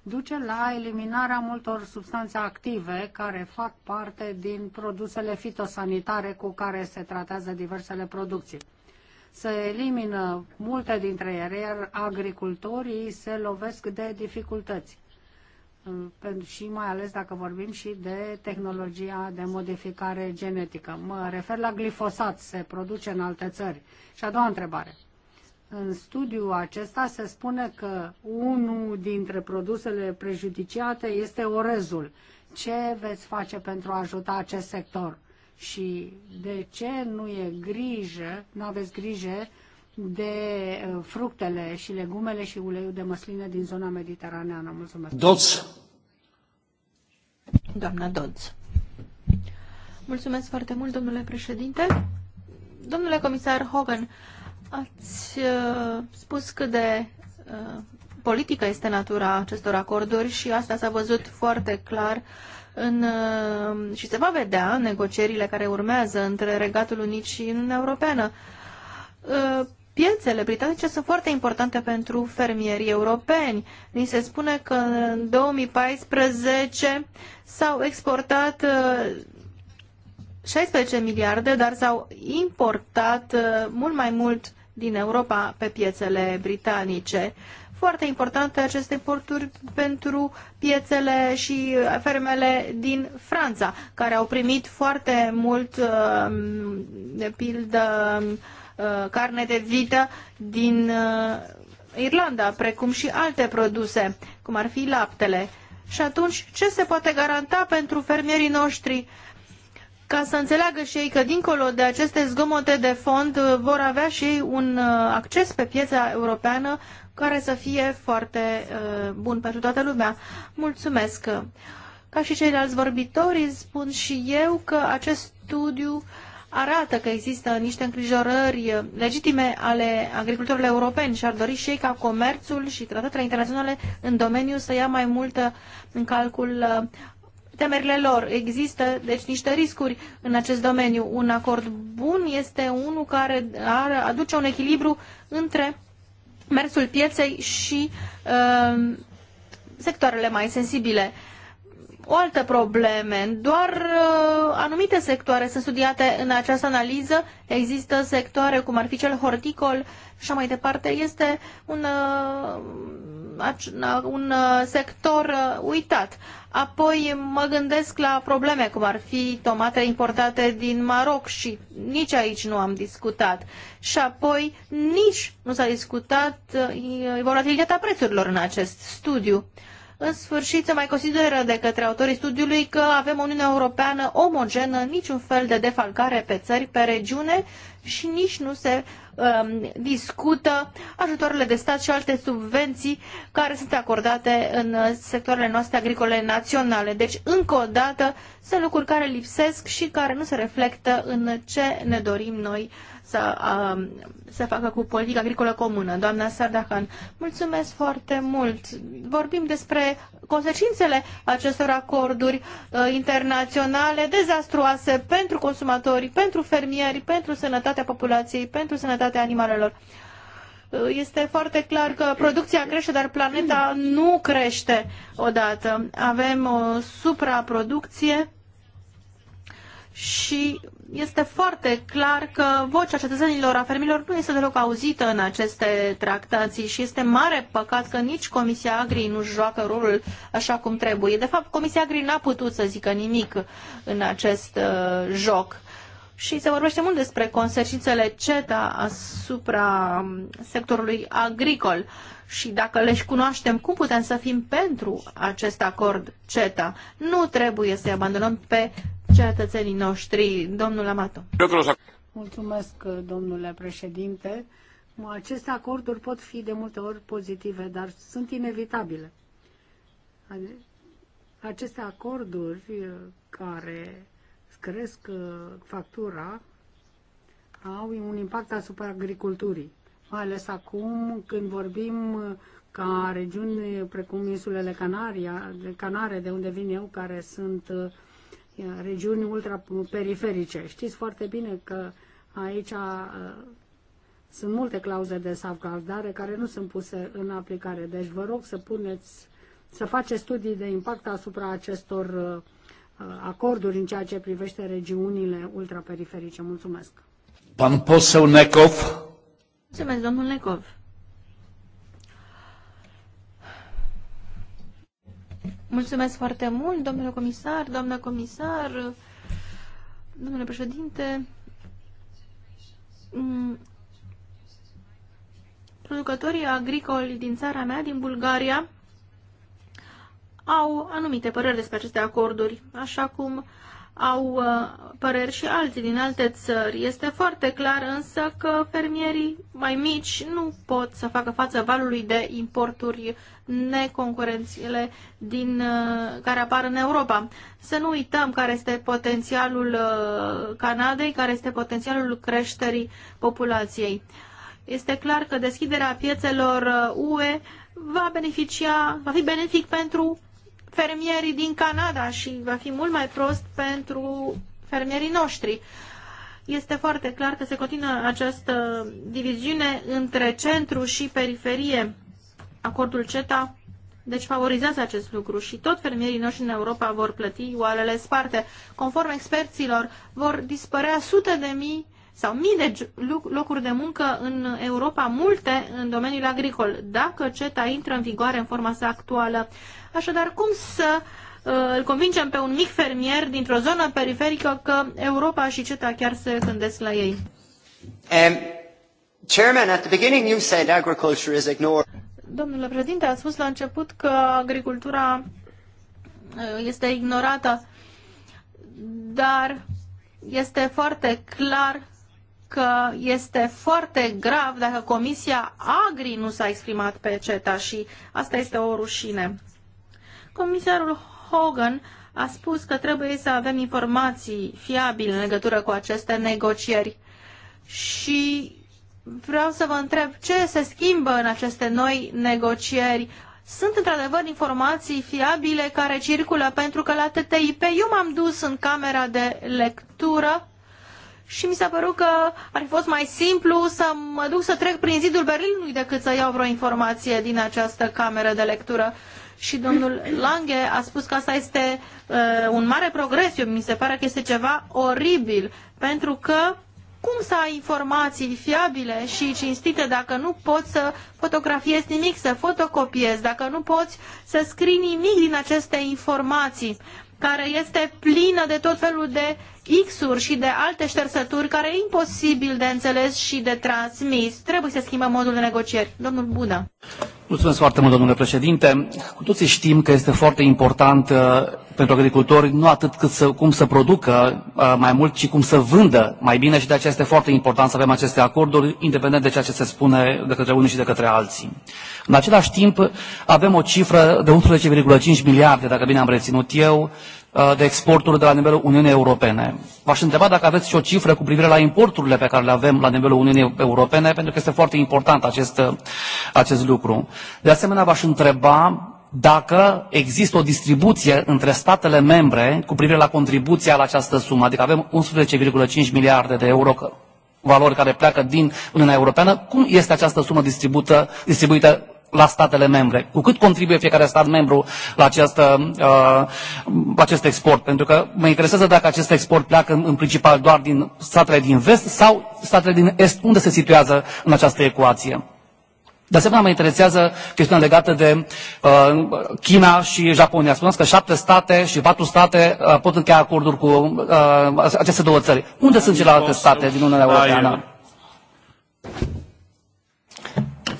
duce la eliminarea multor substanțe active care fac parte din produsele fitosanitare cu care se tratează diversele producții se elimină multe dintre ele, iar agricultorii se lovesc de dificultăți. Și mai ales dacă vorbim și de tehnologia de modificare genetică. Mă refer la glifosat, se produce în alte țări. Și a doua întrebare. În studiul acesta se spune că unul dintre produsele prejudiciate este orezul. Ce veți face pentru a ajuta acest sector? și de ce nu e grijă, nu aveți grijă de uh, fructele și legumele și uleiul de măsline din zona mediteraneană. Mulțumesc. Doț. Doamna Doț. Mulțumesc foarte mult, domnule președinte. Domnule comisar Hogan, ați uh, spus cât de uh, politică este natura acestor acorduri și asta s-a văzut foarte clar uh, în, uh, și se va vedea în negocierile care urmează între Regatul Unit și Uniunea Europeană. Uh, piețele britanice sunt foarte importante pentru fermierii europeni. Ni se spune că în 2014 s-au exportat 16 uh, miliarde, dar s-au importat mult mai mult din Europa pe piețele britanice foarte importante aceste porturi pentru piețele și fermele din Franța, care au primit foarte mult, uh, de pildă, uh, carne de vită din uh, Irlanda, precum și alte produse, cum ar fi laptele. Și atunci, ce se poate garanta pentru fermierii noștri? ca să înțeleagă și ei că dincolo de aceste zgomote de fond uh, vor avea și ei un uh, acces pe piața europeană care să fie foarte uh, bun pentru toată lumea. Mulțumesc! Ca și ceilalți vorbitori, spun și eu că acest studiu arată că există niște îngrijorări legitime ale agricultorilor europeni și ar dori și ei ca comerțul și tratatele internaționale în domeniu să ia mai mult în calcul temerile lor. Există, deci, niște riscuri în acest domeniu. Un acord bun este unul care ar aduce un echilibru între mersul pieței și uh, sectoarele mai sensibile. O altă probleme, doar uh, anumite sectoare sunt studiate în această analiză, există sectoare cum ar fi cel horticol și mai departe, este un uh, un uh, sector uh, uitat. Apoi mă gândesc la probleme, cum ar fi tomatele importate din Maroc și nici aici nu am discutat. Și apoi nici nu s-a discutat uh, volatilitatea prețurilor în acest studiu. În sfârșit, se mai consideră de către autorii studiului că avem o Uniune Europeană omogenă, niciun fel de defalcare pe țări, pe regiune și nici nu se um, discută ajutoarele de stat și alte subvenții care sunt acordate în uh, sectoarele noastre agricole naționale. Deci, încă o dată, sunt lucruri care lipsesc și care nu se reflectă în ce ne dorim noi uh, să uh, facă cu politica agricolă comună. Doamna Sardahan, mulțumesc foarte mult. Vorbim despre consecințele acestor acorduri uh, internaționale dezastruoase pentru consumatori, pentru fermieri, pentru sănătatea populației, pentru sănătatea animalelor. Uh, este foarte clar că producția crește, dar planeta nu crește odată. Avem o supraproducție și este foarte clar că vocea cetățenilor, a fermilor, nu este deloc auzită în aceste tractații și este mare păcat că nici Comisia Agri nu joacă rolul așa cum trebuie. De fapt, Comisia Agri n-a putut să zică nimic în acest uh, joc. Și se vorbește mult despre consecințele CETA asupra um, sectorului agricol și dacă le cunoaștem, cum putem să fim pentru acest acord CETA? Nu trebuie să abandonăm pe cetățenii noștri. Domnul Amato. Mulțumesc, domnule președinte. Aceste acorduri pot fi de multe ori pozitive, dar sunt inevitabile. Aceste acorduri uh, care cresc uh, factura au un impact asupra agriculturii, mai ales acum când vorbim uh, ca regiuni precum insulele Canaria, Canare, de unde vin eu, care sunt regiuni ultraperiferice. Știți foarte bine că aici sunt multe clauze de salvgardare care nu sunt puse în aplicare. Deci vă rog să puneți, să faceți studii de impact asupra acestor acorduri în ceea ce privește regiunile ultraperiferice. Mulțumesc. Pan poseu Necov. Mulțumesc, domnul Necov. Mulțumesc foarte mult, domnule comisar, doamna comisar, domnule președinte. Mm, producătorii agricoli din țara mea, din Bulgaria, au anumite păreri despre aceste acorduri, așa cum au uh, păreri și alții din alte țări. Este foarte clar însă că fermierii mai mici nu pot să facă față valului de importuri neconcurențiale din, uh, care apar în Europa. Să nu uităm care este potențialul uh, Canadei, care este potențialul creșterii populației. Este clar că deschiderea piețelor UE va beneficia, va fi benefic pentru fermierii din Canada și va fi mult mai prost pentru fermierii noștri. Este foarte clar că se continuă această diviziune între centru și periferie. Acordul CETA deci favorizează acest lucru și tot fermierii noștri în Europa vor plăti oalele sparte. Conform experților, vor dispărea sute de mii sau mii de locuri de muncă în Europa, multe în domeniul agricol, dacă CETA intră în vigoare în forma sa actuală. Așadar, cum să uh, îl convingem pe un mic fermier dintr-o zonă periferică că Europa și CETA chiar se gândesc la ei? Um, chairman, at the beginning you said agriculture is ignored. Domnule președinte, a spus la început că agricultura uh, este ignorată, dar este foarte clar că este foarte grav dacă Comisia Agri nu s-a exprimat pe CETA și asta este o rușine. Comisarul Hogan a spus că trebuie să avem informații fiabile în legătură cu aceste negocieri și vreau să vă întreb ce se schimbă în aceste noi negocieri. Sunt într-adevăr informații fiabile care circulă pentru că la TTIP eu m-am dus în camera de lectură și mi s-a părut că ar fi fost mai simplu să mă duc să trec prin zidul Berlinului decât să iau vreo informație din această cameră de lectură. Și domnul Lange a spus că asta este uh, un mare progres. Eu mi se pare că este ceva oribil, pentru că cum să ai informații fiabile și cinstite dacă nu poți să fotografiezi nimic, să fotocopiezi, dacă nu poți să scrii nimic din aceste informații, care este plină de tot felul de X-uri și de alte ștersături care e imposibil de înțeles și de transmis. Trebuie să schimbăm modul de negocieri. Domnul Bună. Mulțumesc foarte mult, domnule președinte. Cu toții știm că este foarte important uh, pentru agricultori nu atât cât să, cum să producă uh, mai mult, ci cum să vândă mai bine și de aceea este foarte important să avem aceste acorduri, independent de ceea ce se spune de către unii și de către alții. În același timp, avem o cifră de 11,5 miliarde, dacă bine am reținut eu, Uh, de exporturi de la nivelul Uniunii Europene. V-aș întreba dacă aveți și o cifră cu privire la importurile pe care le avem la nivelul Uniunii Europene, pentru că este foarte important acest, uh, acest lucru. De asemenea, v-aș întreba dacă există o distribuție între statele membre cu privire la contribuția la această sumă, adică avem 11,5 miliarde de euro valori care pleacă din Uniunea Europeană, cum este această sumă distribuită, distribuită la statele membre. Cu cât contribuie fiecare stat membru la această, uh, acest export? Pentru că mă interesează dacă acest export pleacă în, în principal doar din statele din vest sau statele din est, unde se situează în această ecuație. De asemenea, mă interesează chestiunea legată de uh, China și Japonia. Spuneți că șapte state și patru state uh, pot încheia acorduri cu uh, aceste două țări. Unde sunt celelalte state din Uniunea Europeană?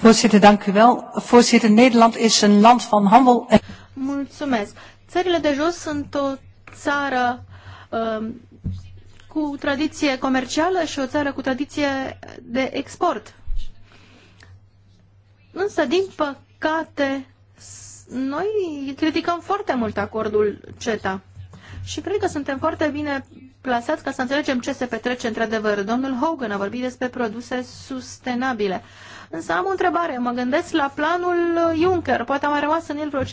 Voorzitter, dank u wel. Voorzitter, Nederland is een land van handel. En... Mulțumesc. Țările de jos sunt o țară um, cu tradiție comercială și o țară cu tradiție de export. Însă, din păcate, noi criticăm foarte mult acordul CETA și cred că suntem foarte bine plasați ca să înțelegem ce se petrece într-adevăr. Domnul Hogan a vorbit despre produse sustenabile. Însă am o întrebare. Mă gândesc la planul uh, Juncker. Poate a mai rămas în el vreo 500-400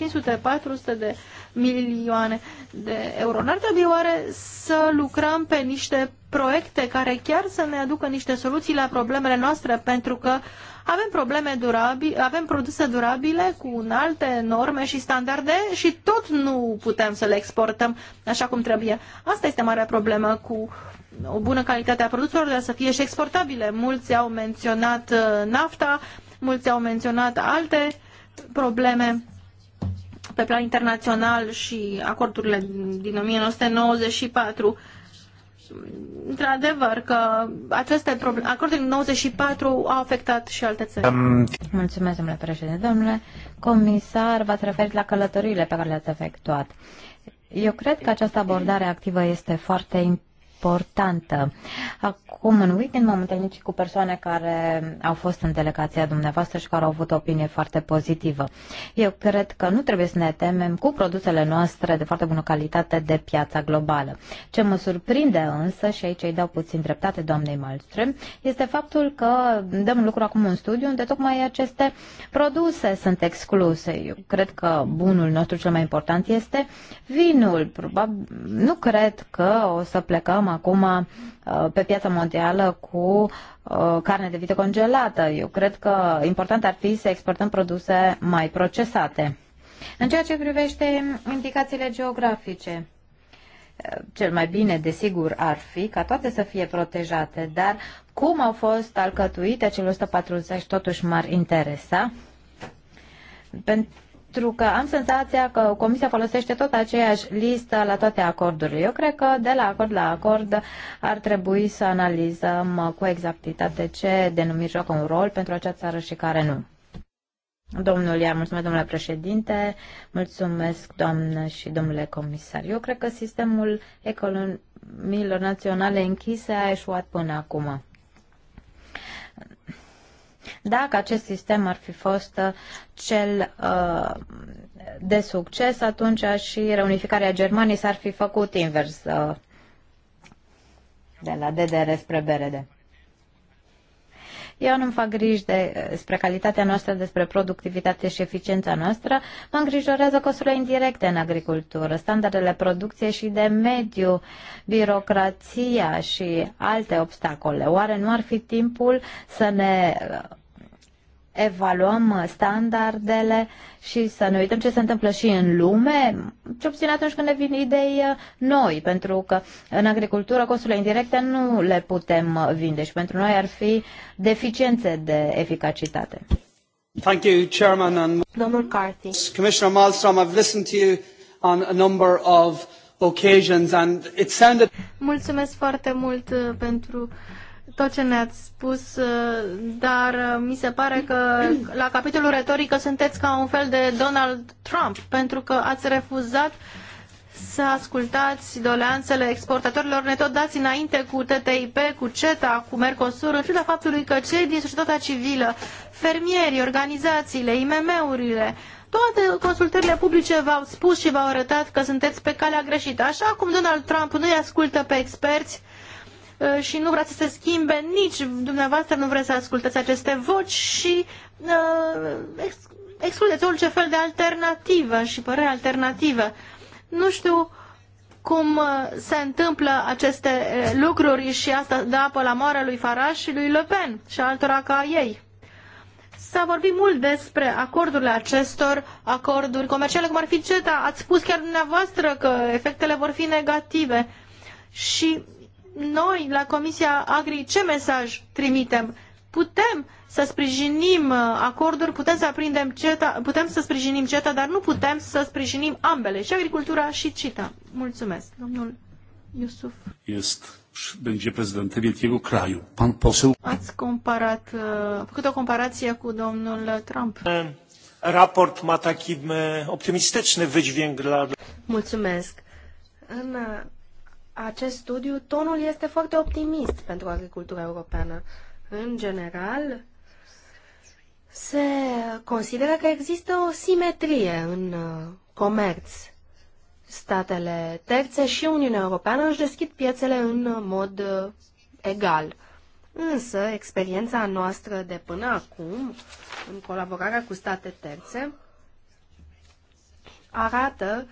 de milioane de euro. N-ar trebui oare să lucrăm pe niște proiecte care chiar să ne aducă niște soluții la problemele noastre, pentru că avem probleme durabile, avem produse durabile cu alte norme și standarde și tot nu putem să le exportăm așa cum trebuie. Asta este marea problemă cu o bună calitate a produselor, dar să fie și exportabile. Mulți au menționat uh, nafta, mulți au menționat alte probleme pe plan internațional și acordurile din 1994 într-adevăr că aceste probleme, acordul din 94 a afectat și alte țări. Mulțumesc, domnule președinte. Domnule comisar, v-ați referit la călătoriile pe care le-ați efectuat. Eu cred că această abordare activă este foarte importantă. Acum, în weekend, m-am întâlnit și cu persoane care au fost în delegația dumneavoastră și care au avut o opinie foarte pozitivă. Eu cred că nu trebuie să ne temem cu produsele noastre de foarte bună calitate de piața globală. Ce mă surprinde însă, și aici îi dau puțin dreptate doamnei Malmström, este faptul că dăm în lucru acum un studiu unde tocmai aceste produse sunt excluse. Eu cred că bunul nostru cel mai important este vinul. Probabil, nu cred că o să plecăm acum uh, pe piața mondială cu uh, carne de vită congelată. Eu cred că important ar fi să exportăm produse mai procesate. În ceea ce privește indicațiile geografice, uh, cel mai bine, desigur, ar fi ca toate să fie protejate, dar cum au fost alcătuite cele 140 totuși m-ar interesa. Pentru pentru că am senzația că Comisia folosește tot aceeași listă la toate acordurile. Eu cred că de la acord la acord ar trebui să analizăm cu exactitate ce denumiri joacă un rol pentru acea țară și care nu. Domnul Iar, mulțumesc domnule președinte, mulțumesc doamnă și domnule comisar. Eu cred că sistemul economiilor naționale închise a eșuat până acum. Dacă acest sistem ar fi fost uh, cel uh, de succes, atunci și reunificarea Germaniei s-ar fi făcut invers uh, de la DDR spre BRD. Eu nu-mi fac griji de, uh, calitatea noastră, despre productivitate și eficiența noastră, mă îngrijorează costurile indirecte în agricultură, standardele producției și de mediu, birocrația și alte obstacole. Oare nu ar fi timpul să ne uh, evaluăm uh, standardele și să ne uităm ce se întâmplă și în lume, ce obțin atunci când ne vin idei uh, noi, pentru că în agricultură costurile indirecte nu le putem uh, vinde și pentru noi ar fi deficiențe de eficacitate. Thank you, Chairman and Domnul Carthy. Commissioner Malmström, I've listened to you on a number of occasions and it sounded... Mulțumesc foarte mult pentru uh, tot ce ne-ați spus, uh, dar uh, mi se pare că la capitolul retorică sunteți ca un fel de Donald Trump, pentru că ați refuzat să ascultați doleanțele exportatorilor, ne tot dați înainte cu TTIP, cu CETA, cu Mercosur, în ciuda faptului că cei din societatea civilă, fermierii, organizațiile, IMM-urile, toate consultările publice v-au spus și v-au arătat că sunteți pe calea greșită. Așa cum Donald Trump nu-i ascultă pe experți, Uh, și nu vrea să se schimbe, nici dumneavoastră nu vreți să ascultați aceste voci și uh, excludeți orice fel de alternativă și părere alternativă. Nu știu cum uh, se întâmplă aceste uh, lucruri și asta dă apă la moară lui Farage și lui Le Pen și altora ca ei. S-a vorbit mult despre acordurile acestor acorduri comerciale, cum ar fi CETA. Ați spus chiar dumneavoastră că efectele vor fi negative. Și noi la Comisia Agri ce mesaj trimitem? Putem să sprijinim uh, acorduri, putem să aprindem CETA, putem să sprijinim CETA, dar nu putem să sprijinim ambele, și agricultura și CETA. Mulțumesc, domnul Iusuf. Este będzie prezydentem wielkiego kraju. Pan poseł... Ați comparat, uh, făcut o comparație cu domnul Trump. Raport ma taki optymistyczny wydźwięk dla... Mulțumesc. În acest studiu, tonul este foarte optimist pentru agricultura europeană. În general, se consideră că există o simetrie în uh, comerț. Statele terțe și Uniunea Europeană își deschid piețele în mod uh, egal. Însă, experiența noastră de până acum, în colaborarea cu state terțe, arată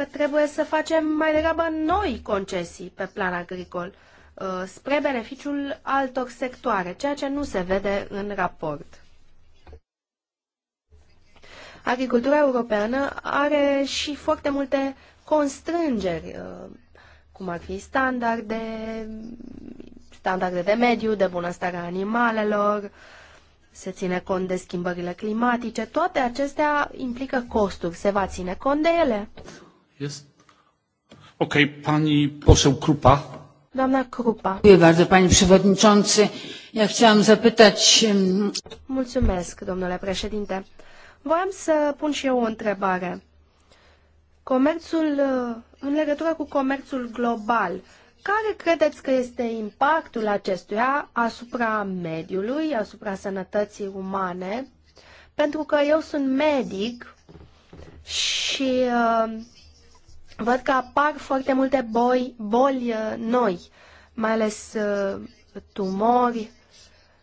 că trebuie să facem mai degrabă noi concesii pe plan agricol uh, spre beneficiul altor sectoare, ceea ce nu se vede în raport. Agricultura europeană are și foarte multe constrângeri, uh, cum ar fi standarde, standarde de mediu, de bunăstare a animalelor, se ține cont de schimbările climatice, toate acestea implică costuri. Se va ține cont de ele? Jest? Okej, okay, pani poseł Krupa. Doamna Krupa. Dziękuję bardzo, panie przewodniczący. Ja chciałam zapytać... Mulțumesc, domnule președinte. Voiam să pun și eu o întrebare. Comerțul, uh, în legătură cu comerțul global, care credeți că este impactul acestuia asupra mediului, asupra sănătății umane? Pentru că eu sunt medic și uh, văd că apar foarte multe boi, boli uh, noi, mai ales uh, tumori,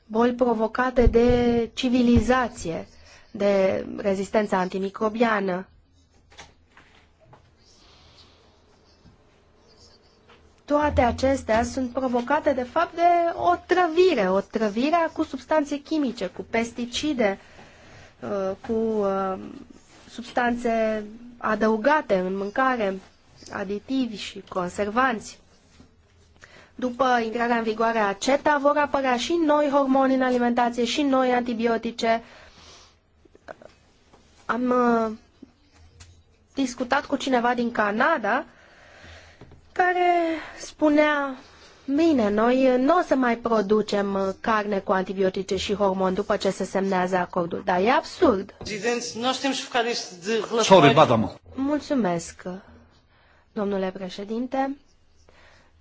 boli provocate de civilizație, de rezistența antimicrobiană. Toate acestea sunt provocate, de fapt, de o trăvire, o trăvire cu substanțe chimice, cu pesticide, uh, cu substanțe adăugate în mâncare, aditivi și conservanți. După intrarea în vigoare a CETA vor apărea și noi hormoni în alimentație și noi antibiotice. Am uh, discutat cu cineva din Canada care spunea Bine, noi uh, nu o să mai producem uh, carne cu antibiotice și hormon după ce se semnează acordul, dar e absurd. Sorry, da, Mulțumesc, uh, domnule președinte.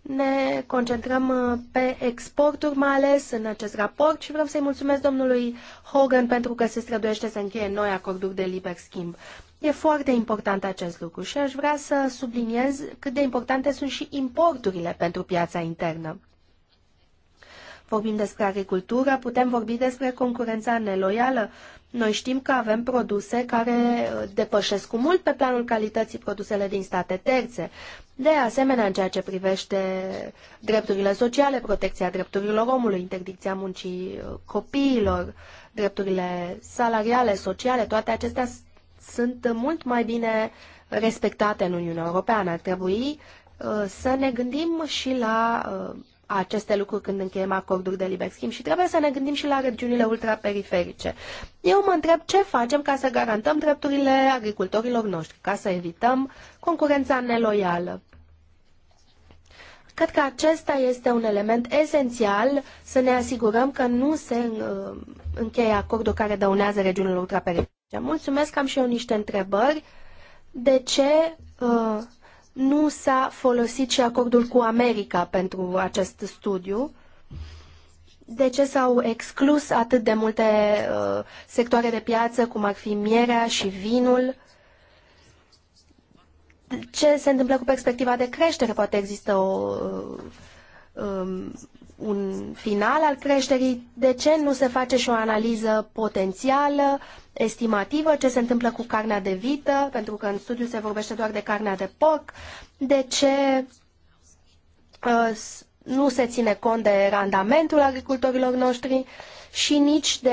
Ne concentrăm pe exporturi, mai ales în acest raport și vreau să-i mulțumesc domnului Hogan pentru că se străduiește să încheie noi acorduri de liber schimb. E foarte important acest lucru și aș vrea să subliniez cât de importante sunt și importurile pentru piața internă. Vorbim despre agricultură, putem vorbi despre concurența neloială. Noi știm că avem produse care uh, depășesc cu mult pe planul calității produsele din state terțe. De asemenea, în ceea ce privește drepturile sociale, protecția drepturilor omului, interdicția muncii uh, copiilor, drepturile salariale, sociale, toate acestea sunt mult mai bine respectate în Uniunea Europeană. Ar trebui uh, să ne gândim și la uh, aceste lucruri când încheiem acorduri de liber schimb și trebuie să ne gândim și la regiunile ultraperiferice. Eu mă întreb ce facem ca să garantăm drepturile agricultorilor noștri, ca să evităm concurența neloială. Cred că acesta este un element esențial să ne asigurăm că nu se uh, încheie acorduri care dăunează regiunile ultraperiferice. Da, mulțumesc, am și eu niște întrebări. De ce uh, nu s-a folosit și acordul cu America pentru acest studiu? De ce s-au exclus atât de multe uh, sectoare de piață, cum ar fi mierea și vinul? Ce se întâmplă cu perspectiva de creștere? Poate există o uh, um, un final al creșterii, de ce nu se face și o analiză potențială, estimativă, ce se întâmplă cu carnea de vită, pentru că în studiu se vorbește doar de carnea de porc, de ce uh, nu se ține cont de randamentul agricultorilor noștri, uh, și nici de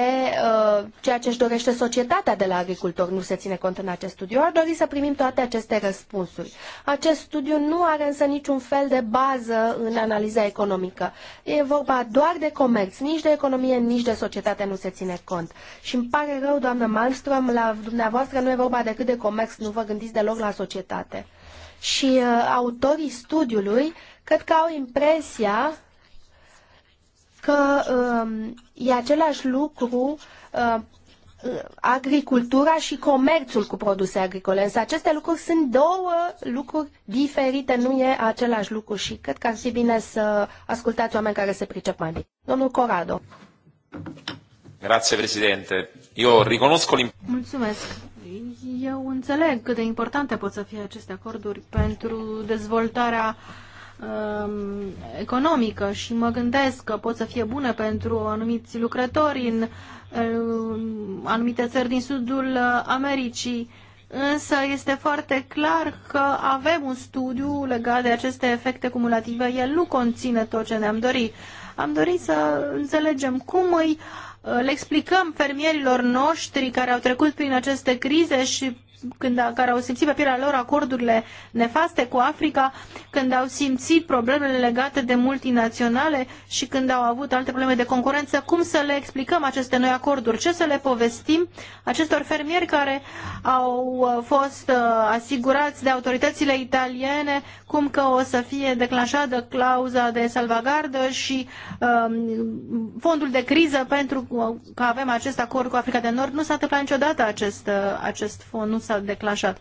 uh, ceea ce își dorește societatea de la agricultor nu se ține cont în acest studiu. Ar dori să primim toate aceste răspunsuri. Acest studiu nu are însă niciun fel de bază în analiza economică. E vorba doar de comerț, nici de economie, nici de societate nu se ține cont. Și îmi pare rău, doamnă Malmström, la dumneavoastră nu e vorba decât de comerț, nu vă gândiți deloc la societate. Și uh, autorii studiului cred că au impresia că um, e același lucru uh, agricultura și comerțul cu produse agricole. Însă aceste lucruri sunt două lucruri diferite, nu e același lucru și cred că ar fi bine să ascultați oameni care se pricep mai bine. Domnul Corado. Grazie, Presidente. Eu o... Mulțumesc. Eu înțeleg cât de importante pot să fie aceste acorduri pentru dezvoltarea uh, Um, economică și mă gândesc că pot să fie bune pentru anumiți lucrători în um, anumite țări din sudul uh, Americii, însă este foarte clar că avem un studiu legat de aceste efecte cumulative. El nu conține tot ce ne-am dorit. Am dorit să înțelegem cum îi uh, le explicăm fermierilor noștri care au trecut prin aceste crize și când, care au simțit pe pielea lor acordurile nefaste cu Africa, când au simțit problemele legate de multinaționale și când au avut alte probleme de concurență, cum să le explicăm aceste noi acorduri? Ce să le povestim acestor fermieri care au uh, fost uh, asigurați de autoritățile italiene cum că o să fie declanșată clauza de salvagardă și um, fondul de criză pentru uh, că avem acest acord cu Africa de Nord? Nu s-a întâmplat niciodată acest, acest fond, nu s-a s a declanșat.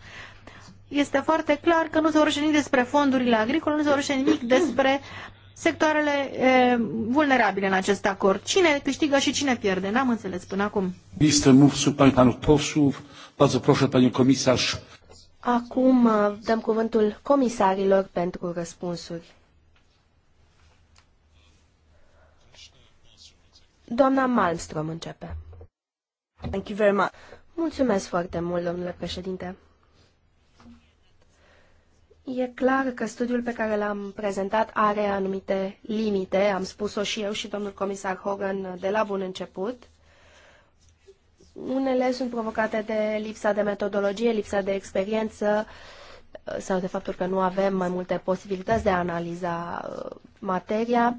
Este foarte clar că nu se vorbește nimic despre fondurile agricole, nu se vorbește nimic despre sectoarele e, vulnerabile în acest acord. Cine câștigă și cine pierde? N-am înțeles până acum. Acum uh, dăm cuvântul comisarilor pentru răspunsuri. Doamna Malmström începe. Thank you very much. Mulțumesc foarte mult, domnule președinte. E clar că studiul pe care l-am prezentat are anumite limite, am spus-o și eu și domnul comisar Hogan de la bun început. Unele sunt provocate de lipsa de metodologie, lipsa de experiență sau de faptul că nu avem mai multe posibilități de a analiza uh, materia.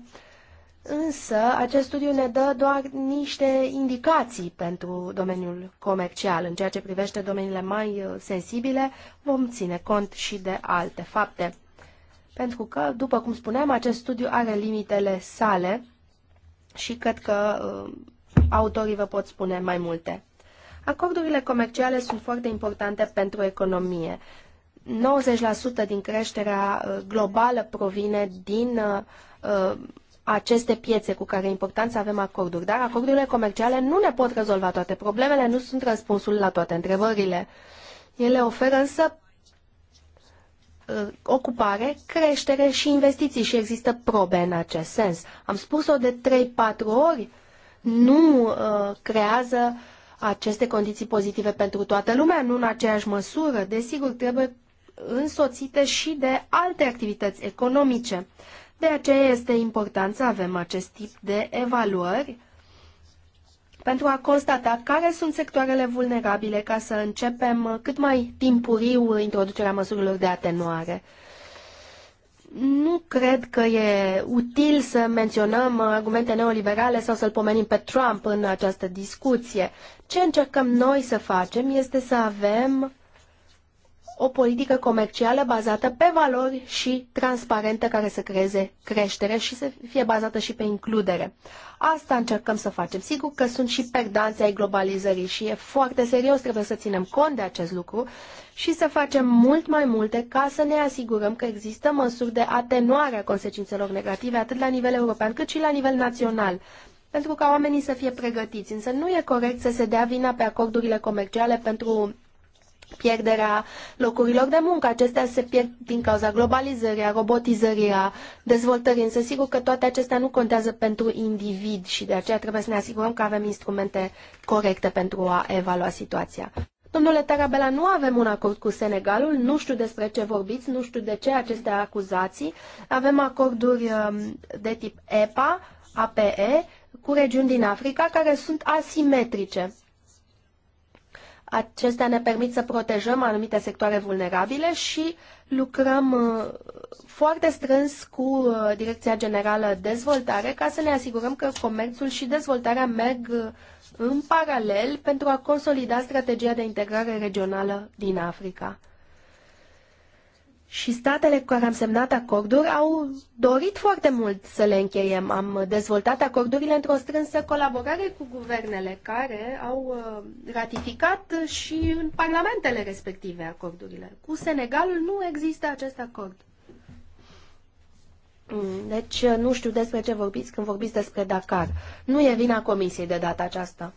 Însă, acest studiu ne dă doar niște indicații pentru domeniul comercial. În ceea ce privește domeniile mai uh, sensibile, vom ține cont și de alte fapte. Pentru că, după cum spuneam, acest studiu are limitele sale și cred că uh, autorii vă pot spune mai multe. Acordurile comerciale sunt foarte importante pentru economie. 90% din creșterea uh, globală provine din uh, uh aceste piețe cu care e important să avem acorduri, dar acordurile comerciale nu ne pot rezolva toate problemele, nu sunt răspunsul la toate întrebările. Ele oferă însă uh, ocupare, creștere și investiții și există probe în acest sens. Am spus-o de 3-4 ori, nu uh, creează aceste condiții pozitive pentru toată lumea, nu în aceeași măsură. Desigur, trebuie însoțite și de alte activități economice. De aceea este important să avem acest tip de evaluări pentru a constata care sunt sectoarele vulnerabile ca să începem cât mai timpuriu introducerea măsurilor de atenuare. Nu cred că e util să menționăm argumente neoliberale sau să-l pomenim pe Trump în această discuție. Ce încercăm noi să facem este să avem o politică comercială bazată pe valori și transparentă care să creeze creștere și să fie bazată și pe includere. Asta încercăm să facem. Sigur că sunt și perdanțe ai globalizării și e foarte serios, trebuie să ținem cont de acest lucru și să facem mult mai multe ca să ne asigurăm că există măsuri de atenuare a consecințelor negative atât la nivel european cât și la nivel național pentru ca oamenii să fie pregătiți. Însă nu e corect să se dea vina pe acordurile comerciale pentru pierderea locurilor de muncă. Acestea se pierd din cauza globalizării, a robotizării, a dezvoltării, însă sigur că toate acestea nu contează pentru individ și de aceea trebuie să ne asigurăm că avem instrumente corecte pentru a evalua situația. Domnule Tarabela, nu avem un acord cu Senegalul, nu știu despre ce vorbiți, nu știu de ce aceste acuzații. Avem acorduri um, de tip EPA, APE, cu regiuni din Africa care sunt asimetrice Acestea ne permit să protejăm anumite sectoare vulnerabile și lucrăm uh, foarte strâns cu uh, Direcția Generală Dezvoltare ca să ne asigurăm că comerțul și dezvoltarea merg uh, în paralel pentru a consolida strategia de integrare regională din Africa. Și statele cu care am semnat acorduri au dorit foarte mult să le încheiem. Am dezvoltat acordurile într-o strânsă colaborare cu guvernele care au uh, ratificat și în parlamentele respective acordurile. Cu Senegalul nu există acest acord. Mm, deci uh, nu știu despre ce vorbiți când vorbiți despre Dakar. Nu e vina Comisiei de data aceasta.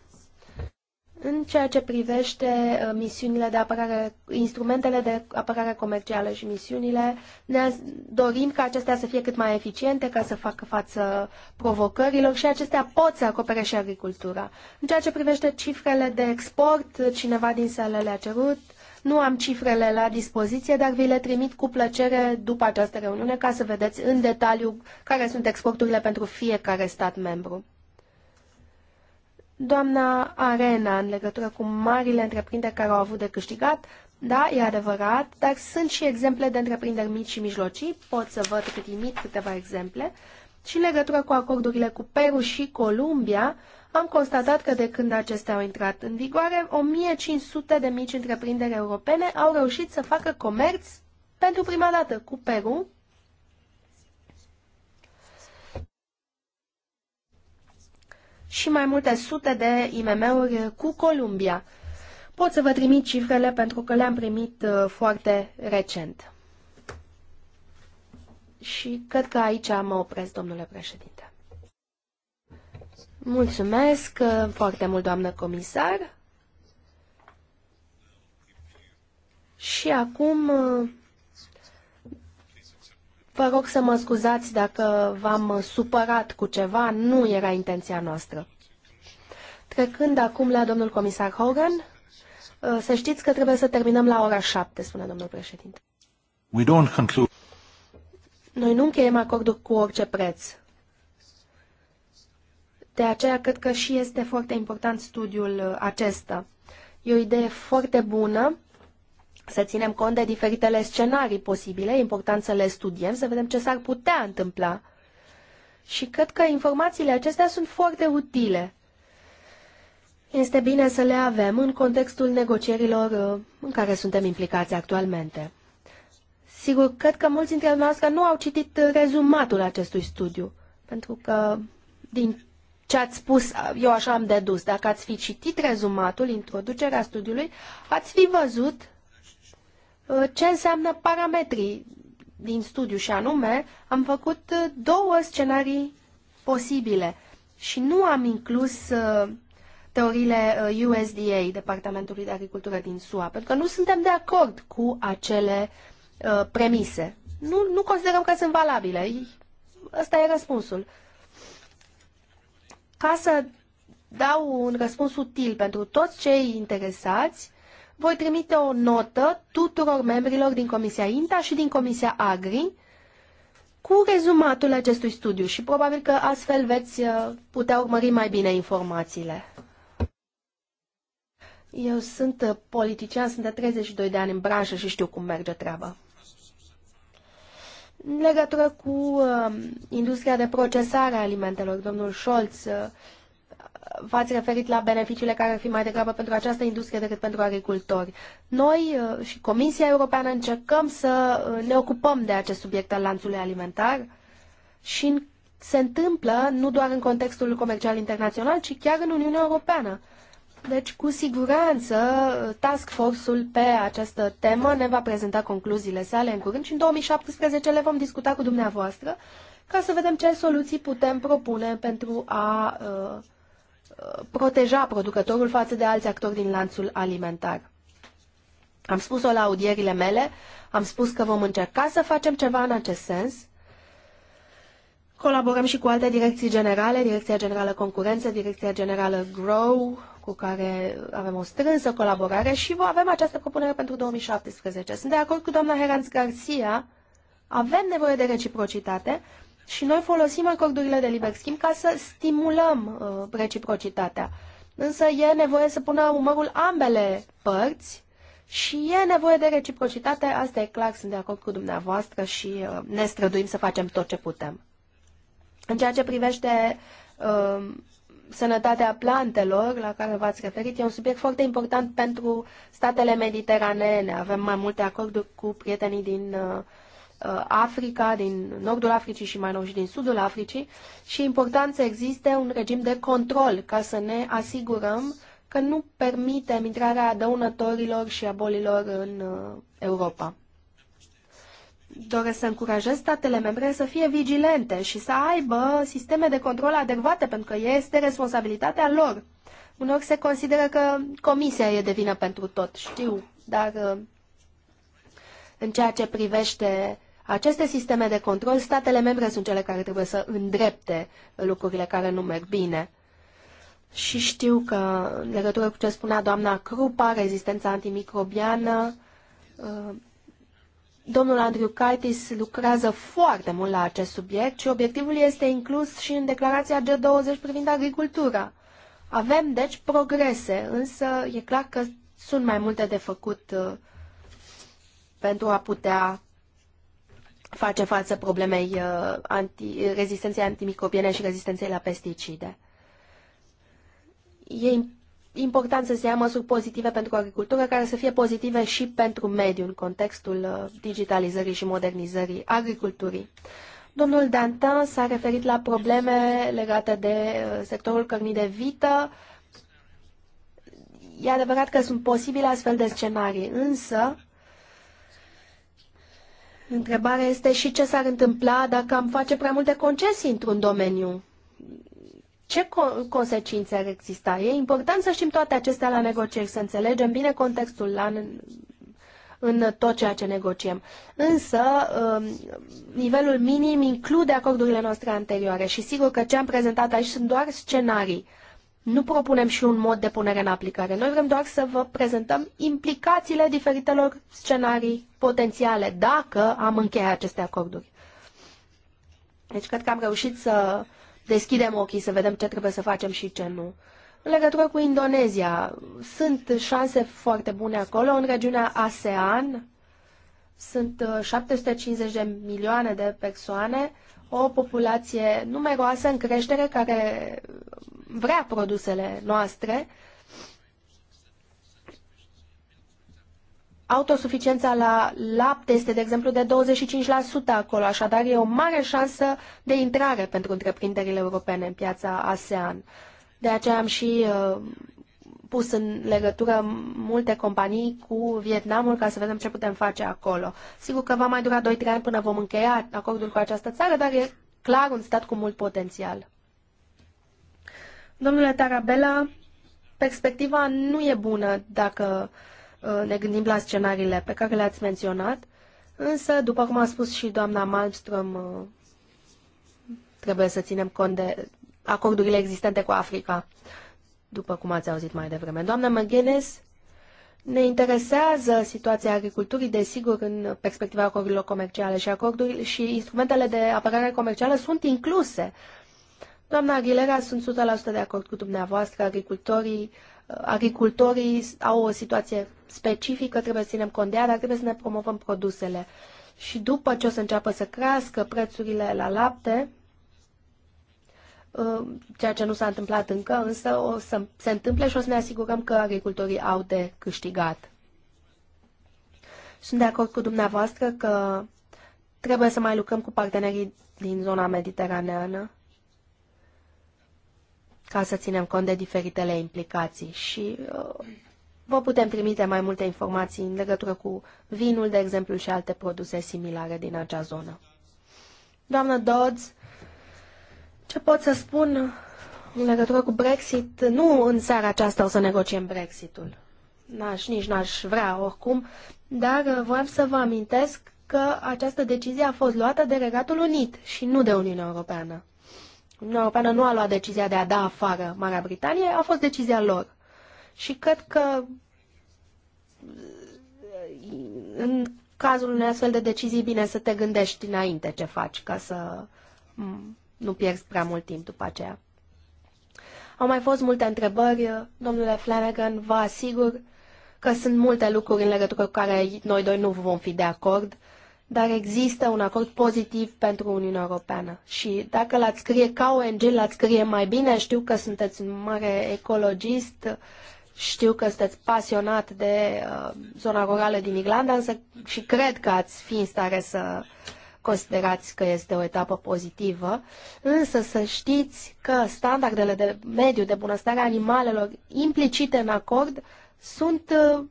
În ceea ce privește uh, misiunile de apărare, instrumentele de apărare comercială și misiunile, ne dorim ca acestea să fie cât mai eficiente ca să facă față provocărilor și acestea pot să acopere și agricultura. În ceea ce privește cifrele de export, cineva din sală le-a cerut, nu am cifrele la dispoziție, dar vi le trimit cu plăcere după această reuniune ca să vedeți în detaliu care sunt exporturile pentru fiecare stat membru doamna Arena în legătură cu marile întreprinderi care au avut de câștigat. Da, e adevărat, dar sunt și exemple de întreprinderi mici și mijlocii, pot să văd cât trimit câteva exemple. Și în legătură cu acordurile cu Peru și Columbia, am constatat că de când acestea au intrat în vigoare, 1500 de mici întreprinderi europene au reușit să facă comerț pentru prima dată cu Peru și mai multe sute de IMM-uri cu Columbia. Pot să vă trimit cifrele pentru că le-am primit uh, foarte recent. Și cred că aici mă opresc, domnule președinte. Mulțumesc uh, foarte mult, doamnă comisar. Și acum uh, Vă rog să mă scuzați dacă v-am supărat cu ceva, nu era intenția noastră. Trecând acum la domnul comisar Hogan, uh, să știți că trebuie să terminăm la ora 7, spune domnul președinte. We don't conclude. Noi nu încheiem acordul cu orice preț. De aceea cred că și este foarte important studiul acesta. E o idee foarte bună să ținem cont de diferitele scenarii posibile, e important să le studiem, să vedem ce s-ar putea întâmpla. Și cred că informațiile acestea sunt foarte utile. Este bine să le avem în contextul negocierilor uh, în care suntem implicați actualmente. Sigur, cred că mulți dintre noastre nu au citit uh, rezumatul acestui studiu, pentru că din ce ați spus, uh, eu așa am dedus, dacă ați fi citit rezumatul, introducerea studiului, ați fi văzut Uh, ce înseamnă parametrii din studiu și anume am făcut uh, două scenarii posibile și nu am inclus uh, teoriile USDA, Departamentului de Agricultură din SUA, pentru că nu suntem de acord cu acele premise. Nu, nu considerăm că sunt valabile. Ăsta e răspunsul. Ca să dau un răspuns util pentru toți cei interesați, voi trimite o notă tuturor membrilor din Comisia INTA și din Comisia AGRI cu rezumatul acestui studiu și probabil că astfel veți uh, putea urmări mai bine informațiile. Eu sunt uh, politician, sunt de 32 de ani în branșă și știu cum merge treaba. În legătură cu uh, industria de procesare a alimentelor, domnul Scholz uh, v-ați referit la beneficiile care ar fi mai degrabă pentru această industrie decât pentru agricultori. Noi uh, și Comisia Europeană încercăm să uh, ne ocupăm de acest subiect al lanțului alimentar și se întâmplă nu doar în contextul comercial internațional, ci chiar în Uniunea Europeană. Deci, cu siguranță, uh, task force-ul pe această temă ne va prezenta concluziile sale în curând și în 2017 le vom discuta cu dumneavoastră ca să vedem ce soluții putem propune pentru a uh, proteja producătorul față de alți actori din lanțul alimentar. Am spus-o la audierile mele, am spus că vom încerca să facem ceva în acest sens. Colaborăm și cu alte direcții generale, Direcția Generală Concurență, Direcția Generală Grow, cu care avem o strânsă colaborare și avem această propunere pentru 2017. Sunt de acord cu doamna Heranz Garcia, avem nevoie de reciprocitate, și noi folosim acordurile de liber schimb ca să stimulăm uh, reciprocitatea. Însă e nevoie să pună umărul ambele părți și e nevoie de reciprocitate, asta e clar, sunt de acord cu dumneavoastră și uh, ne străduim să facem tot ce putem. În ceea ce privește uh, sănătatea plantelor, la care v-ați referit, e un subiect foarte important pentru statele mediteranene. Avem mai multe acorduri cu prietenii din uh, Uh, Africa, din nordul Africii și mai nou și din sudul Africii și important să existe un regim de control ca să ne asigurăm că nu permitem intrarea dăunătorilor și a bolilor în uh, Europa. Doresc să încurajez statele membre să fie vigilente și să aibă sisteme de control adecvate, pentru că este responsabilitatea lor. Uneori se consideră că comisia e de vină pentru tot, știu, dar uh, în ceea ce privește aceste sisteme de control, statele membre sunt cele care trebuie să îndrepte lucrurile care nu merg bine. Și știu că, în legătură cu ce spunea doamna Crupa, rezistența antimicrobiană, uh, domnul Andrew Kaitis lucrează foarte mult la acest subiect și obiectivul este inclus și în declarația G20 privind agricultura. Avem, deci, progrese, însă e clar că sunt mai multe de făcut uh, pentru a putea face față problemei uh, anti, rezistenței antimicrobiene și rezistenței la pesticide. E important să se ia măsuri pozitive pentru agricultură, care să fie pozitive și pentru mediu în contextul uh, digitalizării și modernizării agriculturii. Domnul Dantin s-a referit la probleme legate de uh, sectorul cărnii de vită. E adevărat că sunt posibile astfel de scenarii, însă Întrebarea este și ce s-ar întâmpla dacă am face prea multe concesii într-un domeniu. Ce co- consecințe ar exista? E important să știm toate acestea la negocieri, să înțelegem bine contextul la în tot ceea ce negociem. Însă, um, nivelul minim include acordurile noastre anterioare și sigur că ce am prezentat aici sunt doar scenarii. Nu propunem și un mod de punere în aplicare. Noi vrem doar să vă prezentăm implicațiile diferitelor scenarii potențiale dacă am încheiat aceste acorduri. Deci cred că am reușit să deschidem ochii, să vedem ce trebuie să facem și ce nu. În legătură cu Indonezia, sunt șanse foarte bune acolo. În regiunea ASEAN sunt 750 uh, de milioane de persoane o populație numeroasă în creștere care vrea produsele noastre. Autosuficiența la lapte este, de exemplu, de 25% acolo, așadar e o mare șansă de intrare pentru întreprinderile europene în piața ASEAN. De aceea am și uh, pus în legătură multe companii cu Vietnamul ca să vedem ce putem face acolo. Sigur că va mai dura 2-3 ani până vom încheia acordul cu această țară, dar e clar un stat cu mult potențial. Domnule Tarabella, perspectiva nu e bună dacă uh, ne gândim la scenariile pe care le-ați menționat, însă, după cum a spus și doamna Malmström, uh, trebuie să ținem cont de acordurile existente cu Africa după cum ați auzit mai devreme. Doamna McGuinness, ne interesează situația agriculturii, desigur, în perspectiva acordurilor comerciale și acorduri și instrumentele de apărare comercială sunt incluse. Doamna Aguilera, sunt 100% de acord cu dumneavoastră. Agricultorii, agricultorii au o situație specifică, trebuie să ținem cont de ea, dar trebuie să ne promovăm produsele. Și după ce o să înceapă să crească prețurile la lapte, Uh, ceea ce nu s-a întâmplat încă, însă o să se întâmple și o să ne asigurăm că agricultorii au de câștigat. Sunt de acord cu dumneavoastră că trebuie să mai lucrăm cu partenerii din zona mediteraneană ca să ținem cont de diferitele implicații și uh, vă putem trimite mai multe informații în legătură cu vinul, de exemplu, și alte produse similare din acea zonă. Doamnă Dodds, ce pot să spun în legătură cu Brexit? Nu în seara aceasta o să negociem Brexitul. N-aș, nici n-aș vrea oricum, dar voiam să vă amintesc că această decizie a fost luată de Regatul Unit și nu de Uniunea Europeană. Uniunea Europeană nu a luat decizia de a da afară Marea Britanie, a fost decizia lor. Și cred că în cazul unei astfel de decizii, bine să te gândești înainte ce faci ca să nu pierzi prea mult timp după aceea. Au mai fost multe întrebări. Domnule Flanagan, vă asigur că sunt multe lucruri în legătură cu care noi doi nu vom fi de acord, dar există un acord pozitiv pentru Uniunea Europeană. Și dacă l-ați scrie ca ONG, l-ați scrie mai bine. Știu că sunteți un mare ecologist, știu că sunteți pasionat de uh, zona rurală din Irlanda, însă și cred că ați fi în stare să considerați că este o etapă pozitivă, însă să știți că standardele de mediu de bunăstare animalelor implicite în acord sunt uh,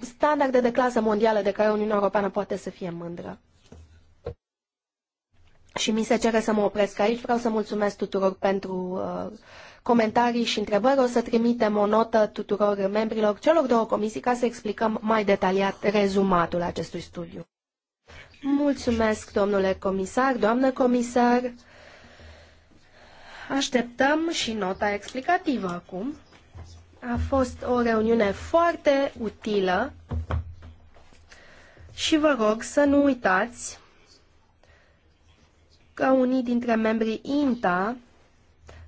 standarde de clasă mondială de care Uniunea Europeană poate să fie mândră. Și mi se cere să mă opresc aici. Vreau să mulțumesc tuturor pentru uh, comentarii și întrebări. O să trimitem o notă tuturor membrilor celor două comisii ca să explicăm mai detaliat rezumatul acestui studiu. Mulțumesc, domnule comisar, doamnă comisar. Așteptăm și nota explicativă acum. A fost o reuniune foarte utilă și vă rog să nu uitați că unii dintre membrii INTA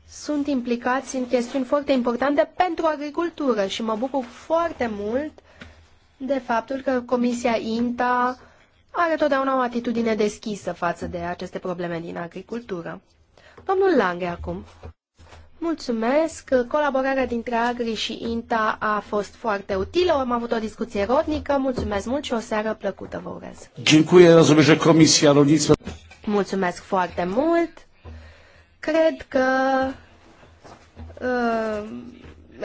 sunt implicați în chestiuni foarte importante pentru agricultură și mă bucur foarte mult de faptul că Comisia INTA are totdeauna o atitudine deschisă față de aceste probleme din agricultură. Domnul Lange acum. Mulțumesc! Colaborarea dintre Agri și INTA a fost foarte utilă. Am avut o discuție rodnică. Mulțumesc mult și o seară plăcută vă urez! Mulțumesc foarte mult! Cred că uh,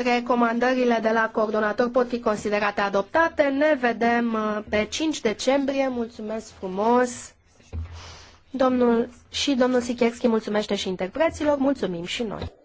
Recomandările de la coordonator pot fi considerate adoptate. Ne vedem uh, pe 5 decembrie. Mulțumesc frumos! Domnul și domnul Sikerski mulțumește și interpreților. Mulțumim și noi!